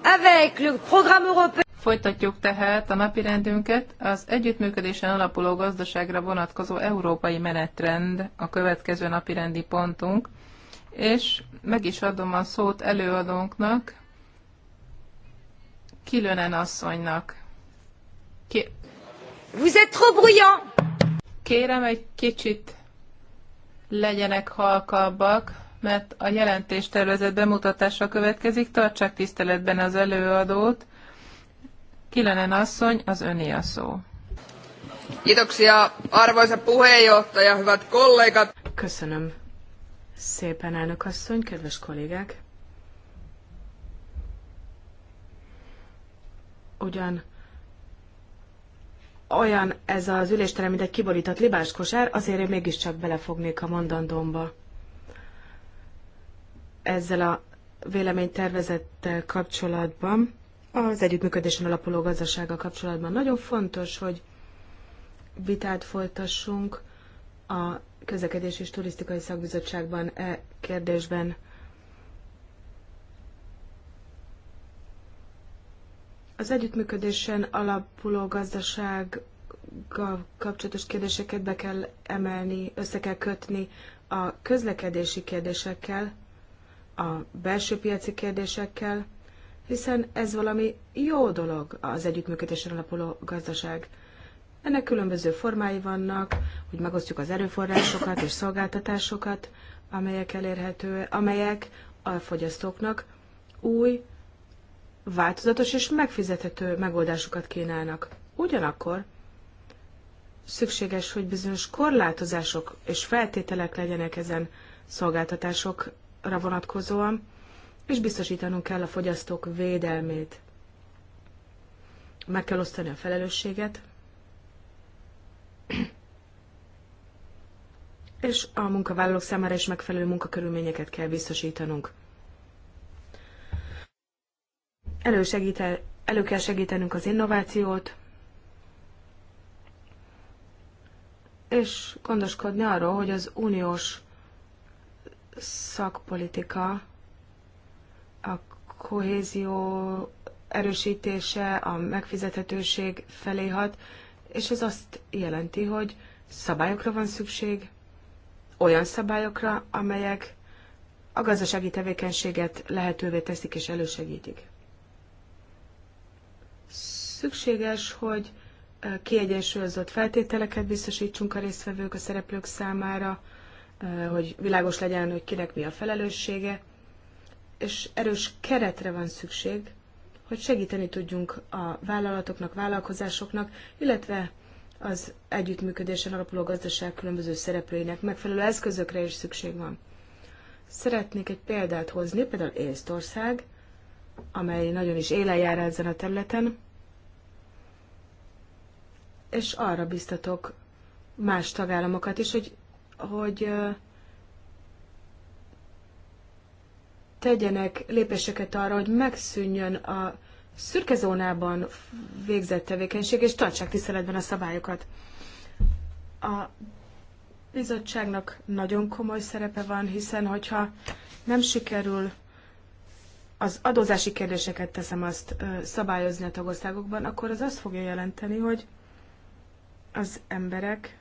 avec le programme européen. Folytatjuk tehát a napirendünket. Az együttműködésen alapuló gazdaságra vonatkozó európai menetrend a következő napirendi pontunk, és meg is adom a szót előadónknak, Kilönen asszonynak. Ki... Vous êtes trop bruyant! Kérem, egy kicsit legyenek halkabbak mert a jelentés tervezett bemutatása következik. Tartsák tiszteletben az előadót. Kilenen asszony, az öné a szó. Kiitoksia, arvoisa puheenjohtaja, hyvät kollégat. Köszönöm szépen, elnök asszony, kedves kollégák. Ugyan olyan ez az ülésterem, mint egy kiborított kosár, azért én mégiscsak belefognék a mondandómba ezzel a véleménytervezettel kapcsolatban, az együttműködésen alapuló gazdasággal kapcsolatban nagyon fontos, hogy vitát folytassunk a közlekedés és turisztikai szakbizottságban e kérdésben. Az együttműködésen alapuló gazdasággal kapcsolatos kérdéseket be kell emelni, össze kell kötni a közlekedési kérdésekkel, a belső piaci kérdésekkel, hiszen ez valami jó dolog az együttműködésen alapuló gazdaság. Ennek különböző formái vannak, hogy megosztjuk az erőforrásokat és szolgáltatásokat, amelyek elérhető, amelyek a fogyasztóknak új, változatos és megfizethető megoldásokat kínálnak. Ugyanakkor szükséges, hogy bizonyos korlátozások és feltételek legyenek ezen szolgáltatások vonatkozóan, és biztosítanunk kell a fogyasztók védelmét. Meg kell osztani a felelősséget, és a munkavállalók számára is megfelelő munkakörülményeket kell biztosítanunk. Elősegítel, elő kell segítenünk az innovációt, és gondoskodni arról, hogy az uniós szakpolitika, a kohézió erősítése, a megfizethetőség felé hat, és ez azt jelenti, hogy szabályokra van szükség, olyan szabályokra, amelyek a gazdasági tevékenységet lehetővé teszik és elősegítik. Szükséges, hogy eh, kiegyensúlyozott feltételeket biztosítsunk a résztvevők a szereplők számára, Eh, hogy világos legyen, hogy kinek mi a felelőssége, és erős keretre van szükség, hogy segíteni tudjunk a vállalatoknak, vállalkozásoknak, illetve az együttműködésen alapuló gazdaság különböző szereplőinek megfelelő eszközökre is szükség van. Szeretnék egy példát hozni, például Észtország, amely nagyon is élen jár ezen a területen, és arra biztatok más tagállamokat is, hogy hogy tegyenek lépéseket arra, hogy megszűnjön a szürke zónában végzett tevékenység, és tartsák tiszteletben a szabályokat. A bizottságnak nagyon komoly szerepe van, hiszen hogyha nem sikerül az adózási kérdéseket teszem azt szabályozni a tagországokban, akkor az azt fogja jelenteni, hogy az emberek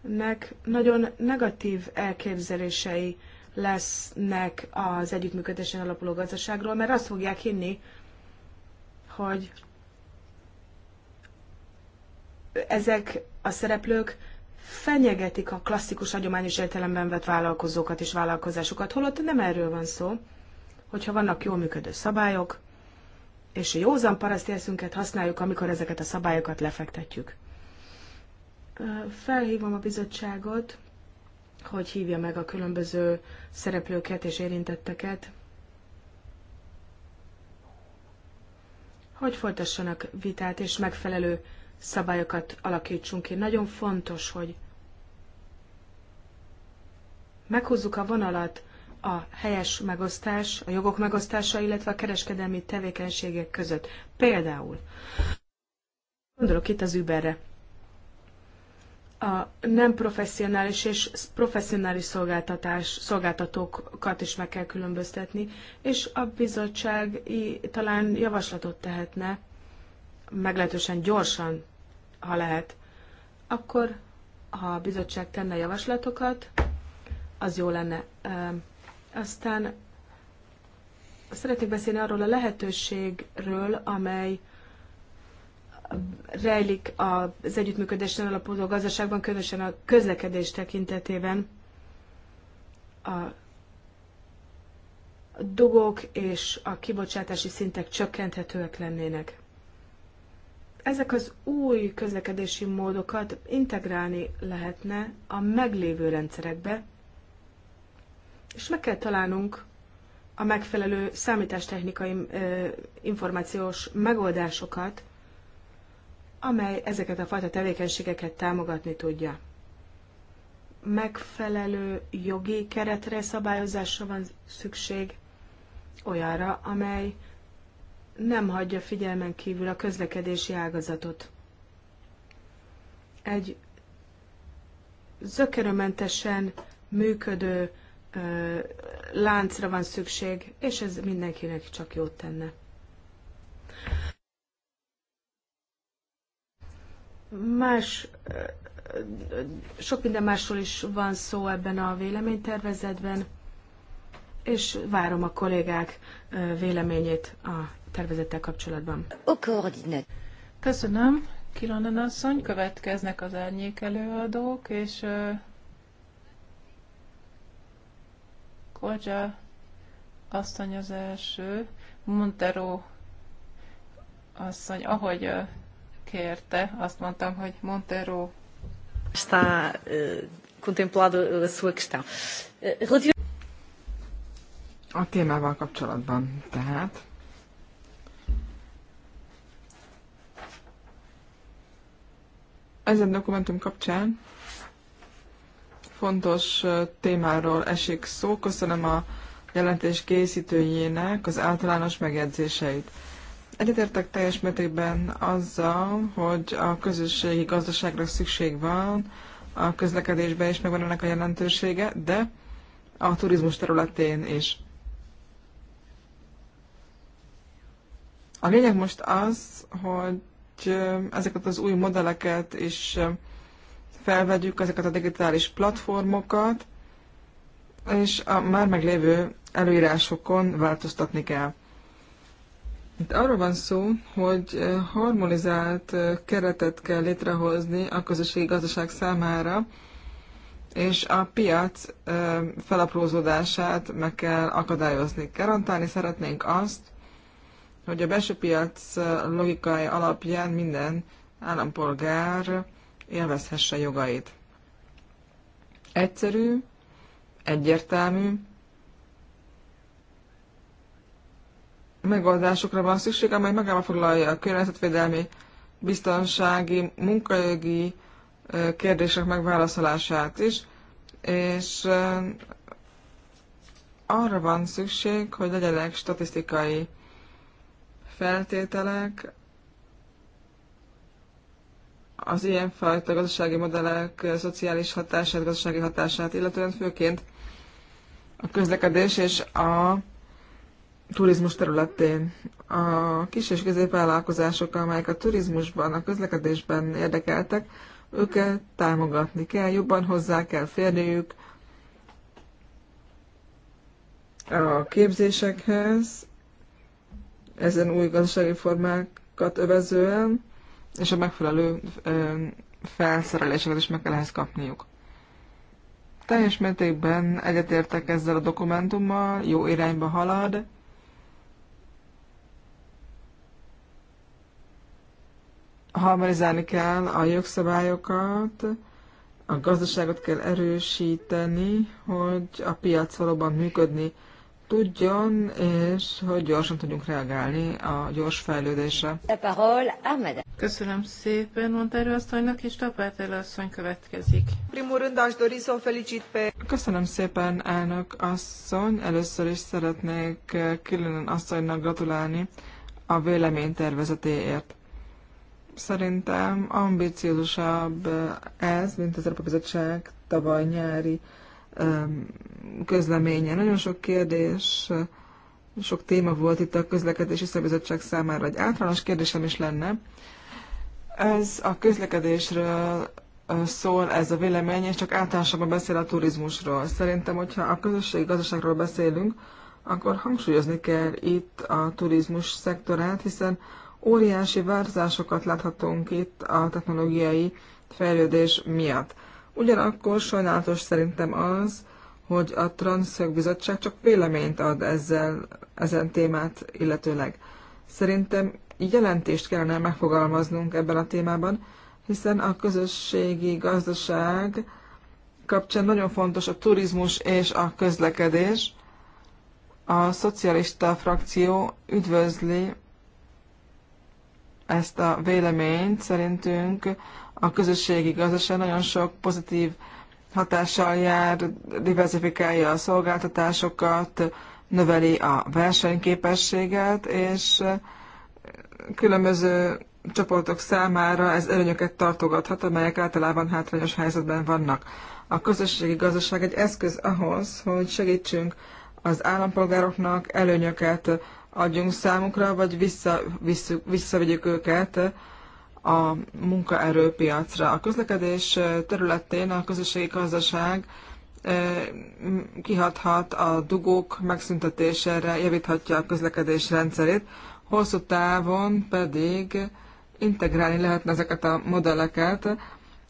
nek nagyon negatív elképzelései lesznek az együttműködésen alapuló gazdaságról, mert azt fogják hinni, hogy ezek a szereplők fenyegetik a klasszikus hagyományos értelemben vett vállalkozókat és vállalkozásokat, holott nem erről van szó, hogyha vannak jól működő szabályok, és a józan paraszti eszünket használjuk, amikor ezeket a szabályokat lefektetjük. Felhívom a bizottságot, hogy hívja meg a különböző szereplőket és érintetteket, hogy folytassanak vitát és megfelelő szabályokat alakítsunk ki. Nagyon fontos, hogy meghúzzuk a vonalat a helyes megosztás, a jogok megosztása, illetve a kereskedelmi tevékenységek között. Például, gondolok itt az Uberre a nem professzionális és professzionális szolgáltatás, szolgáltatókat is meg kell különböztetni, és a bizottság talán javaslatot tehetne, meglehetősen gyorsan, ha lehet, akkor ha a bizottság tenne javaslatokat, az jó lenne. Aztán szeretnék beszélni arról a lehetőségről, amely rejlik az együttműködésen alapuló gazdaságban, különösen a közlekedés tekintetében a dugók és a kibocsátási szintek csökkenthetőek lennének. Ezek az új közlekedési módokat integrálni lehetne a meglévő rendszerekbe, és meg kell találnunk a megfelelő számítástechnikai információs megoldásokat, amely ezeket a fajta tevékenységeket támogatni tudja. Megfelelő jogi keretre, szabályozásra van szükség, olyanra, amely nem hagyja figyelmen kívül a közlekedési ágazatot. Egy zökerömentesen működő ö, láncra van szükség, és ez mindenkinek csak jót tenne. más, sok minden másról is van szó ebben a véleménytervezetben, és várom a kollégák véleményét a tervezettel kapcsolatban. Köszönöm, Kilonen asszony. Következnek az árnyék előadók, és uh, Kodzsa asszony az első, Montero asszony, ahogy uh, kérte, azt mondtam, hogy Montero. Está uh, contemplado a sua questão. Uh, eh, relativ- A témával kapcsolatban tehát. Ezen dokumentum kapcsán fontos eh, témáról esik szó. Köszönöm a jelentés készítőjének az általános megjegyzéseit. Egyetértek teljes mértékben azzal, hogy a közösségi gazdaságra szükség van, a közlekedésben is megvan ennek a jelentősége, de a turizmus területén is. A lényeg most az, hogy ezeket az új modelleket is felvegyük, ezeket a digitális platformokat, és a már meglévő előírásokon változtatni kell. Itt arról van szó, hogy harmonizált keretet kell létrehozni a közösségi gazdaság számára, és a piac felaprózódását meg kell akadályozni. Garantálni szeretnénk azt, hogy a belső piac logikai alapján minden állampolgár élvezhesse jogait. Egyszerű, egyértelmű, megoldásokra van szükség, amely magába foglalja a környezetvédelmi, biztonsági, munkajogi kérdések megválaszolását is, és arra van szükség, hogy legyenek statisztikai feltételek az ilyenfajta gazdasági modellek szociális hatását, gazdasági hatását, illetően főként a közlekedés és a turizmus területén. A kis és középvállalkozások, amelyek a turizmusban, a közlekedésben érdekeltek, őket támogatni kell, jobban hozzá kell férniük a képzésekhez, ezen új gazdasági formákat övezően, és a megfelelő felszereléseket is meg kell ehhez kapniuk. Teljes mértékben egyetértek ezzel a dokumentummal, jó irányba halad, harmonizálni kell a jogszabályokat, a gazdaságot kell erősíteni, hogy a piac valóban működni tudjon, és hogy gyorsan tudjunk reagálni a gyors fejlődésre. Köszönöm szépen, mondta asszonynak, és Tapártélő asszony következik. Köszönöm szépen, elnök asszony. Először is szeretnék külön asszonynak gratulálni a véleménytervezetéért. Szerintem ambiciózusabb eh, ez, mint az Európai Bizottság tavaly nyári közleménye. Nagyon sok kérdés, eh, sok téma volt itt a közlekedési szabizottság számára. Egy általános kérdésem is lenne. Ez a közlekedésről eh, szól ez a vélemény, és csak általánosabban beszél a turizmusról. Szerintem, hogyha a közösségi gazdaságról beszélünk, akkor hangsúlyozni kell itt a turizmus szektorát, hiszen óriási változásokat láthatunk itt a technológiai fejlődés miatt. Ugyanakkor sajnálatos szerintem az, hogy a Transzök Bizottság csak véleményt ad ezzel, ezen témát illetőleg. Szerintem jelentést kellene megfogalmaznunk ebben a témában, hiszen a közösségi gazdaság kapcsán nagyon fontos a turizmus és a közlekedés. A szocialista frakció üdvözli ezt a véleményt. Szerintünk a közösségi gazdaság nagyon sok pozitív hatással jár, diversifikálja a szolgáltatásokat, növeli a versenyképességet, és különböző csoportok számára ez előnyöket tartogathat, amelyek általában hátrányos helyzetben vannak. A közösségi gazdaság egy eszköz ahhoz, hogy segítsünk az állampolgároknak előnyöket adjunk számukra, vagy vissza, vissza, visszavigyük őket a munkaerőpiacra. A közlekedés területén a közösségi gazdaság kihathat a dugók megszüntetésére, javíthatja a közlekedés rendszerét, hosszú távon pedig integrálni lehetne ezeket a modelleket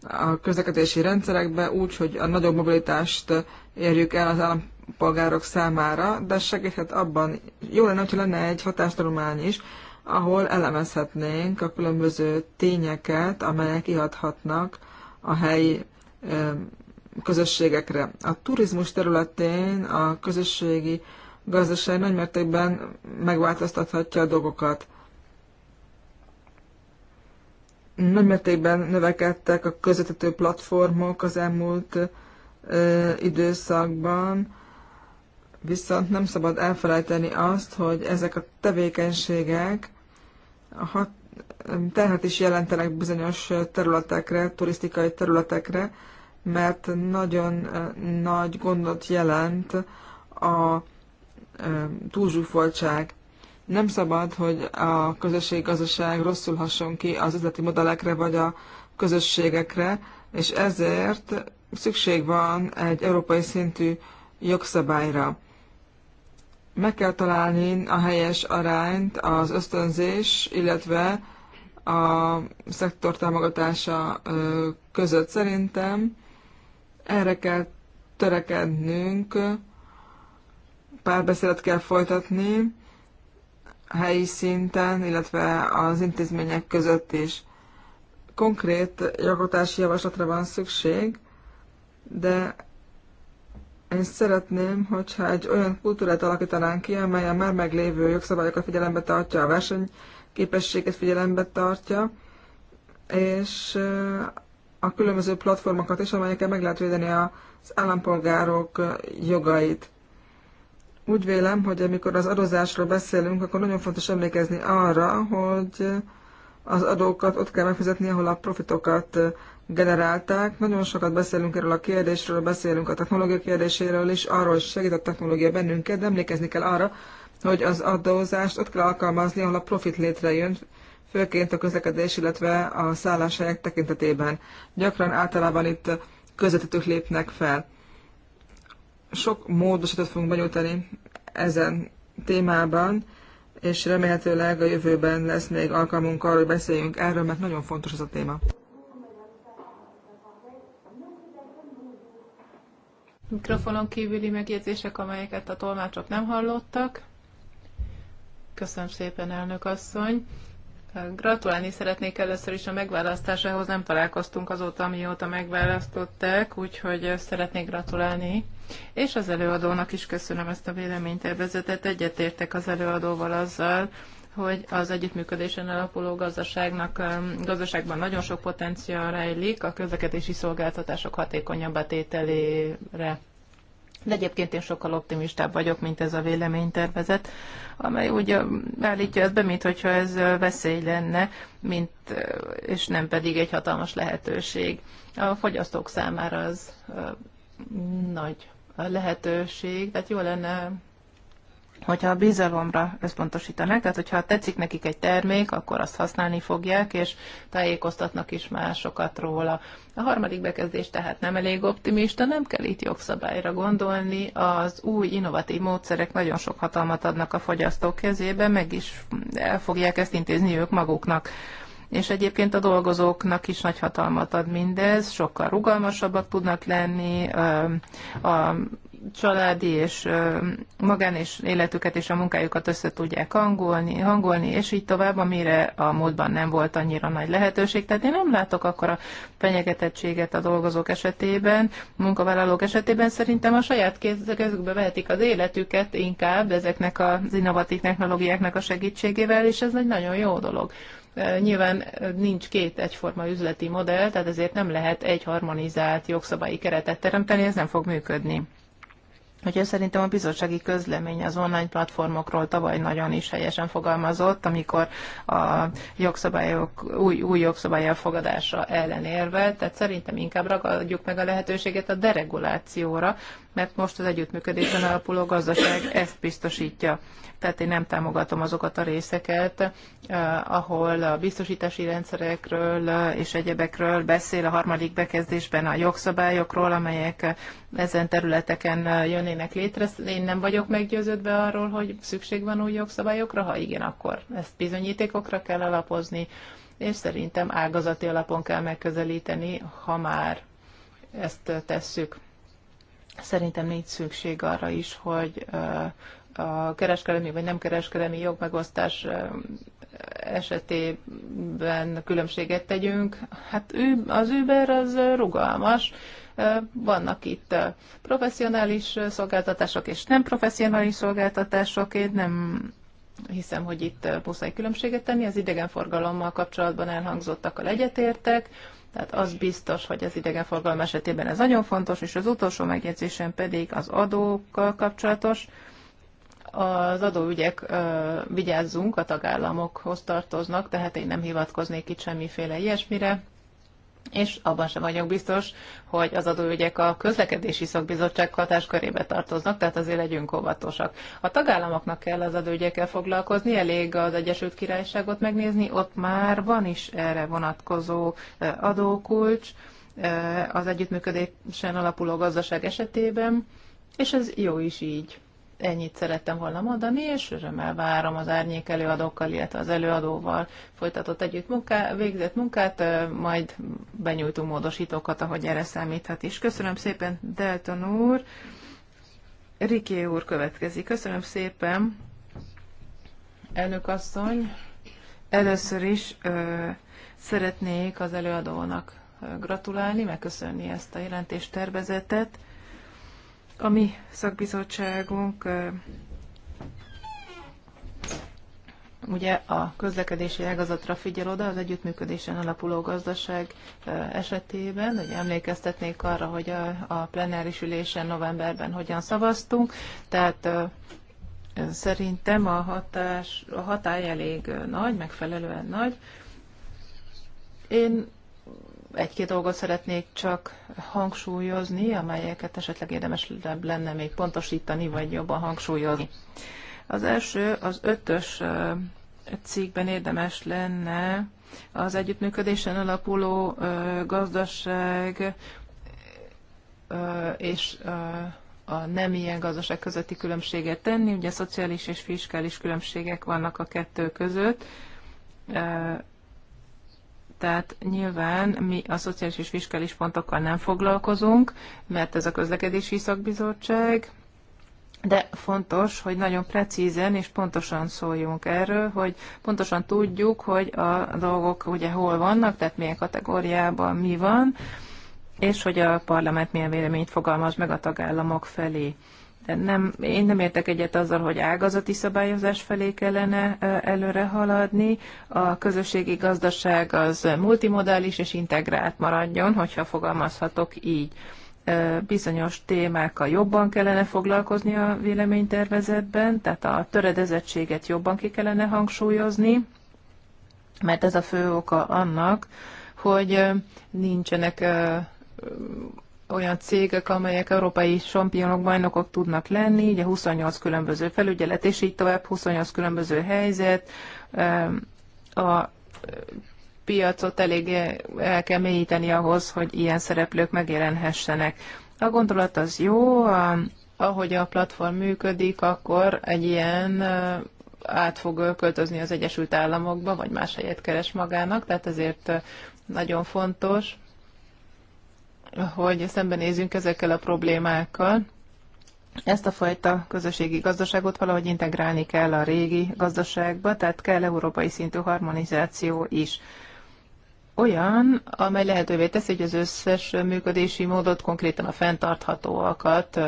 a közlekedési rendszerekbe úgy, hogy a nagyobb mobilitást érjük el az állam polgárok számára, de segíthet abban, jó lenne, hogyha lenne egy hatástudomány is, ahol elemezhetnénk a különböző tényeket, amelyek ihathatnak a helyi közösségekre. A turizmus területén a közösségi gazdaság nagymértékben megváltoztathatja a dolgokat. Nagymértékben növekedtek a közvetítő platformok az elmúlt ö, időszakban, Viszont nem szabad elfelejteni azt, hogy ezek a tevékenységek a hat, terhet is jelentenek bizonyos területekre, turisztikai területekre, mert nagyon nagy gondot jelent a túlzsúfoltság. Nem szabad, hogy a közösségi gazdaság rosszul hasson ki az üzleti modellekre vagy a közösségekre, és ezért szükség van egy európai szintű jogszabályra. Meg kell találni a helyes arányt az ösztönzés, illetve a szektor támogatása között szerintem. Erre kell törekednünk, párbeszédet kell folytatni helyi szinten, illetve az intézmények között is. Konkrét jogotási javaslatra van szükség, de én szeretném, hogyha egy olyan kultúrát alakítanánk ki, amely a már meglévő jogszabályokat figyelembe tartja, a versenyképességet figyelembe tartja, és a különböző platformokat is, amelyekkel meg lehet védeni az állampolgárok jogait. Úgy vélem, hogy amikor az adózásról beszélünk, akkor nagyon fontos emlékezni arra, hogy az adókat ott kell megfizetni, ahol a profitokat generálták. Nagyon sokat beszélünk erről a kérdésről, beszélünk a technológia kérdéséről is, arról is segít a technológia bennünket, de emlékezni kell arra, hogy az adózást ott kell alkalmazni, ahol a profit létrejön, főként a közlekedés, illetve a szálláshelyek tekintetében. Gyakran általában itt közvetítők lépnek fel. Sok módosítót fogunk benyújtani ezen témában, és remélhetőleg a jövőben lesz még alkalmunk arról, hogy beszéljünk erről, mert nagyon fontos ez a téma. mikrofonon kívüli megjegyzések, amelyeket a tolmácsok nem hallottak. Köszönöm szépen, elnök asszony. Gratulálni szeretnék először is a megválasztásához, nem találkoztunk azóta, amióta megválasztották, úgyhogy szeretnék gratulálni. És az előadónak is köszönöm ezt a véleménytervezetet, egyetértek az előadóval azzal, hogy az együttműködésen alapuló gazdaságnak, gazdaságban nagyon sok potenciál rejlik a közlekedési szolgáltatások hatékonyabb betételére. De egyébként én sokkal optimistább vagyok, mint ez a véleménytervezet, amely úgy állítja ezt be, mint hogyha ez veszély lenne, mint, és nem pedig egy hatalmas lehetőség. A fogyasztók számára az nagy lehetőség, tehát jó lenne hogyha a bizalomra összpontosítanak, tehát hogyha tetszik nekik egy termék, akkor azt használni fogják, és tájékoztatnak is másokat róla. A harmadik bekezdés tehát nem elég optimista, nem kell itt jogszabályra gondolni, az új innovatív módszerek nagyon sok hatalmat adnak a fogyasztók kezébe, meg is el fogják ezt intézni ők maguknak és egyébként a dolgozóknak is nagy hatalmat ad mindez, sokkal rugalmasabbak tudnak lenni, a családi és magán és életüket és a munkájukat össze tudják hangolni, hangolni, és így tovább, amire a módban nem volt annyira nagy lehetőség. Tehát én nem látok akkor a fenyegetettséget a dolgozók esetében, munkavállalók esetében szerintem a saját kezükbe vehetik az életüket inkább ezeknek az innovatív technológiáknak a segítségével, és ez egy nagyon jó dolog. Nyilván nincs két egyforma üzleti modell, tehát ezért nem lehet egy harmonizált jogszabályi keretet teremteni, ez nem fog működni. Úgyhogy szerintem a bizottsági közlemény az online platformokról tavaly nagyon is helyesen fogalmazott, amikor a jogszabályok, új, új jogszabály elfogadása ellen érvelt, tehát szerintem inkább ragadjuk meg a lehetőséget a deregulációra, mert most az együttműködésen alapuló gazdaság ezt biztosítja. Tehát én nem támogatom azokat a részeket, eh, ahol a biztosítási rendszerekről és egyebekről beszél a harmadik bekezdésben a jogszabályokról, amelyek ezen területeken jönnének létre. Én nem vagyok meggyőződve arról, hogy szükség van új jogszabályokra, ha igen, akkor ezt bizonyítékokra kell alapozni, és szerintem ágazati alapon kell megközelíteni, ha már ezt tesszük. Szerintem nincs szükség arra is, hogy a kereskedelmi vagy nem kereskedelmi jogmegosztás esetében különbséget tegyünk. Hát az Uber az rugalmas, vannak itt professzionális szolgáltatások és nem professzionális szolgáltatások. Én nem hiszem, hogy itt muszáj különbséget tenni. Az idegenforgalommal kapcsolatban elhangzottak a egyetértek. Tehát az biztos, hogy az idegenforgalom esetében ez nagyon fontos, és az utolsó megjegyzésem pedig az adókkal kapcsolatos. Az adóügyek vigyázzunk, a tagállamokhoz tartoznak, tehát én nem hivatkoznék itt semmiféle ilyesmire és abban sem vagyok biztos, hogy az adóügyek a közlekedési szakbizottság hatáskörébe tartoznak, tehát azért legyünk óvatosak. A tagállamoknak kell az adóügyekkel foglalkozni, elég az Egyesült Királyságot megnézni, ott már van is erre vonatkozó adókulcs az együttműködésen alapuló gazdaság esetében, és ez jó is így ennyit szerettem volna mondani, és örömmel várom az árnyék előadókkal, illetve az előadóval folytatott együtt munká, végzett munkát, majd benyújtunk módosítókat, ahogy erre számíthat is. Köszönöm szépen, Delton úr. Riké úr következik. Köszönöm szépen, elnök asszony. Először is ö, szeretnék az előadónak gratulálni, megköszönni ezt a jelentéstervezetet. tervezetet a mi szakbizottságunk ugye a közlekedési ágazatra figyel oda az együttműködésen alapuló gazdaság esetében, hogy emlékeztetnék arra, hogy a, a plenáris ülésen novemberben hogyan szavaztunk, tehát szerintem a, hatás, a hatály elég nagy, megfelelően nagy. Én egy-két dolgot szeretnék csak hangsúlyozni, amelyeket esetleg érdemes lenne még pontosítani, vagy jobban hangsúlyozni. Az első, az ötös cikkben érdemes lenne az együttműködésen alapuló gazdaság és a nem ilyen gazdaság közötti különbséget tenni. Ugye szociális és fiskális különbségek vannak a kettő között, tehát nyilván mi a szociális és fiskális pontokkal nem foglalkozunk, mert ez a közlekedési szakbizottság, de fontos, hogy nagyon precízen és pontosan szóljunk erről, hogy pontosan tudjuk, hogy a dolgok ugye hol vannak, tehát milyen kategóriában mi van, és hogy a parlament milyen véleményt fogalmaz meg a tagállamok felé nem, én nem értek egyet azzal, hogy ágazati szabályozás felé kellene előre haladni. A közösségi gazdaság az multimodális és integrált maradjon, hogyha fogalmazhatok így bizonyos témákkal jobban kellene foglalkozni a véleménytervezetben, tehát a töredezettséget jobban ki kellene hangsúlyozni, mert ez a fő oka annak, hogy nincsenek olyan cégek, amelyek európai sampionok, bajnokok tudnak lenni, ugye 28 különböző felügyelet, és így tovább 28 különböző helyzet, a piacot elég el kell mélyíteni ahhoz, hogy ilyen szereplők megjelenhessenek. A gondolat az jó, ahogy a platform működik, akkor egy ilyen át fog költözni az Egyesült Államokba, vagy más helyet keres magának, tehát ezért nagyon fontos, hogy szembenézünk ezekkel a problémákkal. Ezt a fajta közösségi gazdaságot valahogy integrálni kell a régi gazdaságba, tehát kell európai szintű harmonizáció is. Olyan, amely lehetővé teszi, hogy az összes működési módot, konkrétan a fenntarthatóakat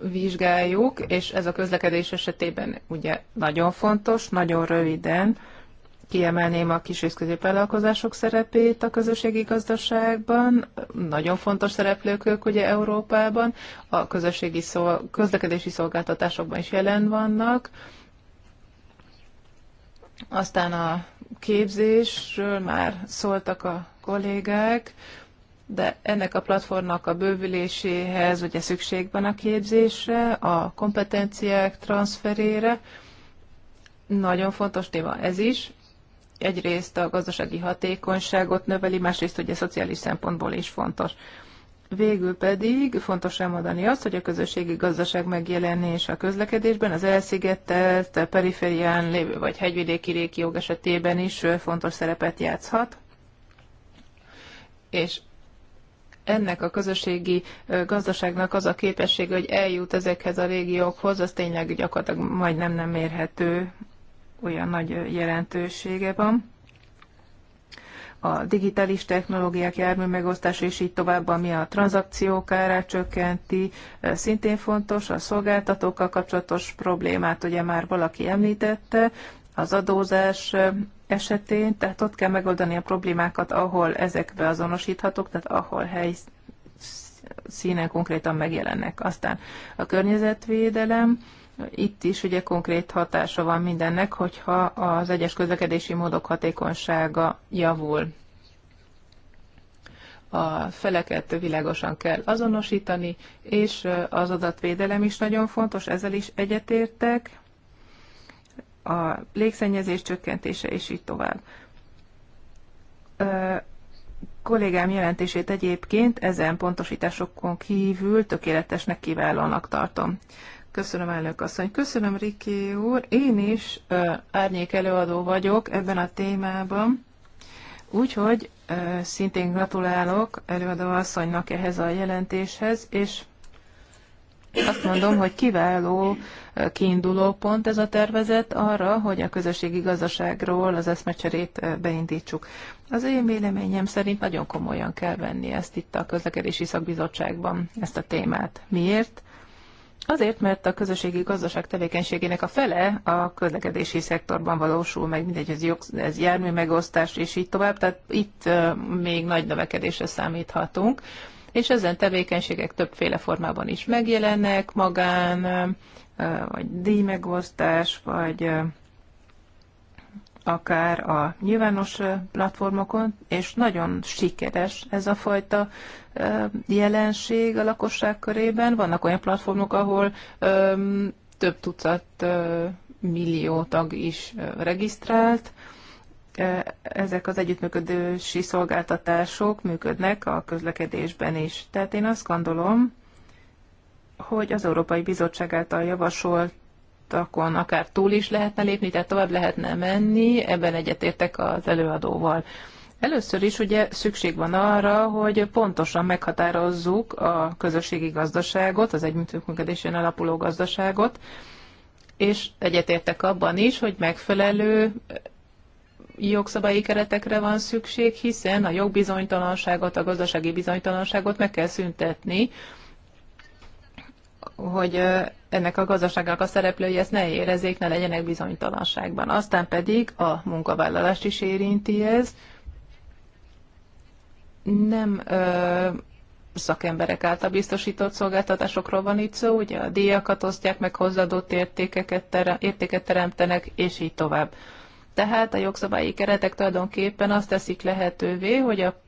vizsgáljuk, és ez a közlekedés esetében ugye nagyon fontos, nagyon röviden, Kiemelném a kis és középvállalkozások szerepét a közösségi gazdaságban. Nagyon fontos szereplők ők ugye Európában. A közösségi szol- közlekedési szolgáltatásokban is jelen vannak. Aztán a képzésről már szóltak a kollégák, de ennek a platformnak a bővüléséhez ugye szükség van a képzésre, a kompetenciák transferére. Nagyon fontos téma ez is egyrészt a gazdasági hatékonyságot növeli, másrészt ugye szociális szempontból is fontos. Végül pedig fontos elmondani azt, hogy a közösségi gazdaság megjelenése a közlekedésben az elszigetelt, periférián lévő vagy hegyvidéki régiók esetében is fontos szerepet játszhat. És ennek a közösségi gazdaságnak az a képessége, hogy eljut ezekhez a régiókhoz, az tényleg gyakorlatilag majdnem nem érhető olyan nagy jelentősége van. A digitális technológiák jármű megosztása és így tovább, ami a tranzakciók árát csökkenti, szintén fontos. A szolgáltatókkal kapcsolatos problémát ugye már valaki említette, az adózás esetén, tehát ott kell megoldani a problémákat, ahol ezek beazonosíthatók, tehát ahol hely színen konkrétan megjelennek. Aztán a környezetvédelem, itt is ugye konkrét hatása van mindennek, hogyha az egyes közlekedési módok hatékonysága javul. A feleket világosan kell azonosítani, és az adatvédelem is nagyon fontos, ezzel is egyetértek, a légszennyezés csökkentése, és így tovább. A kollégám jelentését egyébként ezen pontosításokon kívül tökéletesnek kiválónak tartom. Köszönöm, elnök asszony. Köszönöm, Riki úr. Én is uh, árnyék előadó vagyok ebben a témában, úgyhogy uh, szintén gratulálok előadó asszonynak ehhez a jelentéshez, és azt mondom, hogy kiváló kiinduló pont ez a tervezet arra, hogy a közösségi gazdaságról az eszmecserét beindítsuk. Az én véleményem szerint nagyon komolyan kell venni ezt itt a közlekedési szakbizottságban, ezt a témát. Miért? Azért, mert a közösségi gazdaság tevékenységének a fele a közlekedési szektorban valósul meg, mindegy, ez, jog, ez jármű megosztás, és így tovább, tehát itt még nagy növekedésre számíthatunk, és ezen tevékenységek többféle formában is megjelennek, magán, vagy díjmegosztás, vagy akár a nyilvános platformokon, és nagyon sikeres ez a fajta jelenség a lakosság körében. Vannak olyan platformok, ahol több tucat millió tag is regisztrált. Ezek az együttműködési szolgáltatások működnek a közlekedésben is. Tehát én azt gondolom, hogy az Európai Bizottság által javasolt leírtakon akár túl is lehetne lépni, tehát tovább lehetne menni, ebben egyetértek az előadóval. Először is ugye szükség van arra, hogy pontosan meghatározzuk a közösségi gazdaságot, az együttműködésén alapuló gazdaságot, és egyetértek abban is, hogy megfelelő jogszabályi keretekre van szükség, hiszen a jogbizonytalanságot, a gazdasági bizonytalanságot meg kell szüntetni, hogy ennek a gazdaságnak a szereplői ezt ne érezzék, ne legyenek bizonytalanságban. Aztán pedig a munkavállalást is érinti ez. Nem ö, szakemberek által biztosított szolgáltatásokról van itt szó, ugye a díjakat osztják meg, hozzáadott értékeket terem, értéket teremtenek, és így tovább. Tehát a jogszabályi keretek tulajdonképpen azt teszik lehetővé, hogy a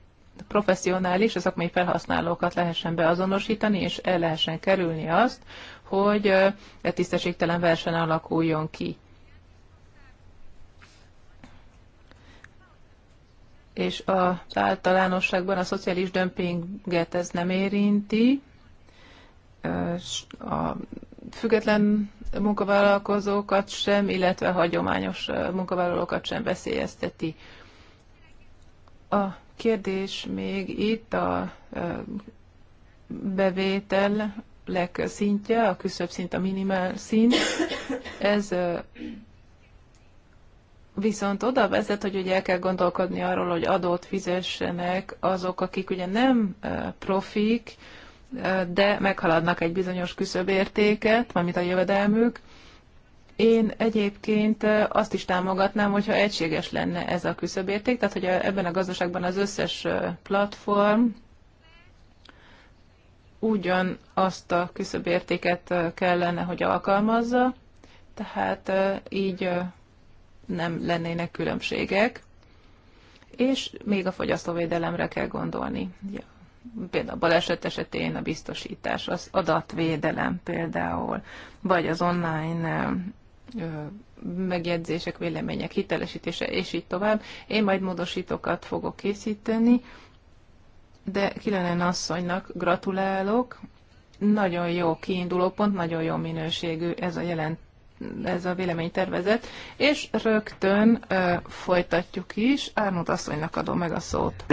professzionális, a szakmai felhasználókat lehessen beazonosítani, és el lehessen kerülni azt, hogy e tisztességtelen verseny alakuljon ki. És az általánosságban a szociális dömpinget ez nem érinti. A független munkavállalkozókat sem, illetve hagyományos munkavállalókat sem veszélyezteti. A kérdés még itt a bevétel szintje, a küszöbb szint, a minimál szint. Ez viszont oda vezet, hogy ugye el kell gondolkodni arról, hogy adót fizessenek azok, akik ugye nem profik, de meghaladnak egy bizonyos küszöbértéket, mármint a jövedelmük, én egyébként azt is támogatnám, hogyha egységes lenne ez a küszöbérték, tehát hogy ebben a gazdaságban az összes platform ugyan azt a küszöbértéket kellene, hogy alkalmazza, tehát így nem lennének különbségek, és még a fogyasztóvédelemre kell gondolni. Ja. Például a baleset esetén a biztosítás, az adatvédelem például, vagy az online megjegyzések, vélemények hitelesítése, és így tovább. Én majd módosítókat fogok készíteni, de Kilenen asszonynak gratulálok. Nagyon jó kiinduló pont, nagyon jó minőségű ez a jelent ez a véleménytervezet, és rögtön ö, folytatjuk is. Árnod asszonynak adom meg a szót.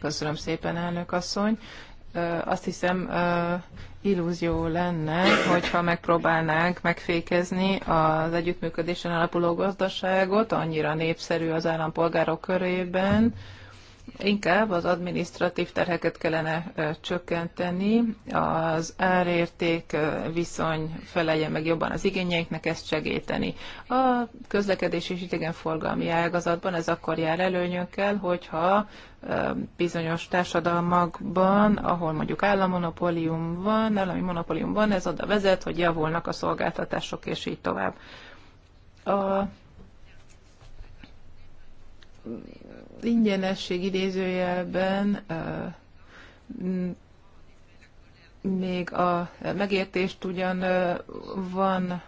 Köszönöm szépen, elnök asszony. Ö, azt hiszem, ö, illúzió lenne, hogyha megpróbálnánk megfékezni az együttműködésen alapuló gazdaságot, annyira népszerű az állampolgárok körében, inkább az administratív terheket kellene csökkenteni, az árérték viszony felelje meg jobban az igényeinknek, ezt segíteni. A közlekedés és idegenforgalmi ágazatban ez akkor jár előnyökkel, hogyha bizonyos társadalmakban, ahol mondjuk állammonopólium van, állami monopólium van, ez oda vezet, hogy javulnak a szolgáltatások, és így tovább. A ingyenesség idézőjelben még a megértést ugyan van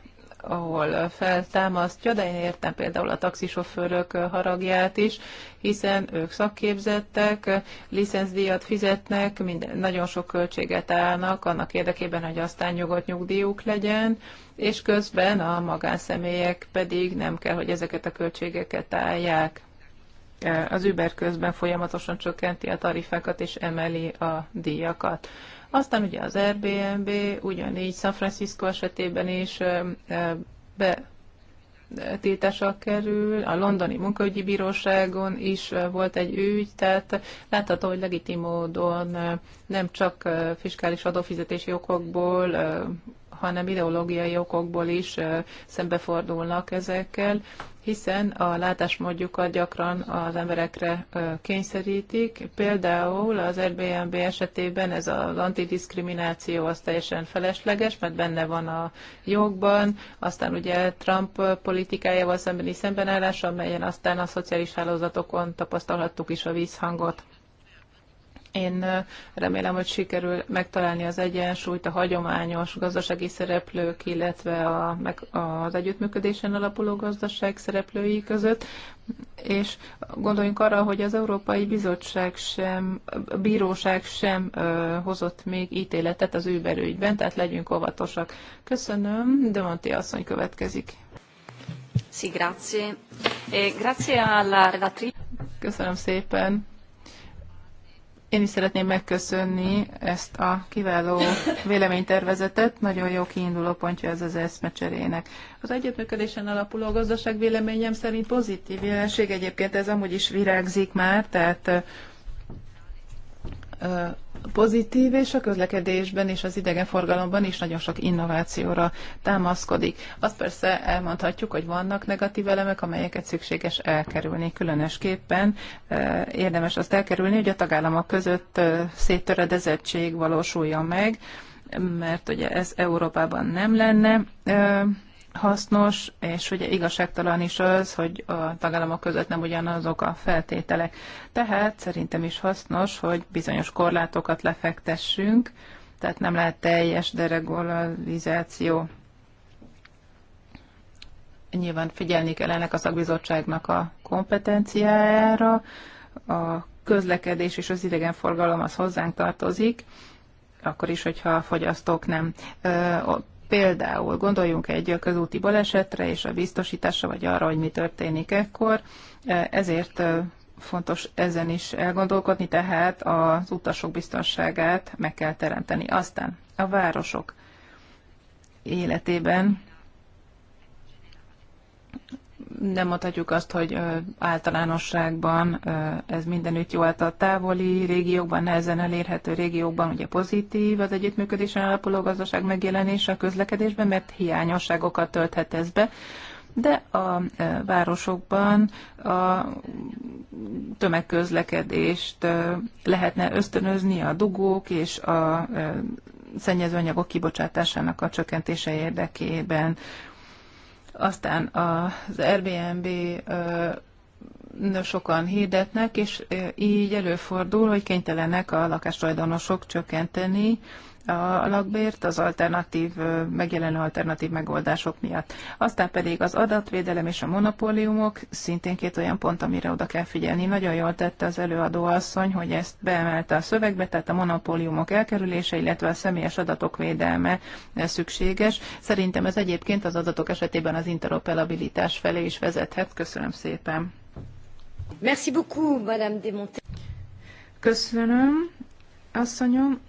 ahol feltámasztja, de én értem például a taxisofőrök haragját is, hiszen ők szakképzettek, licenszdíjat fizetnek, minden, nagyon sok költséget állnak annak érdekében, hogy aztán nyugodt nyugdíjuk legyen, és közben a magánszemélyek pedig nem kell, hogy ezeket a költségeket állják. Az Uber közben folyamatosan csökkenti a tarifákat és emeli a díjakat. Aztán ugye az Airbnb, ugyanígy San Francisco esetében is be tiltásra kerül, a londoni munkaügyi bíróságon is volt egy ügy, tehát látható, hogy legitim módon nem csak fiskális adófizetési okokból hanem ideológiai okokból is szembefordulnak ezekkel, hiszen a látásmódjukat gyakran az emberekre kényszerítik. Például az Airbnb esetében ez az antidiszkrimináció az teljesen felesleges, mert benne van a jogban, aztán ugye Trump politikájával szembeni szembenállás, amelyen aztán a szociális hálózatokon tapasztalhattuk is a vízhangot. Én remélem, hogy sikerül megtalálni az egyensúlyt a hagyományos gazdasági szereplők, illetve a, meg az együttműködésen alapuló gazdaság szereplői között, és gondoljunk arra, hogy az Európai Bizottság sem, a Bíróság sem ö, hozott még ítéletet az Uber tehát legyünk óvatosak. Köszönöm, de Monti asszony következik. Sì, grazie. Eh, grazie alla relatrice. Köszönöm szépen én is szeretném megköszönni ezt a kiváló véleménytervezetet, nagyon jó kiinduló pontja ez az eszmecserének. Az együttműködésen alapuló gazdaság véleményem szerint pozitív jelenség, egyébként ez amúgy is virágzik már, tehát pozitív, és a közlekedésben és az idegenforgalomban is nagyon sok innovációra támaszkodik. Azt persze elmondhatjuk, hogy vannak negatív elemek, amelyeket szükséges elkerülni. Különösképpen érdemes azt elkerülni, hogy a tagállamok között széttöredezettség valósuljon meg, mert ugye ez Európában nem lenne hasznos, és ugye igazságtalan is az, hogy a tagállamok között nem ugyanazok a feltételek. Tehát szerintem is hasznos, hogy bizonyos korlátokat lefektessünk, tehát nem lehet teljes deregularizáció. Nyilván figyelni kell ennek a szakbizottságnak a kompetenciájára, a közlekedés és az idegenforgalom az hozzánk tartozik, akkor is, hogyha a fogyasztók nem Például gondoljunk egy közúti balesetre és a biztosításra, vagy arra, hogy mi történik ekkor, e, ezért e, fontos ezen is elgondolkodni, tehát az utasok biztonságát meg kell teremteni. Aztán a városok életében nem mondhatjuk azt, hogy általánosságban ez mindenütt jó, hát a távoli régiókban, nehezen elérhető régiókban ugye pozitív az együttműködésen alapuló gazdaság megjelenése a közlekedésben, mert hiányosságokat tölthet ez be, de a városokban a tömegközlekedést lehetne ösztönözni a dugók és a szennyezőanyagok kibocsátásának a csökkentése érdekében aztán az Airbnb sokan hirdetnek, és így előfordul, hogy kénytelenek a lakástulajdonosok csökkenteni a lakbért az alternatív, megjelenő alternatív megoldások miatt. Aztán pedig az adatvédelem és a monopóliumok szintén két olyan pont, amire oda kell figyelni. Nagyon jól tette az előadó asszony, hogy ezt beemelte a szövegbe, tehát a monopóliumok elkerülése, illetve a személyes adatok védelme szükséges. Szerintem ez egyébként az adatok esetében az interoperabilitás felé is vezethet. Köszönöm szépen. Merci beaucoup, Madame Demonté. Köszönöm, asszonyom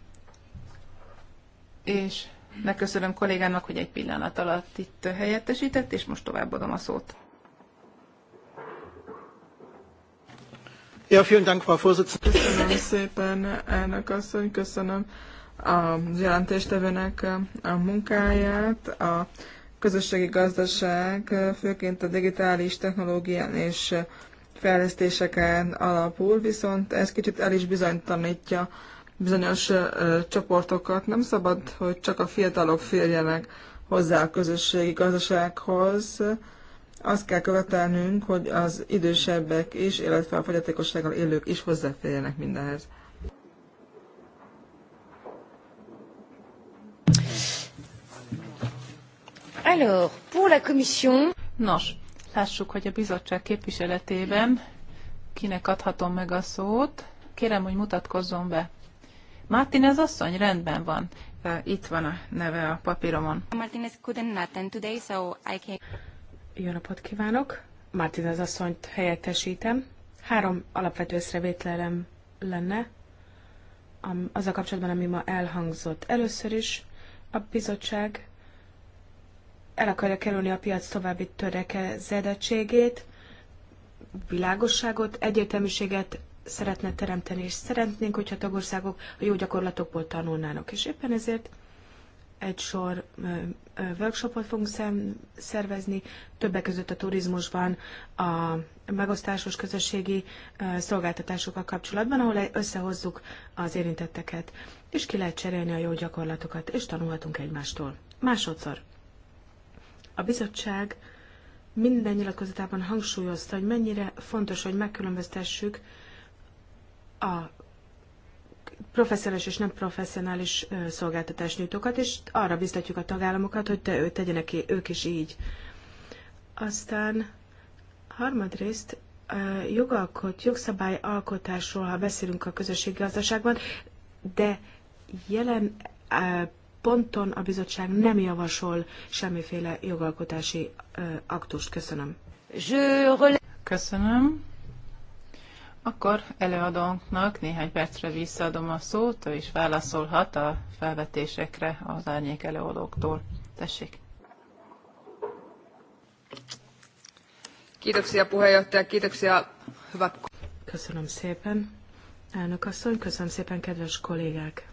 és megköszönöm kollégának, hogy egy pillanat alatt itt helyettesített, és most továbbadom a szót. Ja, vielen Dank, Frau Vorsitzende. Köszönöm szépen, elnök asszony, köszönöm a jelentéstevőnek a munkáját. A közösségi gazdaság főként a digitális technológián és fejlesztéseken alapul, viszont ez kicsit el is bizonytanítja, bizonyos csoportokat. Nem szabad, hogy csak a fiatalok férjenek hozzá a közösségi gazdasághoz. Azt kell követelnünk, hogy az idősebbek is, illetve a fogyatékossággal élők is hozzáférjenek mindenhez. Alors, pour la commission... Nos, lássuk, hogy a bizottság képviseletében kinek adhatom meg a szót. Kérem, hogy mutatkozzon be. Martinez asszony, rendben van. Itt van a neve a papíromon. Martinez couldn't attend today, so I can... Jó napot kívánok! Martinez asszonyt helyettesítem. Három alapvető észrevétlelem lenne Az a kapcsolatban, ami ma elhangzott. Először is a bizottság el akarja kerülni a piac további törekezedettségét, világosságot, egyértelműséget szeretne teremteni, és szeretnénk, hogyha tagországok a jó gyakorlatokból tanulnának. És éppen ezért egy sor workshopot fogunk szervezni, többek között a turizmusban, a megosztásos közösségi szolgáltatásokkal kapcsolatban, ahol összehozzuk az érintetteket, és ki lehet cserélni a jó gyakorlatokat, és tanulhatunk egymástól. Másodszor. A bizottság minden nyilatkozatában hangsúlyozta, hogy mennyire fontos, hogy megkülönböztessük a professzionális és nem professzionális szolgáltatás nyújtókat, és arra biztatjuk a tagállamokat, hogy te, tegyenek ők is így. Aztán harmadrészt jogalkot, jogszabály alkotásról ha beszélünk a közösségi gazdaságban, de jelen ponton a bizottság nem javasol semmiféle jogalkotási aktust. Köszönöm. Köszönöm. Akkor előadónknak néhány percre visszaadom a szót, ő is válaszolhat a felvetésekre az árnyék előadóktól. Tessék! Kiitoksia puheenjohtaja, kiitoksia hyvät... Köszönöm szépen, elnök asszony, köszönöm szépen, kedves kollégák!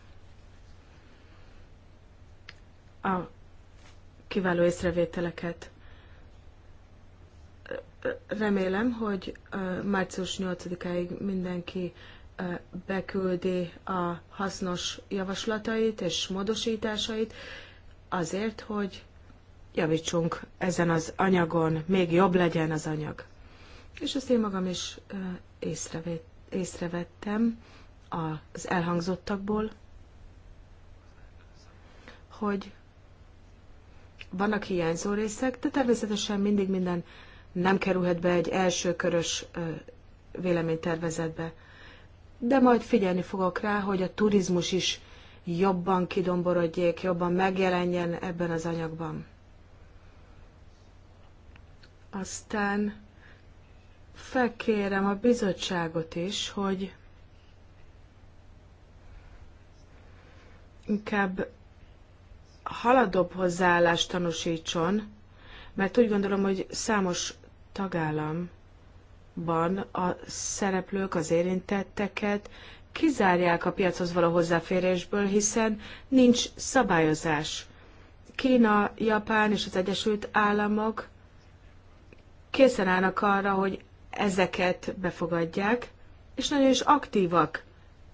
A kiváló észrevételeket remélem, hogy március 8 ig mindenki beküldi a hasznos javaslatait és módosításait azért, hogy javítsunk ezen az anyagon, még jobb legyen az anyag. És azt én magam is észrevettem az elhangzottakból, hogy vannak hiányzó részek, de természetesen mindig minden nem kerülhet be egy első körös véleménytervezetbe. De majd figyelni fogok rá, hogy a turizmus is jobban kidomborodjék, jobban megjelenjen ebben az anyagban. Aztán felkérem a bizottságot is, hogy inkább haladóbb hozzáállást tanúsítson, mert úgy gondolom, hogy számos tagállamban a szereplők, az érintetteket kizárják a piachoz való hozzáférésből, hiszen nincs szabályozás. Kína, Japán és az Egyesült Államok készen állnak arra, hogy ezeket befogadják, és nagyon is aktívak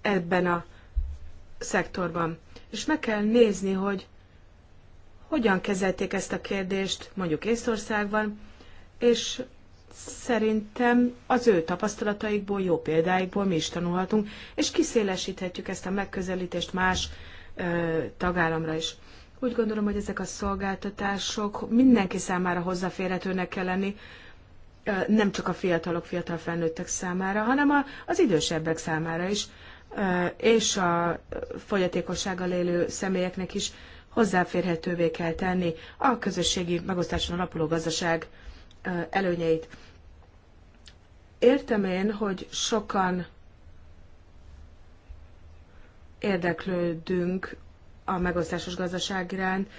ebben a szektorban. És meg kell nézni, hogy hogyan kezelték ezt a kérdést mondjuk Észtországban, és szerintem az ő tapasztalataikból, jó példáikból mi is tanulhatunk, és kiszélesíthetjük ezt a megközelítést más ö, tagállamra is. Úgy gondolom, hogy ezek a szolgáltatások mindenki számára hozzáférhetőnek kell lenni, ö, nem csak a fiatalok, fiatal felnőttek számára, hanem a, az idősebbek számára is, ö, és a fogyatékossággal élő személyeknek is hozzáférhetővé kell tenni a közösségi megosztáson alapuló gazdaság előnyeit. Értem én, hogy sokan érdeklődünk a megosztásos gazdaság iránt,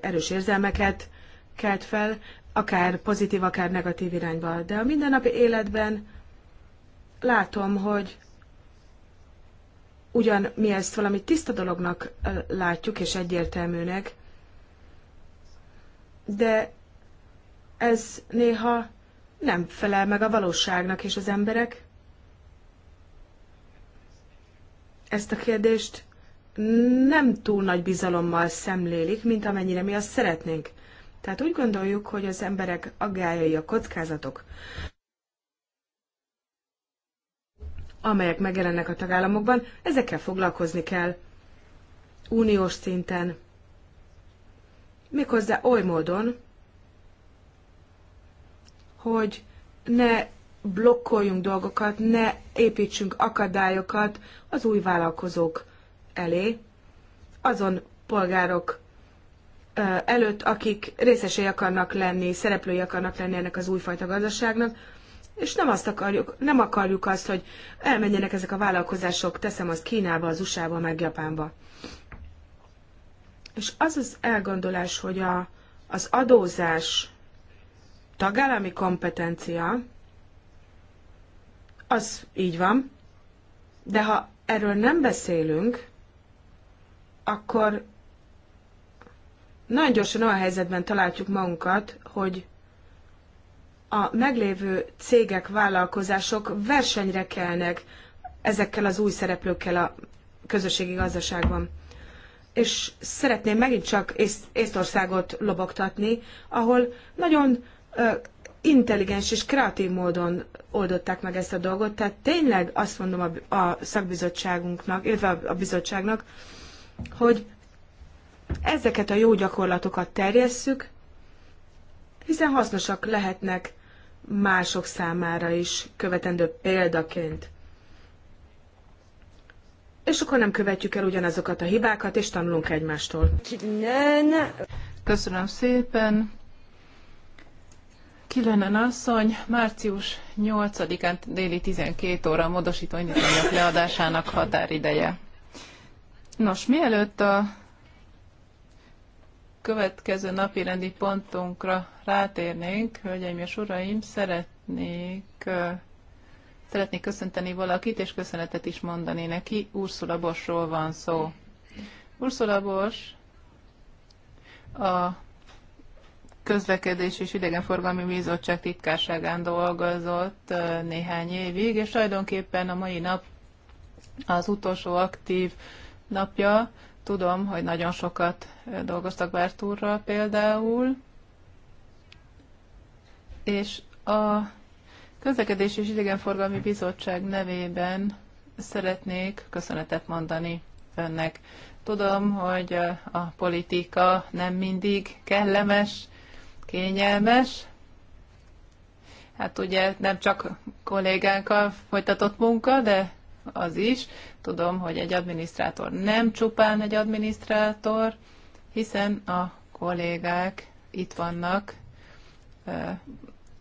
erős érzelmeket kelt fel, akár pozitív, akár negatív irányba. De a mindennapi életben látom, hogy ugyan mi ezt valami tiszta dolognak látjuk, és egyértelműnek, de ez néha nem felel meg a valóságnak, és az emberek ezt a kérdést nem túl nagy bizalommal szemlélik, mint amennyire mi azt szeretnénk. Tehát úgy gondoljuk, hogy az emberek aggályai a kockázatok, amelyek megjelennek a tagállamokban, ezekkel foglalkozni kell uniós szinten. Méghozzá oly módon, hogy ne blokkoljunk dolgokat, ne építsünk akadályokat az új vállalkozók elé, azon polgárok előtt, akik részesei akarnak lenni, szereplői akarnak lenni ennek az újfajta gazdaságnak, és nem azt akarjuk, nem akarjuk azt, hogy elmenjenek ezek a vállalkozások, teszem azt Kínába, az USA-ba, meg Japánba. És az az elgondolás, hogy a, az adózás tagállami kompetencia, az így van, de ha erről nem beszélünk, akkor nagyon gyorsan olyan helyzetben találjuk magunkat, hogy a meglévő cégek, vállalkozások versenyre kelnek ezekkel az új szereplőkkel a közösségi gazdaságban. És szeretném megint csak Észtországot lobogtatni, ahol nagyon intelligens és kreatív módon oldották meg ezt a dolgot, tehát tényleg azt mondom a, a szakbizottságunknak, illetve a, a bizottságnak, hogy ezeket a jó gyakorlatokat terjesszük, hiszen hasznosak lehetnek mások számára is követendő példaként. És akkor nem követjük el ugyanazokat a hibákat, és tanulunk egymástól. Köszönöm szépen. Kilenen asszony március 8-án déli 12 óra módosító indítványok leadásának határideje. Nos, mielőtt a következő napi rendi pontunkra rátérnénk, hölgyeim és uraim, szeretnék, szeretnék köszönteni valakit, és köszönetet is mondani neki. Ursula Bosról van szó. Ursula Bos a közlekedés és idegenforgalmi bizottság titkárságán dolgozott néhány évig, és tulajdonképpen a mai nap az utolsó aktív napja. Tudom, hogy nagyon sokat dolgoztak Bártúrral például, és a Közlekedés és Idegenforgalmi Bizottság nevében szeretnék köszönetet mondani önnek. Tudom, hogy a politika nem mindig kellemes, kényelmes. Hát ugye nem csak kollégánkkal folytatott munka, de az is. Tudom, hogy egy adminisztrátor nem csupán egy adminisztrátor, hiszen a kollégák itt vannak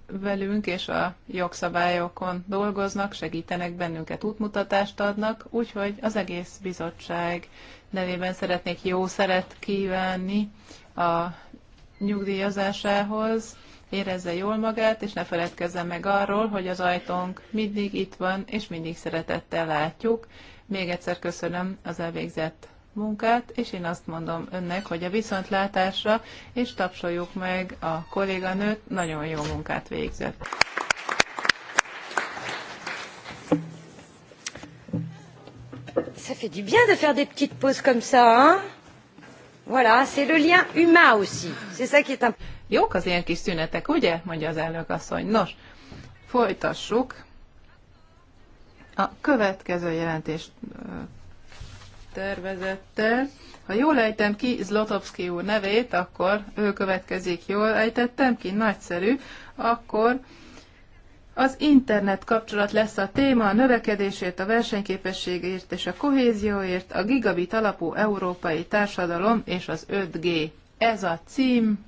velünk, és a jogszabályokon dolgoznak, segítenek bennünket, útmutatást adnak, úgyhogy az egész bizottság nevében szeretnék jó szeret kívánni a nyugdíjazásához, érezze jól magát, és ne feledkezzen meg arról, hogy az ajtónk mindig itt van, és mindig szeretettel látjuk. Még egyszer köszönöm az elvégzett munkát, és én azt mondom önnek, hogy a viszontlátásra, és tapsoljuk meg a kolléganőt, nagyon jó munkát végzett. Ça fait du bien de faire des petites pauses comme ça, hein Voilà, c'est le lien humain aussi. C'est ça qui est un... Jók az ilyen kis szünetek, ugye? Mondja az elnök asszony. Nos, folytassuk. A következő jelentés tervezettel. Ha jól ejtem ki Zlotowski úr nevét, akkor ő következik, jól ejtettem ki, nagyszerű, akkor az internet kapcsolat lesz a téma a növekedésért, a versenyképességért és a kohézióért, a gigabit alapú európai társadalom és az 5G. Ez a cím,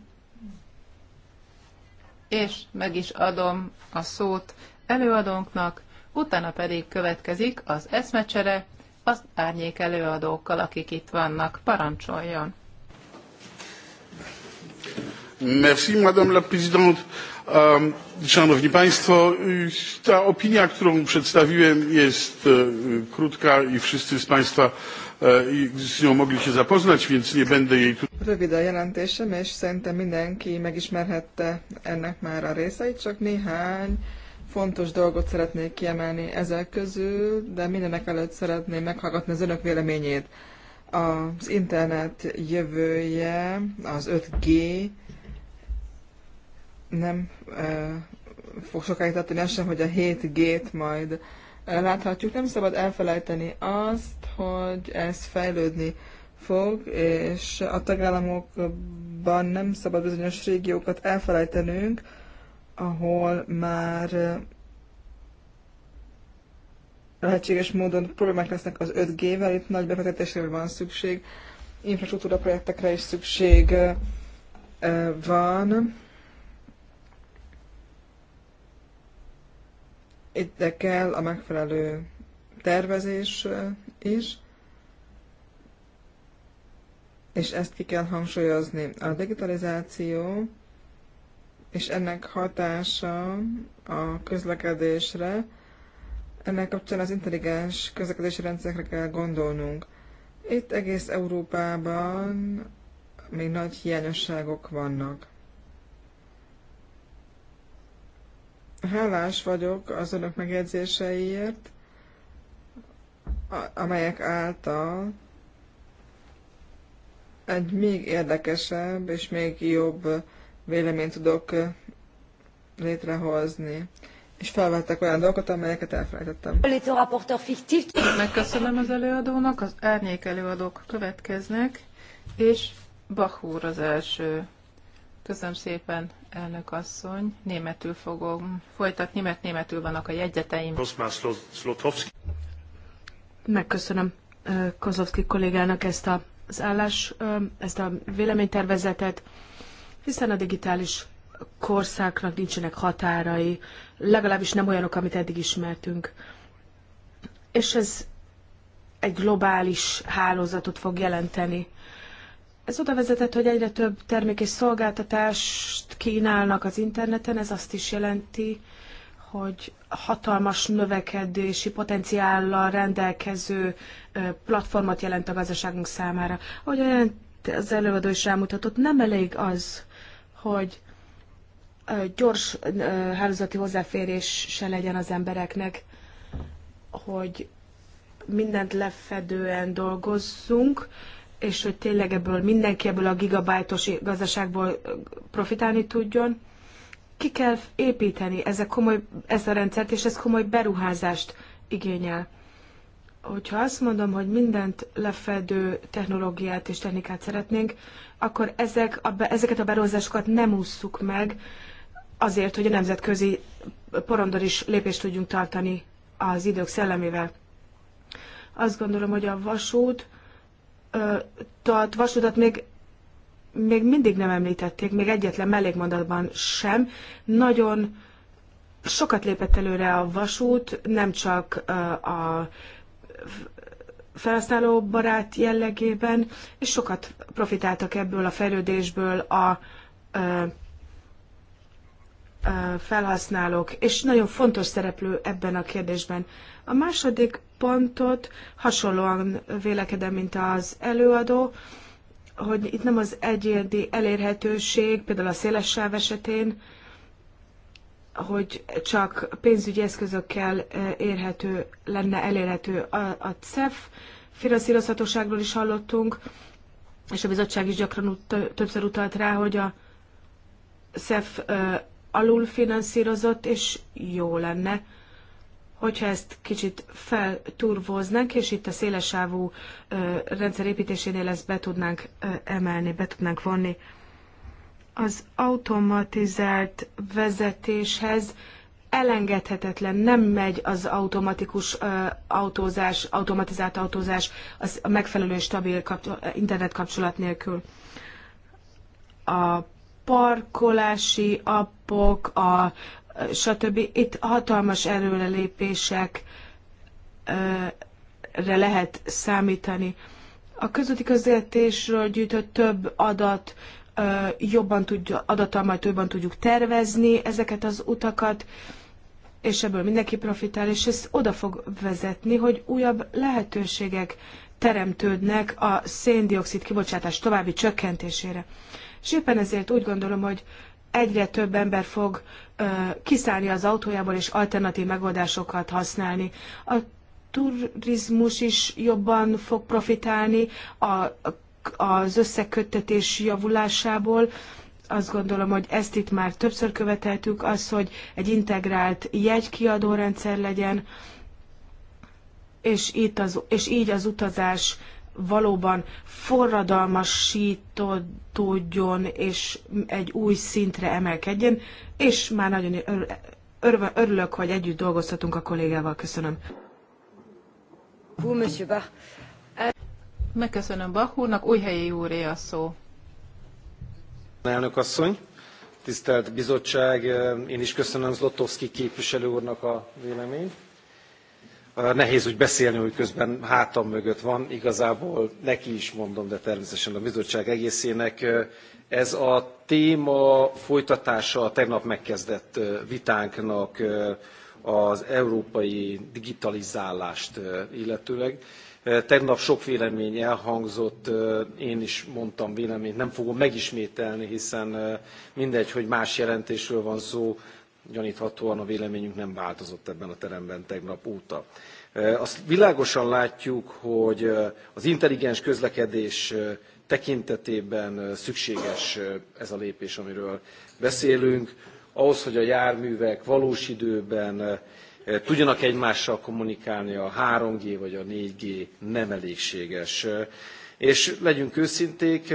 és meg is adom a szót előadónknak, utána pedig következik az eszmecsere, az árnyék előadókkal, akik itt vannak. Parancsoljon! Madame la Présidente. Euh, szanowni Państwo, ta opinia, którą przedstawiłem jest krótka i wszyscy z Państwa z nią mogli się zapoznać, więc nie będę jej tu... Rövid a jelentésem, és szerintem mindenki megismerhette ennek már a részeit, csak néhány fontos dolgot szeretnék kiemelni ezek közül, de mindenek előtt szeretném meghallgatni az önök véleményét. Az internet jövője, az 5G, nem fog sokáig tartani az sem, hogy a 7G-t majd láthatjuk. Nem szabad elfelejteni azt, hogy ez fejlődni fog, és a tagállamokban nem szabad bizonyos régiókat elfelejtenünk, ahol már lehetséges módon problémák lesznek az 5G-vel, itt nagy befektetésre van szükség, infrastruktúra projektekre is szükség van itt kell a megfelelő tervezés is, és ezt ki kell hangsúlyozni. A digitalizáció és ennek hatása a közlekedésre, ennek kapcsán az intelligens közlekedési rendszerekre kell gondolnunk. Itt egész Európában még nagy hiányosságok vannak. Hálás vagyok az önök megjegyzéseiért, amelyek által egy még érdekesebb és még jobb véleményt tudok létrehozni. És felvettek olyan dolgokat, amelyeket elfelejtettem. Megköszönöm az előadónak, az árnyék előadók következnek, és Bach úr az első. Köszönöm szépen, elnök asszony. Németül fogom folytatni, mert németül vannak a jegyzeteim. Megköszönöm Kozovszki kollégának ezt a, az állás, ezt a véleménytervezetet, hiszen a digitális korszáknak nincsenek határai, legalábbis nem olyanok, amit eddig ismertünk. És ez egy globális hálózatot fog jelenteni ez oda vezetett, hogy egyre több termék és szolgáltatást kínálnak az interneten, ez azt is jelenti, hogy hatalmas növekedési potenciállal rendelkező platformot jelent a gazdaságunk számára. Ahogy az előadó is rámutatott, nem elég az, hogy gyors hálózati hozzáférés se legyen az embereknek, hogy mindent lefedően dolgozzunk, és hogy tényleg ebből mindenki ebből a gigabájtos gazdaságból profitálni tudjon. Ki kell építeni ezek komoly, ezt a rendszert, és ez komoly beruházást igényel. Hogyha azt mondom, hogy mindent lefedő technológiát és technikát szeretnénk, akkor ezek a, ezeket a beruházásokat nem ússzuk meg azért, hogy a nemzetközi porondor is lépést tudjunk tartani az idők szellemével. Azt gondolom, hogy a vasút, tart vasutat még, még mindig nem említették, még egyetlen mellékmondatban sem. Nagyon sokat lépett előre a vasút, nem csak a felhasználó barát jellegében, és sokat profitáltak ebből a fejlődésből a felhasználók, és nagyon fontos szereplő ebben a kérdésben. A második pontot, hasonlóan vélekedem, mint az előadó, hogy itt nem az egyedi elérhetőség, például a széles sáv esetén, hogy csak pénzügyi eszközökkel e, érhető, lenne elérhető a, a CEF, finanszírozhatóságról is hallottunk, és a bizottság is gyakran ut- többször utalt rá, hogy a CEF e, alul finanszírozott, és jó lenne, hogyha ezt kicsit felturvoznánk, és itt a szélesávú rendszer építésénél ezt be tudnánk emelni, be tudnánk vonni. Az automatizált vezetéshez elengedhetetlen, nem megy az automatikus autózás, automatizált autózás az a megfelelő stabil kapcsol- internetkapcsolat nélkül. A parkolási appok, a, stb. Itt hatalmas erőrelépések lehet számítani. A közúti közértésről gyűjtött több adat jobban tudja, adattal majd jobban tudjuk tervezni ezeket az utakat, és ebből mindenki profitál, és ez oda fog vezetni, hogy újabb lehetőségek teremtődnek a széndiokszid kibocsátás további csökkentésére. És éppen ezért úgy gondolom, hogy egyre több ember fog kiszállni az autójából és alternatív megoldásokat használni. A turizmus is jobban fog profitálni a, az összeköttetés javulásából. Azt gondolom, hogy ezt itt már többször követeltük, az, hogy egy integrált jegykiadó rendszer legyen, és, itt az, és így az utazás valóban forradalmasítódjon és egy új szintre emelkedjen, és már nagyon örülök, hogy együtt dolgozhatunk a kollégával. Köszönöm. Megköszönöm Bach úrnak, helyi úré a szó. Elnök asszony, tisztelt bizottság, én is köszönöm Zlotowski képviselő úrnak a véleményt. Nehéz úgy beszélni, hogy közben hátam mögött van, igazából neki is mondom, de természetesen a bizottság egészének. Ez a téma folytatása a tegnap megkezdett vitánknak az európai digitalizálást illetőleg. Tegnap sok vélemény elhangzott, én is mondtam véleményt, nem fogom megismételni, hiszen mindegy, hogy más jelentésről van szó, gyaníthatóan a véleményünk nem változott ebben a teremben tegnap óta. Azt világosan látjuk, hogy az intelligens közlekedés tekintetében szükséges ez a lépés, amiről beszélünk, ahhoz, hogy a járművek valós időben tudjanak egymással kommunikálni, a 3G vagy a 4G nem elégséges. És legyünk őszinték,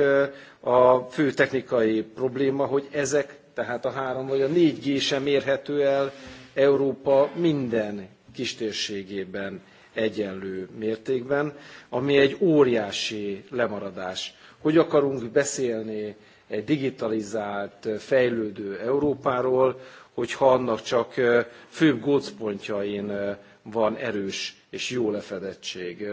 a fő technikai probléma, hogy ezek tehát a három vagy a négy G sem érhető el Európa minden kistérségében egyenlő mértékben, ami egy óriási lemaradás. Hogy akarunk beszélni egy digitalizált, fejlődő Európáról, hogyha annak csak főbb gócpontjain van erős és jó lefedettség.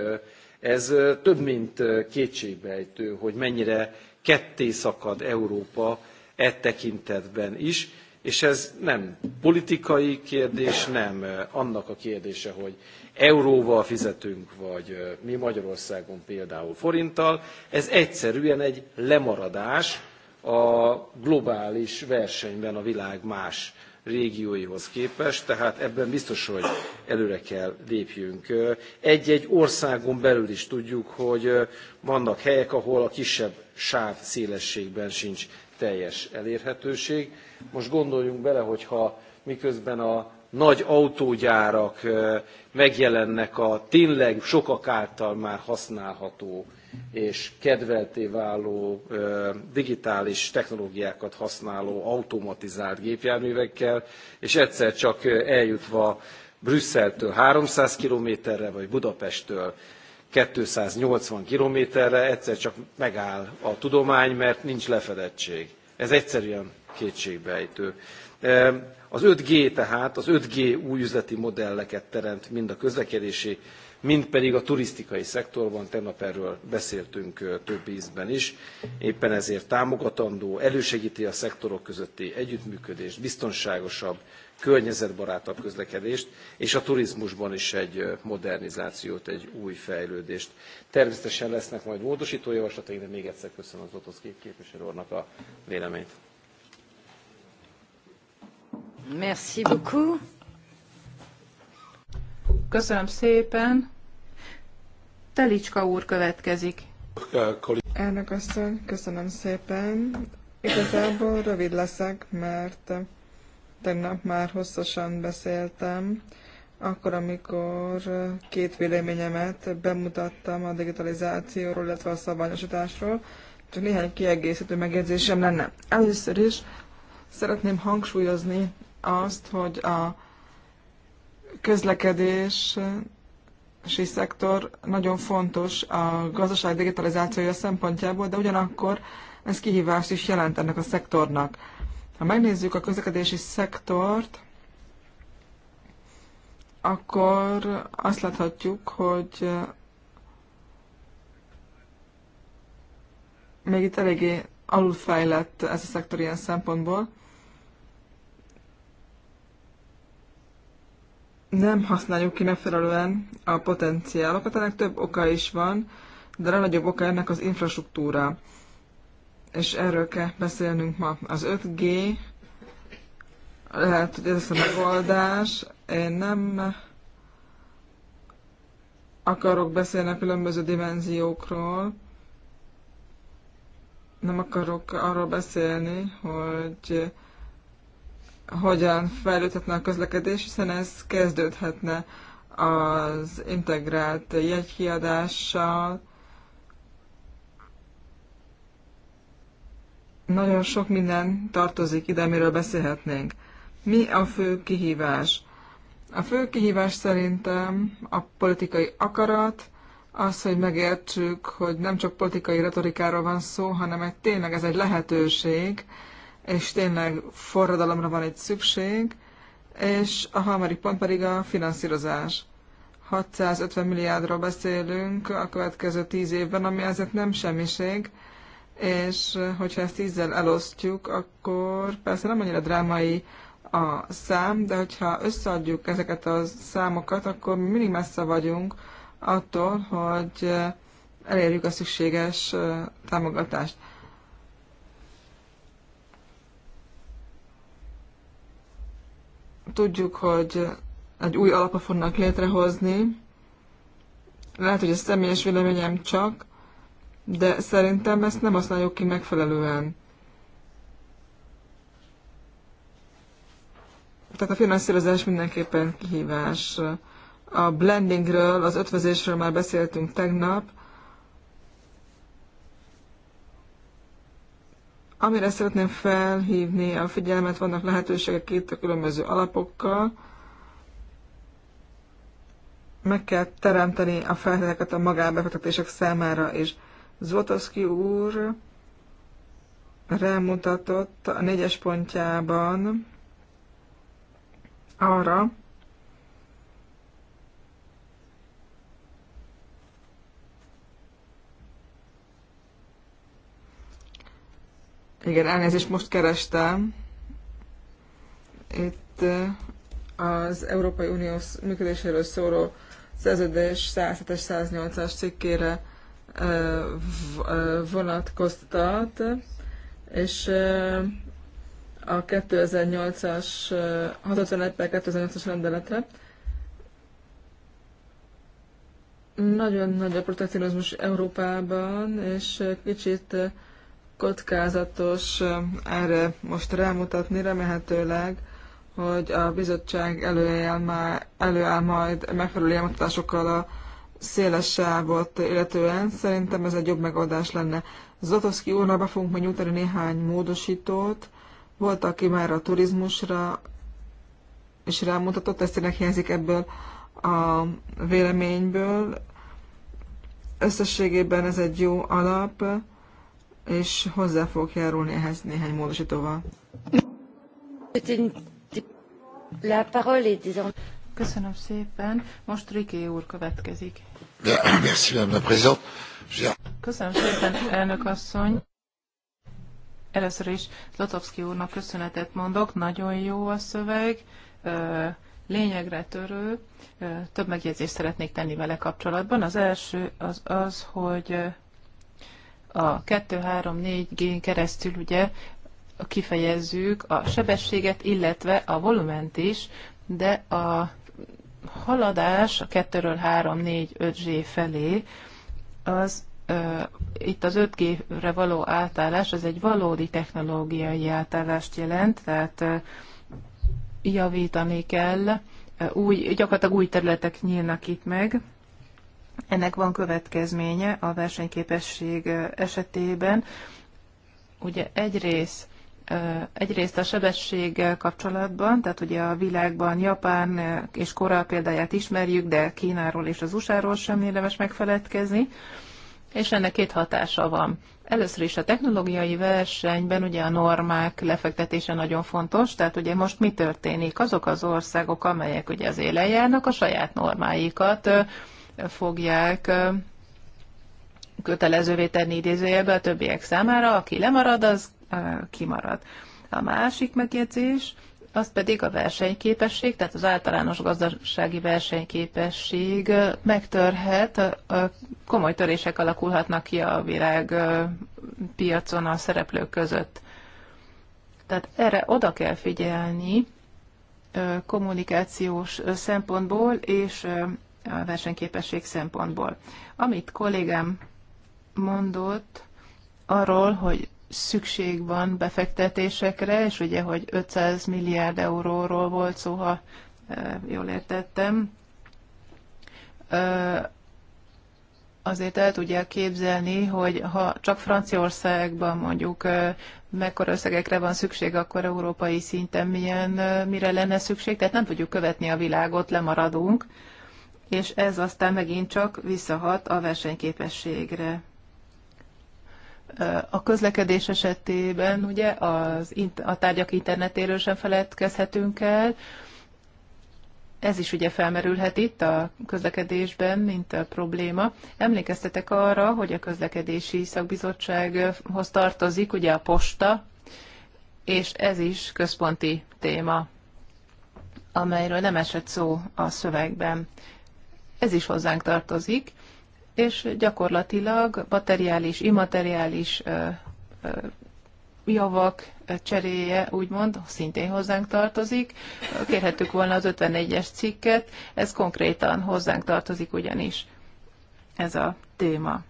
Ez több mint kétségbeejtő, hogy mennyire ketté szakad Európa e tekintetben is, és ez nem politikai kérdés, nem annak a kérdése, hogy euróval fizetünk, vagy mi Magyarországon például forinttal, ez egyszerűen egy lemaradás a globális versenyben a világ más régióihoz képest, tehát ebben biztos, hogy előre kell lépjünk. Egy-egy országon belül is tudjuk, hogy vannak helyek, ahol a kisebb sáv szélességben sincs teljes elérhetőség. Most gondoljunk bele, hogyha miközben a nagy autógyárak megjelennek a tényleg sokak által már használható és kedvelté váló digitális technológiákat használó automatizált gépjárművekkel, és egyszer csak eljutva Brüsszeltől 300 kilométerre, vagy Budapesttől 280 kilométerre egyszer csak megáll a tudomány, mert nincs lefedettség. Ez egyszerűen kétségbejtő. Az 5G tehát, az 5G új üzleti modelleket teremt mind a közlekedési, mind pedig a turisztikai szektorban, tegnap erről beszéltünk több ízben is. Éppen ezért támogatandó, elősegíti a szektorok közötti együttműködést, biztonságosabb, környezetbarátabb közlekedést, és a turizmusban is egy modernizációt, egy új fejlődést. Természetesen lesznek majd módosító javaslataink, de még egyszer köszönöm az Otosz képviselő úrnak a véleményt. Merci beaucoup. Köszönöm szépen. Telicska úr következik. Elnök asszony, köszönöm szépen. Igazából rövid leszek, mert tegnap már hosszasan beszéltem, akkor, amikor két véleményemet bemutattam a digitalizációról, illetve a szabványosításról, csak néhány kiegészítő megjegyzésem lenne. Először is szeretném hangsúlyozni azt, hogy a közlekedési szektor nagyon fontos a gazdaság digitalizációja szempontjából, de ugyanakkor ez kihívást is jelent ennek a szektornak. Ha megnézzük a közlekedési szektort, akkor azt láthatjuk, hogy még itt eléggé alulfejlett ez a szektor ilyen szempontból. Nem használjuk ki megfelelően a potenciálokat, ennek több oka is van, de a legnagyobb oka ennek az infrastruktúra és erről kell beszélnünk ma. Az 5G, lehet, hogy ez a megoldás, én nem akarok beszélni a különböző dimenziókról, nem akarok arról beszélni, hogy hogyan fejlődhetne a közlekedés, hiszen ez kezdődhetne az integrált jegykiadással, Nagyon sok minden tartozik ide, amiről beszélhetnénk. Mi a fő kihívás? A fő kihívás szerintem a politikai akarat, az, hogy megértsük, hogy nem csak politikai retorikáról van szó, hanem egy, tényleg ez egy lehetőség, és tényleg forradalomra van egy szükség, és a harmadik pont pedig a finanszírozás. 650 milliárdról beszélünk a következő 10 évben, ami azért nem semmiség, és eh, hogyha ezt tízzel elosztjuk, akkor persze nem annyira drámai a szám, de hogyha összeadjuk ezeket a számokat, akkor mindig messze vagyunk attól, hogy eh, elérjük a szükséges eh, támogatást. Tudjuk, hogy egy új alapot fognak létrehozni. Lehet, hogy a személyes véleményem csak, de szerintem ezt nem használjuk ki megfelelően. Tehát a finanszírozás mindenképpen kihívás. A blendingről, az ötvözésről már beszéltünk tegnap. Amire szeretném felhívni a figyelmet, vannak lehetőségek két a különböző alapokkal. Meg kell teremteni a feltételeket a magábefektetések számára is. Zvotoszki úr rámutatott a négyes pontjában arra, Igen, elnézést, most kerestem. Itt az Európai Unió működéséről szóló szerződés 107-es 108-as cikkére vonatkoztat, és a 2008-as, 651 per 2008-as rendeletre. Nagyon nagy a protekcionizmus Európában, és kicsit kockázatos erre most rámutatni, remélhetőleg, hogy a bizottság előáll, már, előáll majd megfelelő a széles sávot illetően szerintem ez egy jobb megoldás lenne. Zatoszki úrnak be fogunk majd nyújtani néhány módosítót. Volt, aki már a turizmusra is rámutatott, ezt tényleg hiányzik ebből a véleményből. Összességében ez egy jó alap, és hozzá fogok járulni ehhez néhány módosítóval. Köszönöm szépen. Most Riké úr következik. Köszönöm szépen, elnök asszony. Először is Zlatowski úrnak köszönetet mondok, nagyon jó a szöveg, lényegre törő. Több megjegyzést szeretnék tenni vele kapcsolatban. Az első az az, hogy a 2 3 4 gén keresztül ugye kifejezzük a sebességet, illetve a volument is, de a haladás a 2-ről 3, 4, 5G felé az itt az 5G-re való átállás az egy valódi technológiai átállást jelent, tehát javítani kell, új, gyakorlatilag új területek nyílnak itt meg. Ennek van következménye a versenyképesség esetében. Ugye egyrészt Egyrészt a sebesség kapcsolatban, tehát ugye a világban Japán és Korea példáját ismerjük, de Kínáról és az USA-ról sem érdemes megfeledkezni, és ennek két hatása van. Először is a technológiai versenyben ugye a normák lefektetése nagyon fontos, tehát ugye most mi történik? Azok az országok, amelyek ugye az élen járnak, a saját normáikat fogják kötelezővé tenni idézőjelbe a többiek számára, aki lemarad, az kimarad. A másik megjegyzés, az pedig a versenyképesség, tehát az általános gazdasági versenyképesség megtörhet, komoly törések alakulhatnak ki a világ piacon a szereplők között. Tehát erre oda kell figyelni kommunikációs szempontból és a versenyképesség szempontból. Amit kollégám mondott arról, hogy szükség van befektetésekre, és ugye, hogy 500 milliárd euróról volt szó, ha e, jól értettem, e, azért el tudja képzelni, hogy ha csak Franciaországban mondjuk e, mekkora összegekre van szükség, akkor európai szinten milyen, mire lenne szükség, tehát nem tudjuk követni a világot, lemaradunk, és ez aztán megint csak visszahat a versenyképességre a közlekedés esetében ugye az, a tárgyak internetéről sem feledkezhetünk el. Ez is ugye felmerülhet itt a közlekedésben, mint a probléma. Emlékeztetek arra, hogy a közlekedési szakbizottsághoz tartozik ugye a posta, és ez is központi téma, amelyről nem esett szó a szövegben. Ez is hozzánk tartozik és gyakorlatilag materiális, immateriális javak cseréje, úgymond, szintén hozzánk tartozik. Kérhettük volna az 54-es cikket, ez konkrétan hozzánk tartozik ugyanis ez a téma.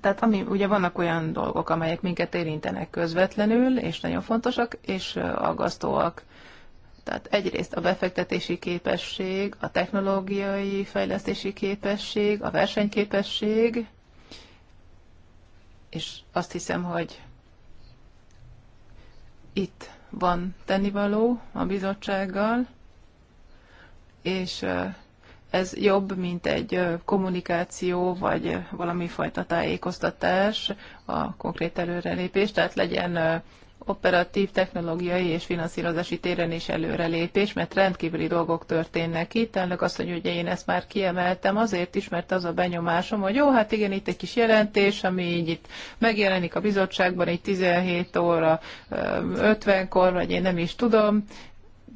Tehát ami, ugye vannak olyan dolgok, amelyek minket érintenek közvetlenül, és nagyon fontosak, és aggasztóak. Tehát egyrészt a befektetési képesség, a technológiai fejlesztési képesség, a versenyképesség, és azt hiszem, hogy itt van tennivaló a bizottsággal, és ez jobb, mint egy kommunikáció, vagy valami fajta tájékoztatás, a konkrét előrelépés, tehát legyen operatív, technológiai és finanszírozási téren is előrelépés, mert rendkívüli dolgok történnek itt. Elnök azt, hogy ugye én ezt már kiemeltem azért is, mert az a benyomásom, hogy jó, hát igen, itt egy kis jelentés, ami így itt megjelenik a bizottságban, így 17 óra 50-kor, vagy én nem is tudom,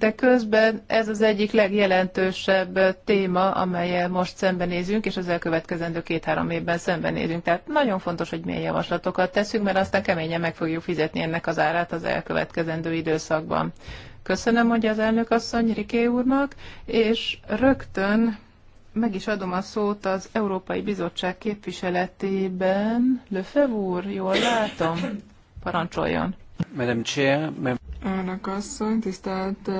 de közben ez az egyik legjelentősebb téma, amelyel most szembenézünk, és az elkövetkezendő két-három évben szembenézünk. Tehát nagyon fontos, hogy milyen javaslatokat teszünk, mert aztán keményen meg fogjuk fizetni ennek az árát az elkövetkezendő időszakban. Köszönöm, hogy az elnök asszony Riké úrnak, és rögtön meg is adom a szót az Európai Bizottság képviseletében. Löfev úr, jól látom? Parancsoljon! Madam Chair, Elnök asszony, tisztelt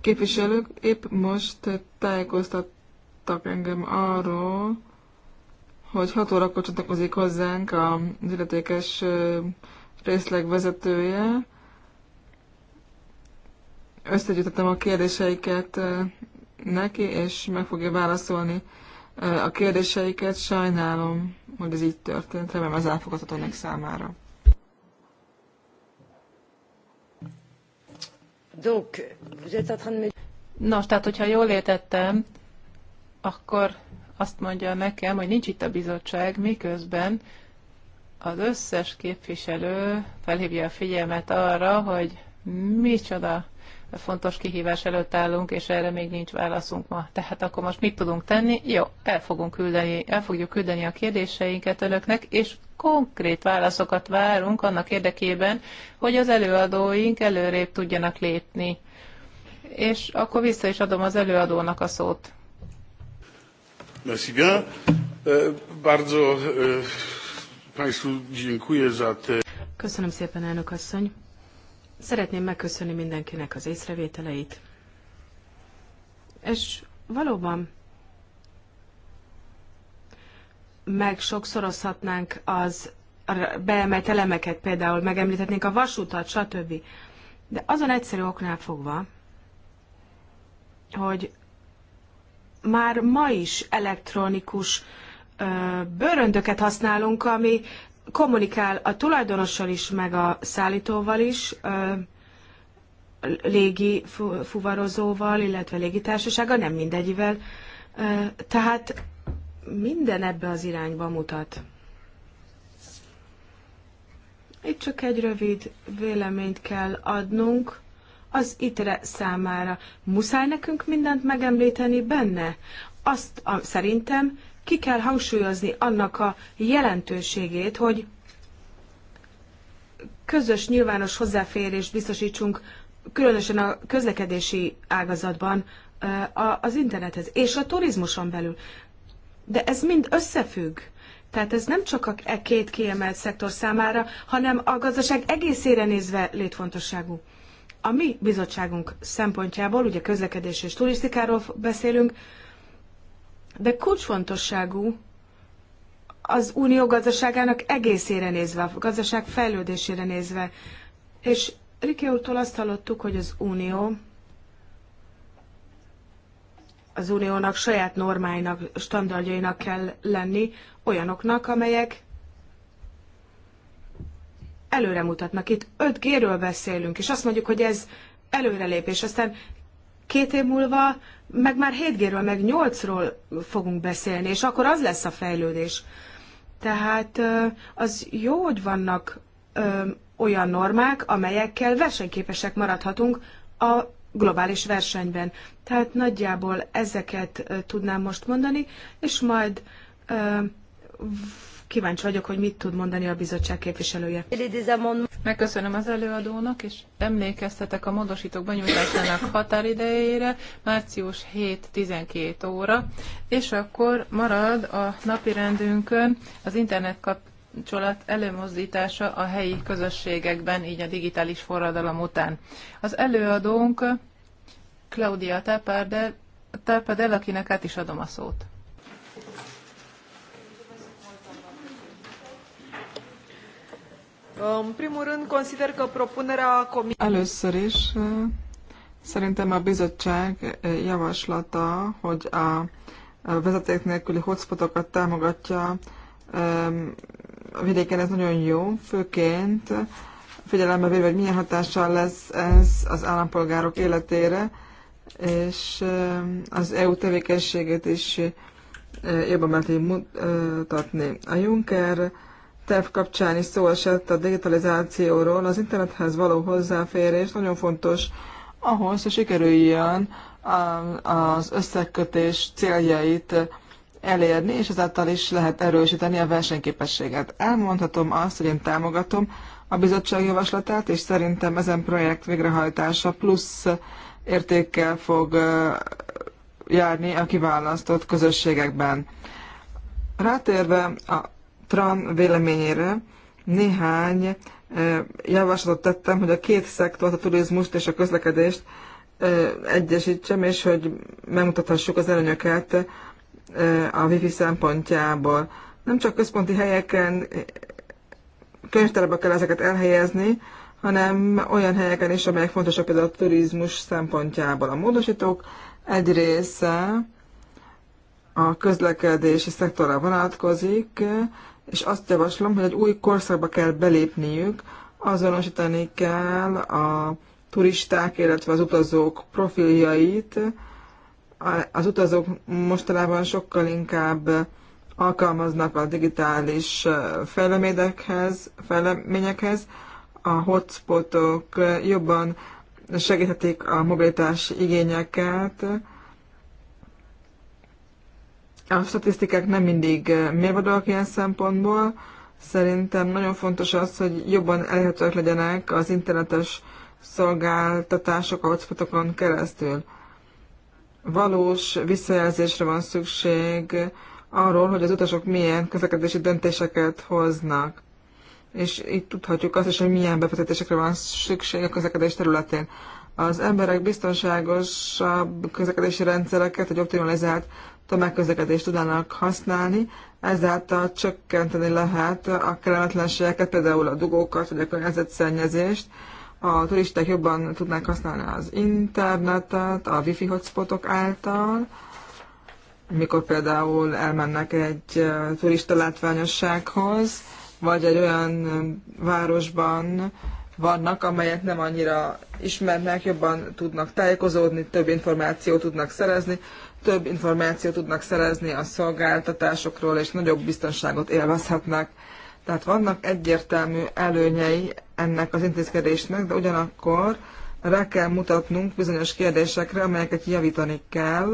képviselők, épp most tájékoztattak engem arról, hogy 6 órakor csatlakozik hozzánk az illetékes részleg vezetője. Összegyűjtettem a kérdéseiket neki, és meg fogja válaszolni a kérdéseiket. Sajnálom, hogy ez így történt, remélem ez elfogadható számára. Nos, tehát, hogyha jól értettem, akkor azt mondja nekem, hogy nincs itt a bizottság, miközben az összes képviselő felhívja a figyelmet arra, hogy micsoda fontos kihívás előtt állunk, és erre még nincs válaszunk ma. Tehát akkor most mit tudunk tenni? Jó, el, fogunk küldeni, el fogjuk küldeni a kérdéseinket önöknek, és konkrét válaszokat várunk annak érdekében, hogy az előadóink előrébb tudjanak lépni. És akkor vissza is adom az előadónak a szót. Merci bien. E, bardzo e, Państwu dziękuję za te... Köszönöm szépen, elnök asszony. Szeretném megköszönni mindenkinek az észrevételeit. És valóban meg sokszorozhatnánk az beemelt elemeket, például megemlíthetnénk a vasutat, stb. De azon egyszerű oknál fogva, hogy már ma is elektronikus ö, bőröndöket használunk, ami kommunikál a tulajdonossal is, meg a szállítóval is, légi fuvarozóval, illetve légitársasága, nem mindegyivel. Tehát minden ebbe az irányba mutat. Itt csak egy rövid véleményt kell adnunk az itre számára. Muszáj nekünk mindent megemlíteni benne? Azt a, szerintem ki kell hangsúlyozni annak a jelentőségét, hogy közös nyilvános hozzáférést biztosítsunk, különösen a közlekedési ágazatban az internethez, és a turizmuson belül. De ez mind összefügg. Tehát ez nem csak a e két kiemelt szektor számára, hanem a gazdaság egészére nézve létfontosságú. A mi bizottságunk szempontjából, ugye közlekedés és turisztikáról beszélünk, de kulcsfontosságú az unió gazdaságának egészére nézve, a gazdaság fejlődésére nézve. És Riki úrtól azt hallottuk, hogy az unió az uniónak saját normáinak, standardjainak kell lenni, olyanoknak, amelyek előre mutatnak. Itt 5G-ről beszélünk, és azt mondjuk, hogy ez előrelépés. Aztán két év múlva meg már 7G-ről, meg 8-ról fogunk beszélni, és akkor az lesz a fejlődés. Tehát az jó, hogy vannak olyan normák, amelyekkel versenyképesek maradhatunk a globális versenyben. Tehát nagyjából ezeket tudnám most mondani, és majd kíváncsi vagyok, hogy mit tud mondani a bizottság képviselője. Megköszönöm az előadónak, és emlékeztetek a módosítók benyújtásának határidejére, március 7-12 óra, és akkor marad a rendünkön az internet kap kapcsolat előmozdítása a helyi közösségekben, így a digitális forradalom után. Az előadónk Claudia Tápárdel, Tápárdel akinek át is adom a szót. În primul rând, consider că propunerea Comisiei... Először is eh, szerintem a bizottság eh, javaslata, hogy a vezeték nélküli hotspotokat támogatja a vidéken, ez nagyon jó, főként figyelembe véve, hogy milyen hatással lesz ez az állampolgárok életére, és az EU tevékenységét is eh, jobban meg tudjuk mutatni. A Juncker terv kapcsán is szó esett a digitalizációról, az internethez való hozzáférés nagyon fontos ahhoz, hogy sikerüljön az összekötés céljait elérni, és ezáltal is lehet erősíteni a versenyképességet. Elmondhatom azt, hogy én támogatom a bizottság javaslatát, és szerintem ezen projekt végrehajtása plusz értékkel fog járni a kiválasztott közösségekben. Rátérve a TRAN véleményére néhány e, javaslatot tettem, hogy a két szektort, a turizmust és a közlekedést e, egyesítsem, és hogy megmutathassuk az előnyöket e, a wifi szempontjából. Nem csak központi helyeken, könyvtárba kell ezeket elhelyezni, hanem olyan helyeken is, amelyek fontosak például a turizmus szempontjából. A módosítók egy része a közlekedési szektorra vonatkozik, és azt javaslom, hogy egy új korszakba kell belépniük, azonosítani kell a turisták, illetve az utazók profiljait. Az utazók mostanában sokkal inkább alkalmaznak a digitális fejleményekhez, a hotspotok jobban segíthetik a mobilitás igényeket, a statisztikák nem mindig mérvadóak ilyen szempontból. Szerintem nagyon fontos az, hogy jobban elérhetőek legyenek az internetes szolgáltatások a hotspotokon keresztül. Valós visszajelzésre van szükség arról, hogy az utasok milyen közlekedési döntéseket hoznak. És itt tudhatjuk azt is, hogy milyen befektetésekre van szükség a közlekedés területén. Az emberek biztonságosabb közlekedési rendszereket, egy optimalizált tömegközlekedést tudnának használni, ezáltal csökkenteni lehet a kellemetlenségeket, például a dugókat, vagy a környezetszennyezést. A turisták jobban tudnák használni az internetet, a wifi hotspotok által, mikor például elmennek egy turista látványossághoz, vagy egy olyan városban vannak, amelyet nem annyira ismernek, jobban tudnak tájékozódni, több információt tudnak szerezni, több információt tudnak szerezni a szolgáltatásokról, és nagyobb biztonságot élvezhetnek. Tehát vannak egyértelmű előnyei ennek az intézkedésnek, de ugyanakkor rá kell mutatnunk bizonyos kérdésekre, amelyeket javítani kell,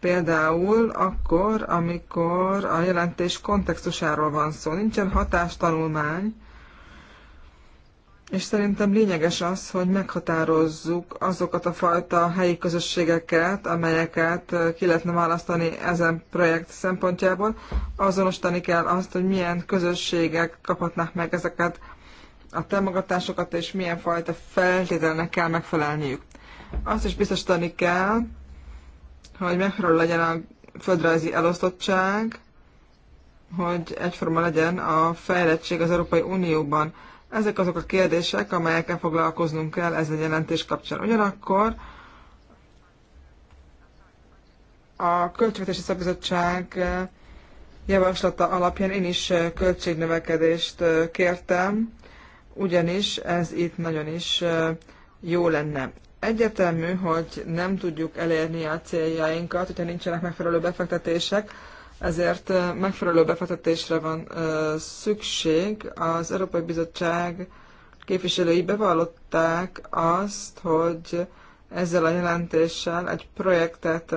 Például akkor, amikor a jelentés kontextusáról van szó, nincsen hatástanulmány, és szerintem lényeges az, hogy meghatározzuk azokat a fajta helyi közösségeket, amelyeket ki lehetne választani ezen projekt szempontjából. Azonosítani kell azt, hogy milyen közösségek kaphatnak meg ezeket a támogatásokat, és milyen fajta feltételnek kell megfelelniük. Azt is biztosítani kell, hogy megfelelő legyen a földrajzi elosztottság, hogy egyforma legyen a fejlettség az Európai Unióban ezek azok a kérdések, amelyekkel foglalkoznunk kell ezen jelentés kapcsán. Ugyanakkor a Költségvetési Szabizottság javaslata alapján én is költségnövekedést kértem, ugyanis ez itt nagyon is jó lenne. Egyetemű, hogy nem tudjuk elérni a céljainkat, hogyha nincsenek megfelelő befektetések, ezért megfelelő befektetésre van szükség. Az Európai Bizottság képviselői bevallották azt, hogy ezzel a jelentéssel egy projektet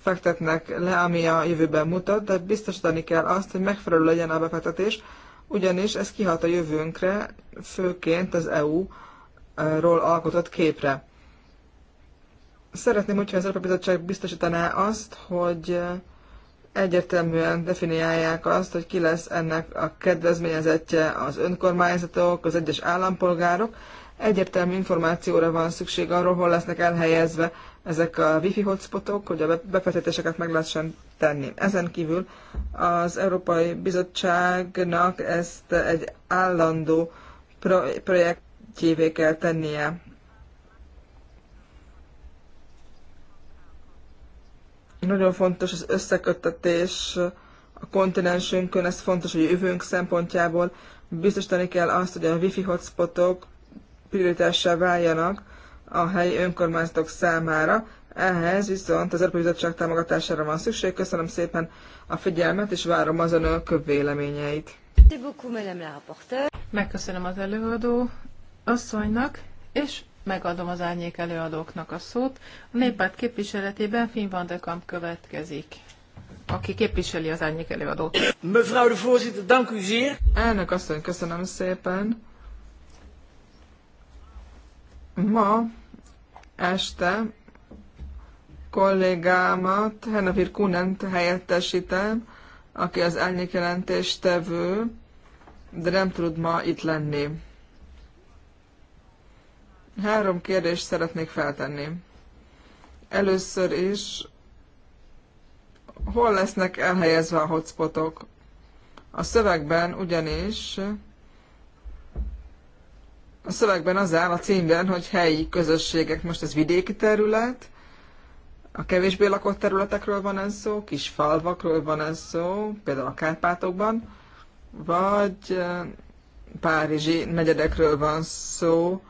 fektetnek le, ami a jövőben mutat, de biztosítani kell azt, hogy megfelelő legyen a befektetés, ugyanis ez kihat a jövőnkre, főként az EU-ról alkotott képre. Szeretném, hogyha az Európai Bizottság biztosítaná azt, hogy egyértelműen definiálják azt, hogy ki lesz ennek a kedvezményezetje az önkormányzatok, az egyes állampolgárok. Egyértelmű információra van szükség arról, hol lesznek elhelyezve ezek a wifi hotspotok, hogy a befektetéseket meg lehessen tenni. Ezen kívül az Európai Bizottságnak ezt egy állandó projektjévé kell tennie. Nagyon fontos az összeköttetés a kontinensünkön, ez fontos a jövőnk szempontjából. Biztosítani kell azt, hogy a wifi hotspotok prioritással váljanak a helyi önkormányzatok számára. Ehhez viszont az Európai Bizottság támogatására van szükség. Köszönöm szépen a figyelmet, és várom az önök véleményeit. Megköszönöm az előadó asszonynak, és megadom az árnyék előadóknak a szót. A néppárt képviseletében Finn van de Kamp következik, aki képviseli az árnyék előadót. Mevrouw de voorzitter, dank u zeer. Elnök asszony, köszönöm szépen. Ma este kollégámat, Henavir Kunent helyettesítem, aki az jelentést tevő, de nem tud ma itt lenni. Három kérdést szeretnék feltenni. Először is, hol lesznek elhelyezve a hotspotok? A szövegben ugyanis a szövegben az áll a címben, hogy helyi közösségek, most ez vidéki terület, a kevésbé lakott területekről van ez szó, kis falvakról van ez szó, például a Kárpátokban, vagy eh, párizsi negyedekről van szó,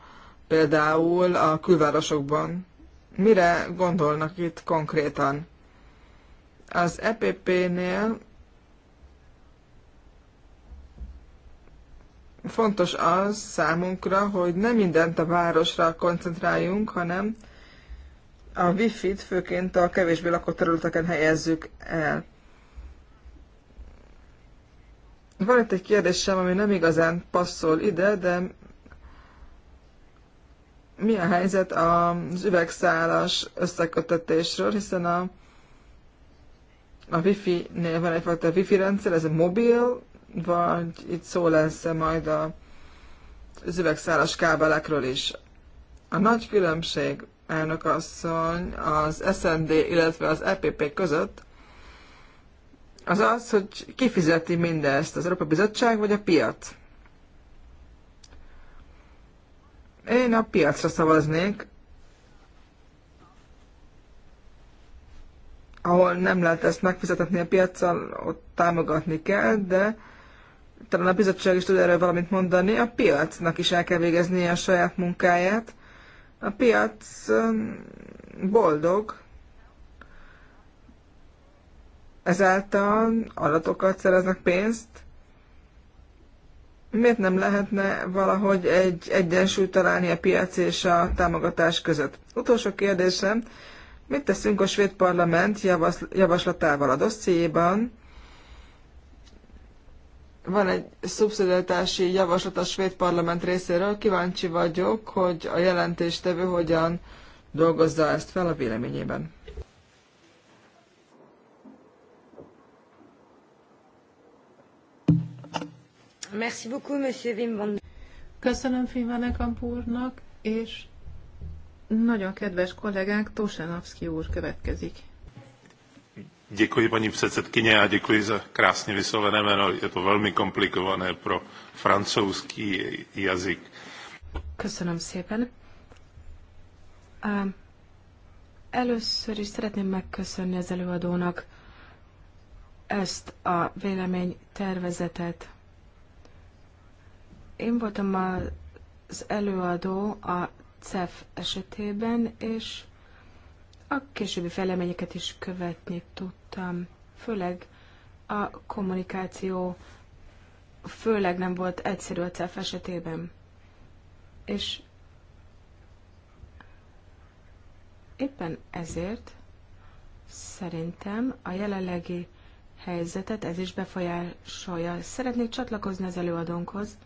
például a külvárosokban. Mire gondolnak itt konkrétan? Az EPP-nél fontos az számunkra, hogy nem mindent a városra koncentráljunk, hanem a wifi-t főként a kevésbé lakott területeken helyezzük el. Van itt egy kérdésem, ami nem igazán passzol ide, de mi a helyzet az üvegszálas összekötetésről, hiszen a, a Wi-Fi-nél van egyfajta Wi-Fi rendszer, ez a mobil, vagy itt szó lesz -e majd a, az üvegszálas kábelekről is. A nagy különbség, elnök asszony, az SND, illetve az EPP között az az, hogy kifizeti mindezt, az Európa Bizottság vagy a piac. Én a piacra szavaznék, ahol nem lehet ezt megfizetni a piaccal, ott támogatni kell, de talán a bizottság is tud erről valamit mondani, a piacnak is el kell végeznie a saját munkáját. A piac boldog, ezáltal adatokat szereznek pénzt, miért nem lehetne valahogy egy egyensúlyt találni a piac és a támogatás között? Utolsó kérdésem, mit teszünk a svéd parlament javaslatával a dossziéban? Van egy szubszidiatási javaslat a svéd parlament részéről, kíváncsi vagyok, hogy a jelentéstevő hogyan dolgozza ezt fel a véleményében. Merci beaucoup, Monsieur Wim Köszönöm Finvanekamp úrnak, és nagyon kedves kollégánk Tosanovszki úr következik. Děkuji paní předsedkyně a děkuji za krásně vyslovené jméno. Je to velmi komplikované pro francouzský jazyk. Köszönöm szépen. Először is szeretném megköszönni az előadónak ezt a véleménytervezetet. Én voltam az előadó a CEF esetében, és a későbbi fejleményeket is követni tudtam. Főleg a kommunikáció főleg nem volt egyszerű a CEF esetében. És éppen ezért szerintem a jelenlegi helyzetet ez is befolyásolja. Szeretnék csatlakozni az előadónkhoz,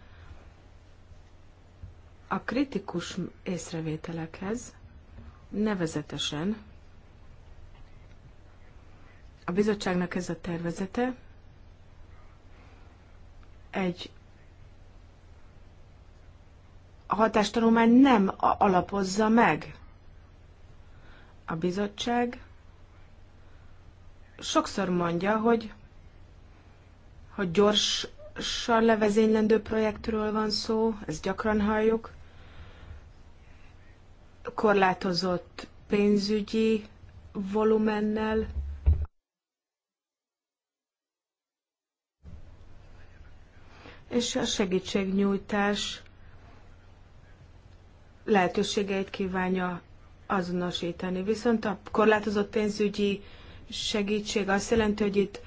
a kritikus észrevételekhez, nevezetesen a bizottságnak ez a tervezete egy a hatástanulmány nem alapozza meg. A bizottság sokszor mondja, hogy, hogy gyorsan levezénylendő projektről van szó, ezt gyakran halljuk, korlátozott pénzügyi volumennel, és a segítségnyújtás lehetőségeit kívánja azonosítani. Viszont a korlátozott pénzügyi segítség azt jelenti, hogy itt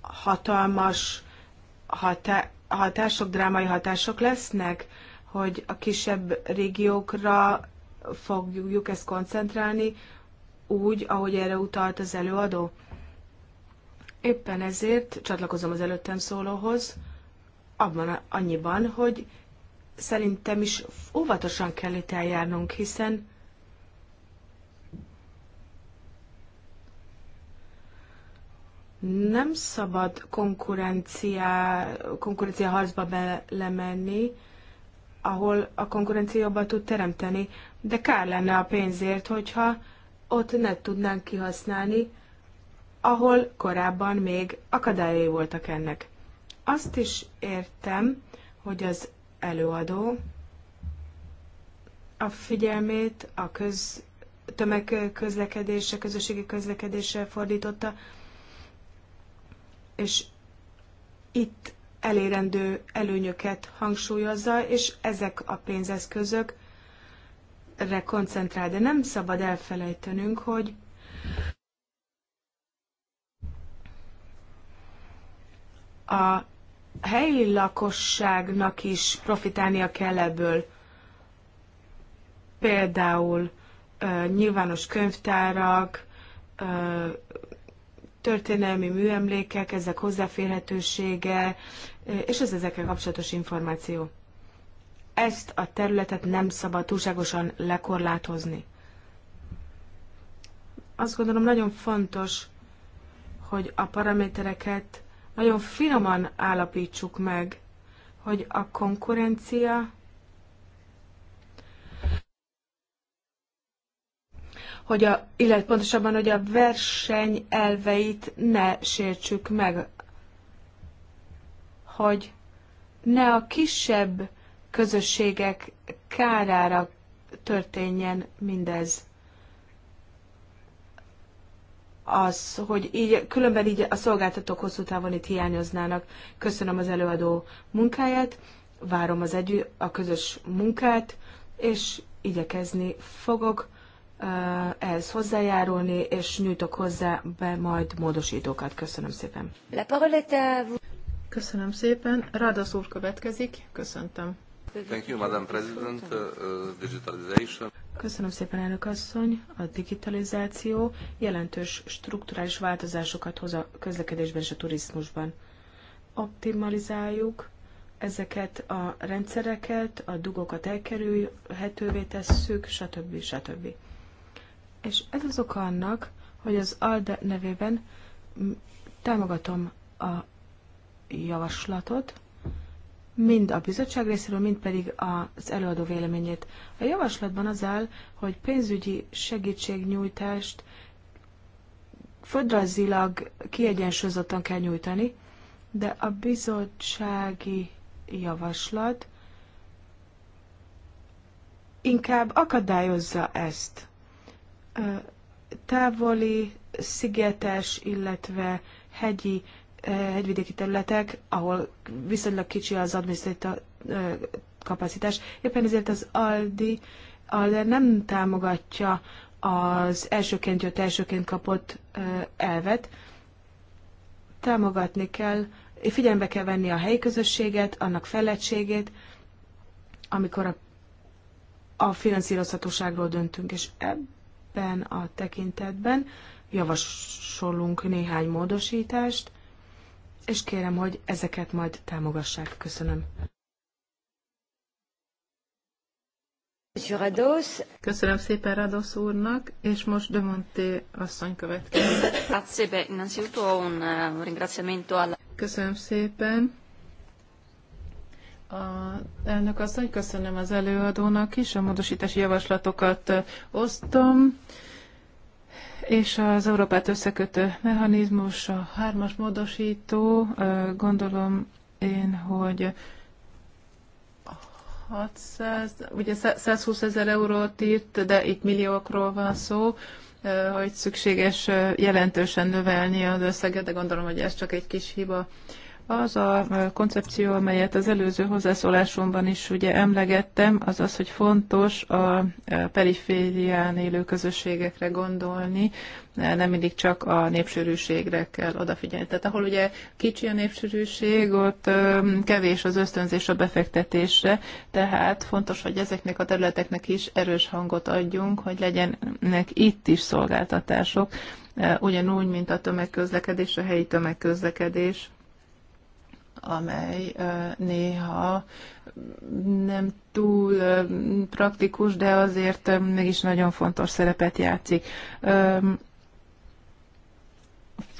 hatalmas hatá- hatások, drámai hatások lesznek, hogy a kisebb régiókra fogjuk ezt koncentrálni, úgy, ahogy erre utalt az előadó. Éppen ezért csatlakozom az előttem szólóhoz, abban annyiban, hogy szerintem is óvatosan kell itt eljárnunk, hiszen nem szabad konkurencia, konkurencia harcba belemenni, ahol a konkurencia jobban tud teremteni, de kár lenne a pénzért, hogyha ott ne tudnánk kihasználni, ahol korábban még akadályai voltak ennek. Azt is értem, hogy az előadó a figyelmét a köz, tömegközlekedése, közösségi közlekedésre fordította, és itt elérendő előnyöket hangsúlyozza, és ezek a pénzeszközök koncentrál. De nem szabad elfelejtenünk, hogy a helyi lakosságnak is profitálnia kell ebből. Például nyilvános könyvtárak, történelmi műemlékek, ezek hozzáférhetősége, és az ezekkel kapcsolatos információ. Ezt a területet nem szabad túlságosan lekorlátozni. Azt gondolom nagyon fontos, hogy a paramétereket nagyon finoman állapítsuk meg, hogy a konkurencia hogy a, illetve pontosabban, hogy a verseny elveit ne sértsük meg, hogy ne a kisebb közösségek kárára történjen mindez. Az, hogy így, különben így a szolgáltatók hosszú távon itt hiányoznának. Köszönöm az előadó munkáját, várom az együtt a közös munkát, és igyekezni fogok ehhez hozzájárulni, és nyújtok hozzá be majd módosítókat. Köszönöm szépen. La parole Köszönöm szépen. Rada úr következik. Köszöntöm. Thank you, Madam President. Uh, digitalization. Köszönöm szépen, elnök asszony. A digitalizáció jelentős strukturális változásokat hoz a közlekedésben és a turizmusban. Optimalizáljuk ezeket a rendszereket, a dugókat elkerülhetővé tesszük, stb. stb. És ez az oka annak, hogy az ALDE nevében támogatom a javaslatot, mind a bizottság részéről, mind pedig az előadó véleményét. A javaslatban az áll, hogy pénzügyi segítségnyújtást földrajzilag kiegyensúlyozottan kell nyújtani, de a bizottsági javaslat inkább akadályozza ezt távoli, szigetes, illetve hegyi, hegyvidéki területek, ahol viszonylag kicsi az adminisztratív kapacitás. Éppen ezért az Aldi, Alder nem támogatja az elsőként jött, elsőként kapott elvet. Támogatni kell, figyelembe kell venni a helyi közösséget, annak fejlettségét, amikor a, a finanszírozhatóságról döntünk, és ebb, ebben a tekintetben. Javasolunk néhány módosítást, és kérem, hogy ezeket majd támogassák. Köszönöm. Köszönöm szépen Rados úrnak, és most de Monté asszony következik. Eh, Köszönöm szépen. A elnök asszony, köszönöm az előadónak is, a módosítási javaslatokat osztom, és az Európát összekötő mechanizmus, a hármas módosító, gondolom én, hogy 600, ugye 120 ezer eurót írt, de itt milliókról van szó, hogy szükséges jelentősen növelni az összeget, de gondolom, hogy ez csak egy kis hiba. Az a koncepció, amelyet az előző hozzászólásomban is ugye emlegettem, az az, hogy fontos a periférián élő közösségekre gondolni, nem mindig csak a népsűrűségre kell odafigyelni. Tehát ahol ugye kicsi a népsűrűség, ott kevés az ösztönzés a befektetésre, tehát fontos, hogy ezeknek a területeknek is erős hangot adjunk, hogy legyenek itt is szolgáltatások, ugyanúgy, mint a tömegközlekedés, a helyi tömegközlekedés amely néha nem túl praktikus, de azért mégis nagyon fontos szerepet játszik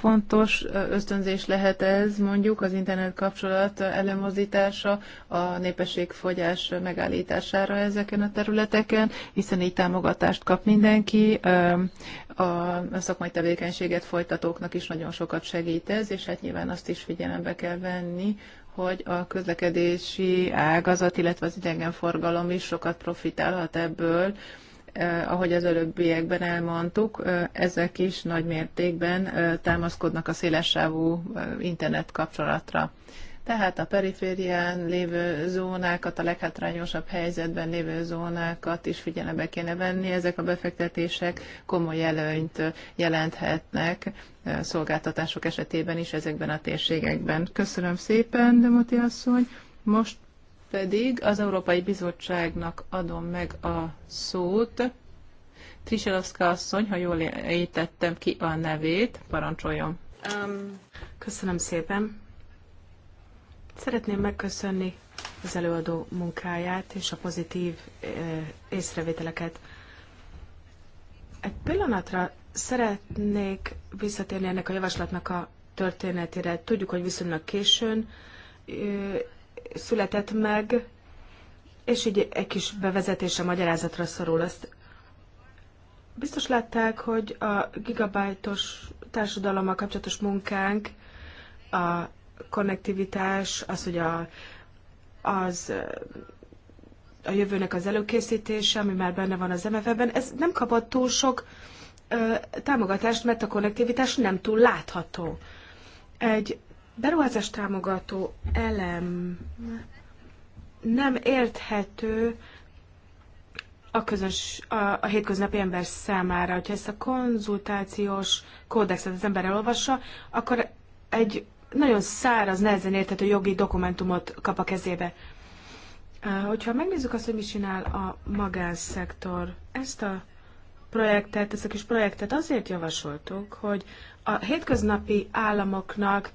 fontos ösztönzés lehet ez, mondjuk az internet kapcsolat előmozdítása, a népességfogyás megállítására ezeken a területeken, hiszen így támogatást kap mindenki, a szakmai tevékenységet folytatóknak is nagyon sokat segít ez, és hát nyilván azt is figyelembe kell venni, hogy a közlekedési ágazat, illetve az idegenforgalom is sokat profitálhat ebből, Eh, ahogy az előbbiekben elmondtuk, eh, ezek is nagy mértékben eh, támaszkodnak a szélessávú internet kapcsolatra. Tehát a periférián lévő zónákat, a leghátrányosabb helyzetben lévő zónákat is figyelembe kéne venni. Ezek a befektetések komoly előnyt jelenthetnek szolgáltatások esetében is ezekben a térségekben. Köszönöm szépen, Demoti asszony. Most pedig az Európai Bizottságnak adom meg a szót. Triselovszka asszony, ha jól ejtettem ki a nevét, parancsoljon. Um, köszönöm szépen. Szeretném megköszönni az előadó munkáját és a pozitív eh, észrevételeket. Egy pillanatra szeretnék visszatérni ennek a javaslatnak a történetére. Tudjuk, hogy viszonylag későn eh, született meg, és így egy kis bevezetése magyarázatra szorul. Azt biztos látták, hogy a gigabajtos társadalommal kapcsolatos munkánk, a konnektivitás, az, hogy a, az a jövőnek az előkészítése, ami már benne van az MFF-ben, ez nem kapott túl sok ö, támogatást, mert a konnektivitás nem túl látható. Egy beruházás támogató elem nem érthető a, közös, a, a hétköznapi ember számára. Hogyha ezt a konzultációs kódexet az ember elolvassa, akkor egy nagyon száraz, nehezen érthető jogi dokumentumot kap a kezébe. Hogyha megnézzük azt, hogy mi csinál a magánszektor, ezt a projektet, ezt a kis projektet azért javasoltuk, hogy a hétköznapi államoknak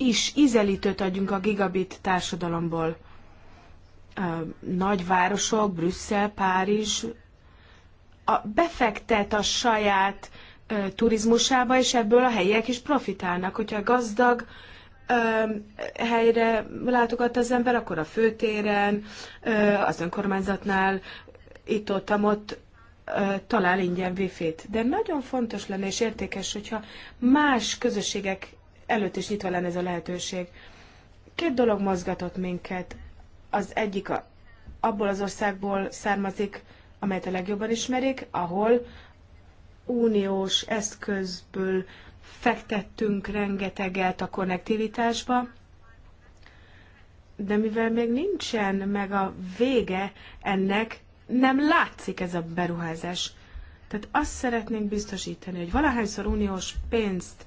is ízelítőt adjunk a gigabit társadalomból. Nagy városok, Brüsszel, Párizs, a, befektet a saját ö, turizmusába, és ebből a helyiek is profitálnak. Hogyha gazdag ö, helyre látogat az ember, akkor a főtéren, ö, az önkormányzatnál, itt-ott, ott talál ingyen wifi-t. De nagyon fontos lenne és értékes, hogyha más közösségek előtt is nyitva lenne ez a lehetőség. Két dolog mozgatott minket. Az egyik a, abból az országból származik, amelyet a legjobban ismerik, ahol uniós eszközből fektettünk rengeteget a konnektivitásba, de mivel még nincsen meg a vége ennek, nem látszik ez a beruházás. Tehát azt szeretnénk biztosítani, hogy valahányszor uniós pénzt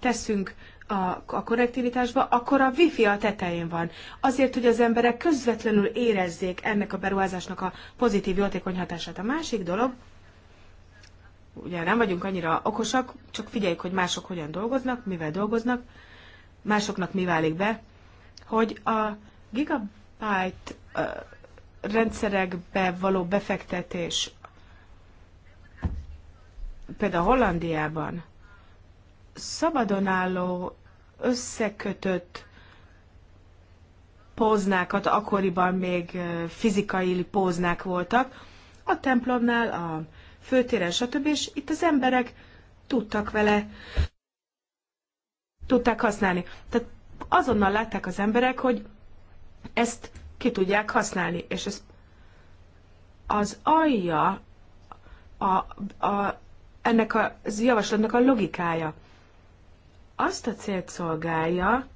teszünk a, a konnektivitásba, akkor a wifi a tetején van. Azért, hogy az emberek közvetlenül érezzék ennek a beruházásnak a pozitív, jótékony hatását. A másik dolog, ugye nem vagyunk annyira okosak, csak figyeljük, hogy mások hogyan dolgoznak, mivel dolgoznak, másoknak mi válik be, hogy a gigabyte rendszerekbe való befektetés például Hollandiában szabadon álló összekötött póznákat, akkoriban még fizikai póznák voltak, a templomnál, a főtéren, stb. És itt az emberek tudtak vele, tudták használni. Tehát azonnal látták az emberek, hogy ezt ki tudják használni, és ez az alja a, a, ennek a, az javaslatnak a logikája azt a célt szolgálja,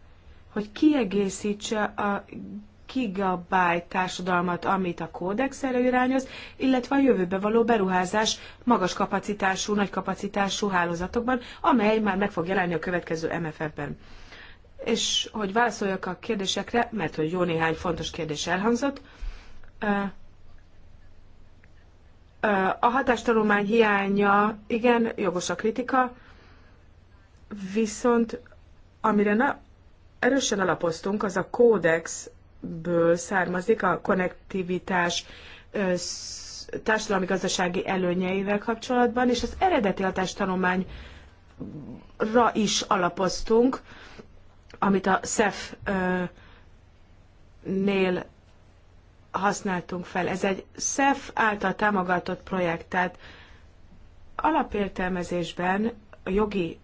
hogy kiegészítse a gigabyte társadalmat, amit a kódex előirányoz, illetve a jövőbe való beruházás magas kapacitású, nagy kapacitású hálózatokban, amely már meg fog jelenni a következő MFF-ben. És hogy válaszoljak a kérdésekre, mert hogy jó néhány fontos kérdés elhangzott, a hatástanulmány hiánya, igen, jogos a kritika, Viszont amire na, erősen alapoztunk, az a kódexből származik a konnektivitás társadalmi-gazdasági előnyeivel kapcsolatban, és az eredeti hatástanulmányra is alapoztunk, amit a SEF-nél használtunk fel. Ez egy SEF által támogatott projekt, tehát alapértelmezésben a jogi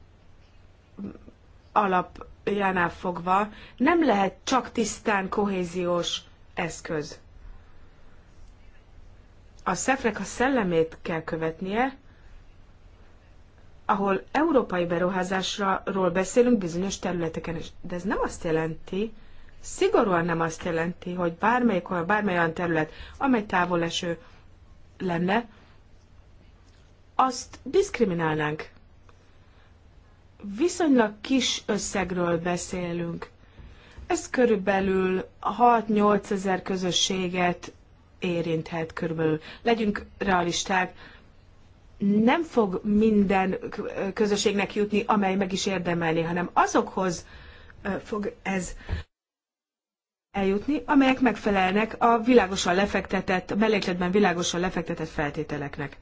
alapjánál fogva nem lehet csak tisztán kohéziós eszköz. A szefrek a szellemét kell követnie, ahol európai beruházásról beszélünk bizonyos területeken is. De ez nem azt jelenti, szigorúan nem azt jelenti, hogy bármelyik, bármely olyan terület, amely távol eső lenne, azt diszkriminálnánk viszonylag kis összegről beszélünk. Ez körülbelül 6-8 ezer közösséget érinthet körülbelül. Legyünk realisták, nem fog minden közösségnek jutni, amely meg is érdemelni, hanem azokhoz fog ez eljutni, amelyek megfelelnek a világosan lefektetett, a világosan lefektetett feltételeknek.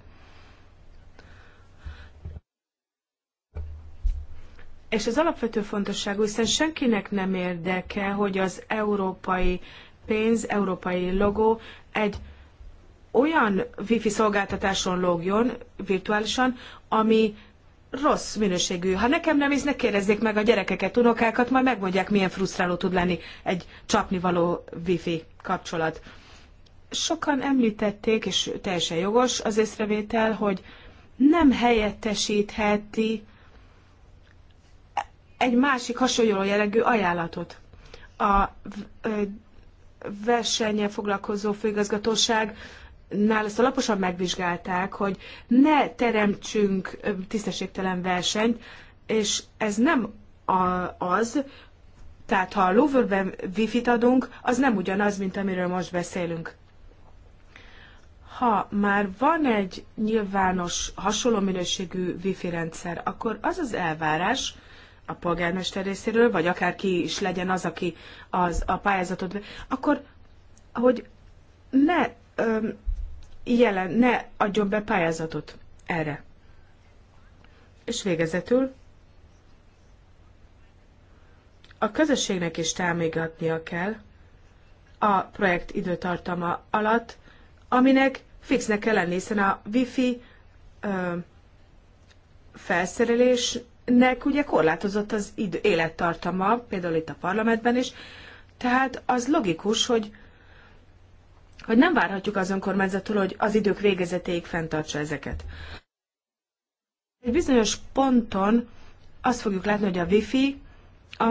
És ez alapvető fontosságú, hiszen senkinek nem érdeke, hogy az európai pénz, európai logó egy olyan wifi szolgáltatáson logjon virtuálisan, ami rossz minőségű. Ha nekem nem ne kérdezzék meg a gyerekeket, unokákat, majd megmondják, milyen frusztráló tud lenni egy csapnivaló wifi kapcsolat. Sokan említették, és teljesen jogos az észrevétel, hogy nem helyettesítheti egy másik hasonló jellegű ajánlatot. A versennyel foglalkozó főigazgatóság nál ezt alaposan megvizsgálták, hogy ne teremtsünk tisztességtelen versenyt, és ez nem a, az, tehát ha a Louvre-ben wifi-t adunk, az nem ugyanaz, mint amiről most beszélünk. Ha már van egy nyilvános, hasonló minőségű wifi rendszer, akkor az az elvárás, a polgármester részéről, vagy akár ki is legyen az, aki az a pályázatot, akkor hogy ne öm, jelen, ne adjon be pályázatot erre. És végezetül a közösségnek is támogatnia kell a projekt időtartama alatt, aminek fixnek kell lenni, hiszen a wifi ö, felszerelés nek ugye korlátozott az idő, élettartama, például itt a parlamentben is, tehát az logikus, hogy, hogy nem várhatjuk az önkormányzattól, hogy az idők végezetéig fenntartsa ezeket. Egy bizonyos ponton azt fogjuk látni, hogy a wifi, a,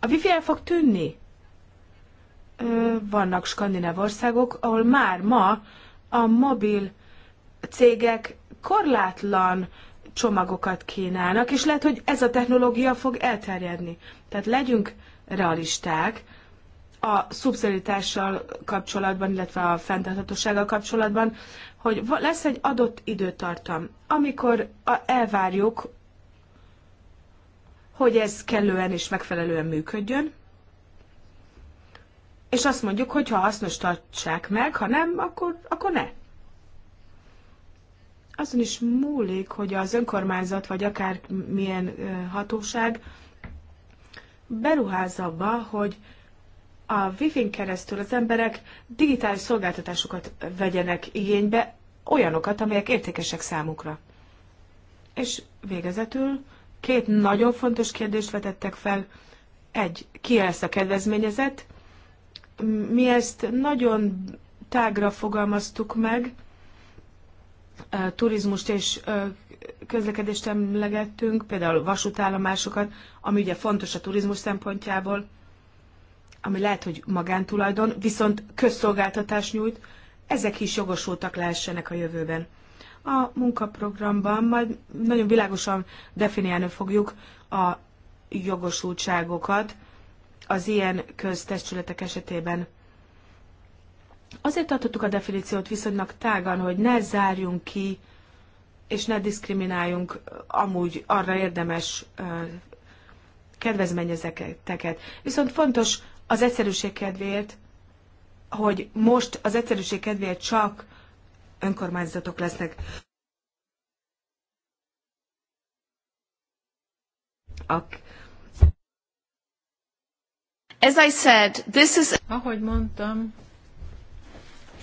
a wifi el fog tűnni. Ö, vannak skandináv országok, ahol már ma a mobil cégek korlátlan csomagokat kínálnak, és lehet, hogy ez a technológia fog elterjedni. Tehát legyünk realisták, a szubszidiással kapcsolatban, illetve a fenntarthatósággal kapcsolatban, hogy lesz egy adott időtartam, amikor elvárjuk, hogy ez kellően és megfelelően működjön, és azt mondjuk, hogy ha hasznos tartsák meg, ha nem, akkor, akkor ne azon is múlik, hogy az önkormányzat, vagy akár milyen hatóság beruház abba, hogy a wifi-n keresztül az emberek digitális szolgáltatásokat vegyenek igénybe, olyanokat, amelyek értékesek számukra. És végezetül két nagyon fontos kérdést vetettek fel. Egy, ki lesz a kedvezményezett? Mi ezt nagyon tágra fogalmaztuk meg, turizmust és közlekedést emlegettünk, például vasútállomásokat, ami ugye fontos a turizmus szempontjából, ami lehet, hogy magántulajdon, viszont közszolgáltatás nyújt, ezek is jogosultak lehessenek a jövőben. A munkaprogramban majd nagyon világosan definiálni fogjuk a jogosultságokat az ilyen köztestületek esetében. Azért tartottuk a definíciót viszonylag tágan, hogy ne zárjunk ki, és ne diszkrimináljunk eh, amúgy arra érdemes eh, kedvezményezeteket. Viszont fontos az egyszerűség kedvéért, hogy most az egyszerűség kedvéért csak önkormányzatok lesznek. As I said, this is... Ahogy mondtam,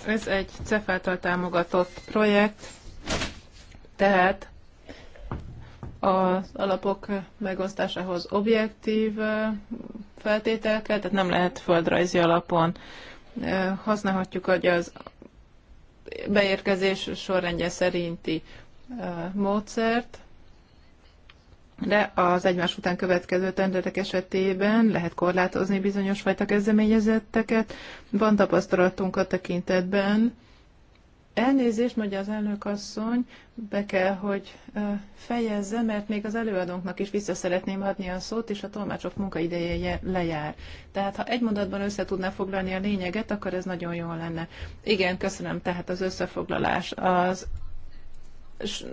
ez egy cefáltal támogatott projekt, tehát az alapok megosztásához objektív feltétel kell, tehát nem lehet földrajzi alapon. Használhatjuk hogy az beérkezés sorrendje szerinti módszert, de az egymás után következő tenderek esetében lehet korlátozni bizonyos fajta kezdeményezetteket. Van tapasztalatunk a tekintetben. Elnézést, mondja az elnök asszony, be kell, hogy fejezze, mert még az előadónknak is vissza szeretném adni a szót, és a tolmácsok munkaideje lejár. Tehát ha egy mondatban össze tudná foglalni a lényeget, akkor ez nagyon jó lenne. Igen, köszönöm, tehát az összefoglalás az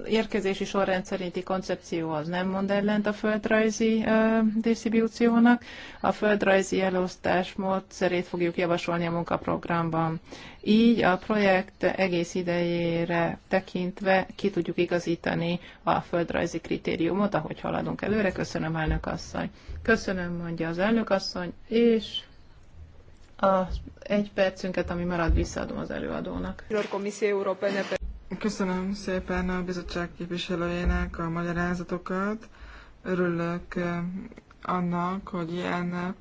érkezési sorrend szerinti koncepció az nem mond ellent a földrajzi ö, disztribúciónak. A földrajzi elosztás módszerét fogjuk javasolni a munkaprogramban. Így a projekt egész idejére tekintve ki tudjuk igazítani a földrajzi kritériumot, ahogy haladunk előre. Köszönöm, elnök asszony. Köszönöm, mondja az elnök asszony, és a egy percünket, ami marad, visszaadom az előadónak. Európai Köszönöm szépen a bizottság képviselőjének a magyarázatokat. Örülök eh, annak, hogy ilyen eh,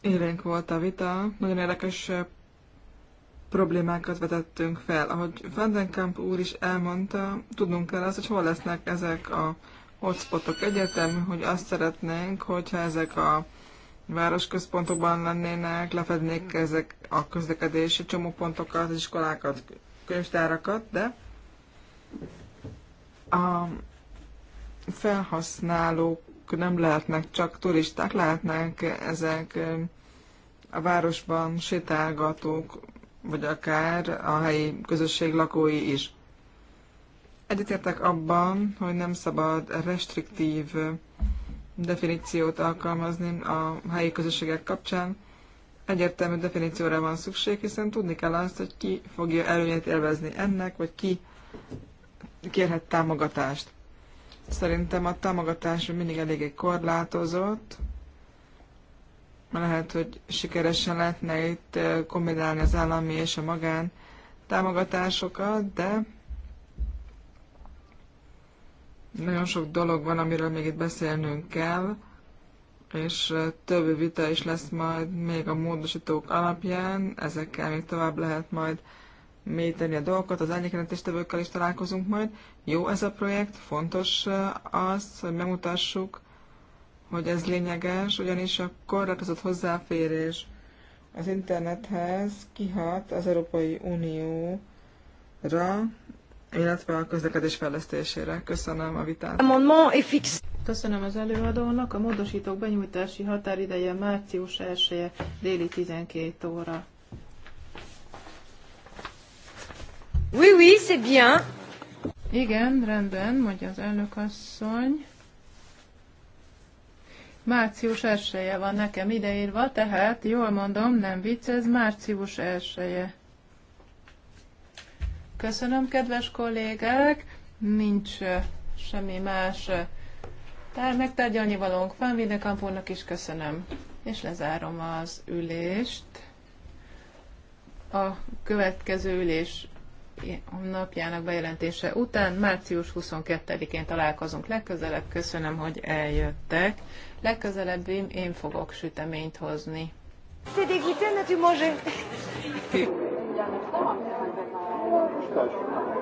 élénk volt a vita. Nagyon érdekes eh, problémákat vetettünk fel. Ahogy Vandenkamp úr is elmondta, tudnunk kell azt, hogy hol lesznek ezek a hotspotok. Egyértelmű, hogy azt szeretnénk, hogyha ezek a városközpontokban lennének, lefednék ezek a közlekedési csomópontokat, iskolákat, könyvtárakat, de a felhasználók nem lehetnek csak turisták, lehetnek ezek a városban sétálgatók, vagy akár a helyi közösség lakói is. Egyetértek abban, hogy nem szabad restriktív definíciót alkalmazni a helyi közösségek kapcsán. Egyértelmű definícióra van szükség, hiszen tudni kell azt, hogy ki fogja előnyét élvezni ennek, vagy ki kérhet támogatást. Szerintem a támogatás mindig eléggé korlátozott, lehet, hogy sikeresen lehetne itt kombinálni az állami és a magán támogatásokat, de nagyon sok dolog van, amiről még itt beszélnünk kell, és több vita is lesz majd még a módosítók alapján, ezekkel még tovább lehet majd mélyíteni a dolgokat, az árnyékjelentéstevőkkel is találkozunk majd. Jó ez a projekt, fontos az, hogy megmutassuk, hogy ez lényeges, ugyanis a korlátozott hozzáférés az internethez kihat az Európai Unióra, illetve a közlekedés fejlesztésére. Köszönöm a vitát. Köszönöm az előadónak. A módosítók benyújtási határideje március 1 déli 12 óra. Oui, oui, c'est bien. Igen, rendben, mondja az elnök asszony. Március 1 van nekem ideírva, tehát jól mondom, nem vicc, ez március 1 Köszönöm, kedves kollégák! Nincs semmi más megtárgyalni valónk. Fanvide Kampónak is köszönöm. És lezárom az ülést. A következő ülés napjának bejelentése után március 22-én találkozunk legközelebb. Köszönöm, hogy eljöttek. Legközelebb én, én fogok süteményt hozni. C'est dégoûté, n'as-tu mangé Stas.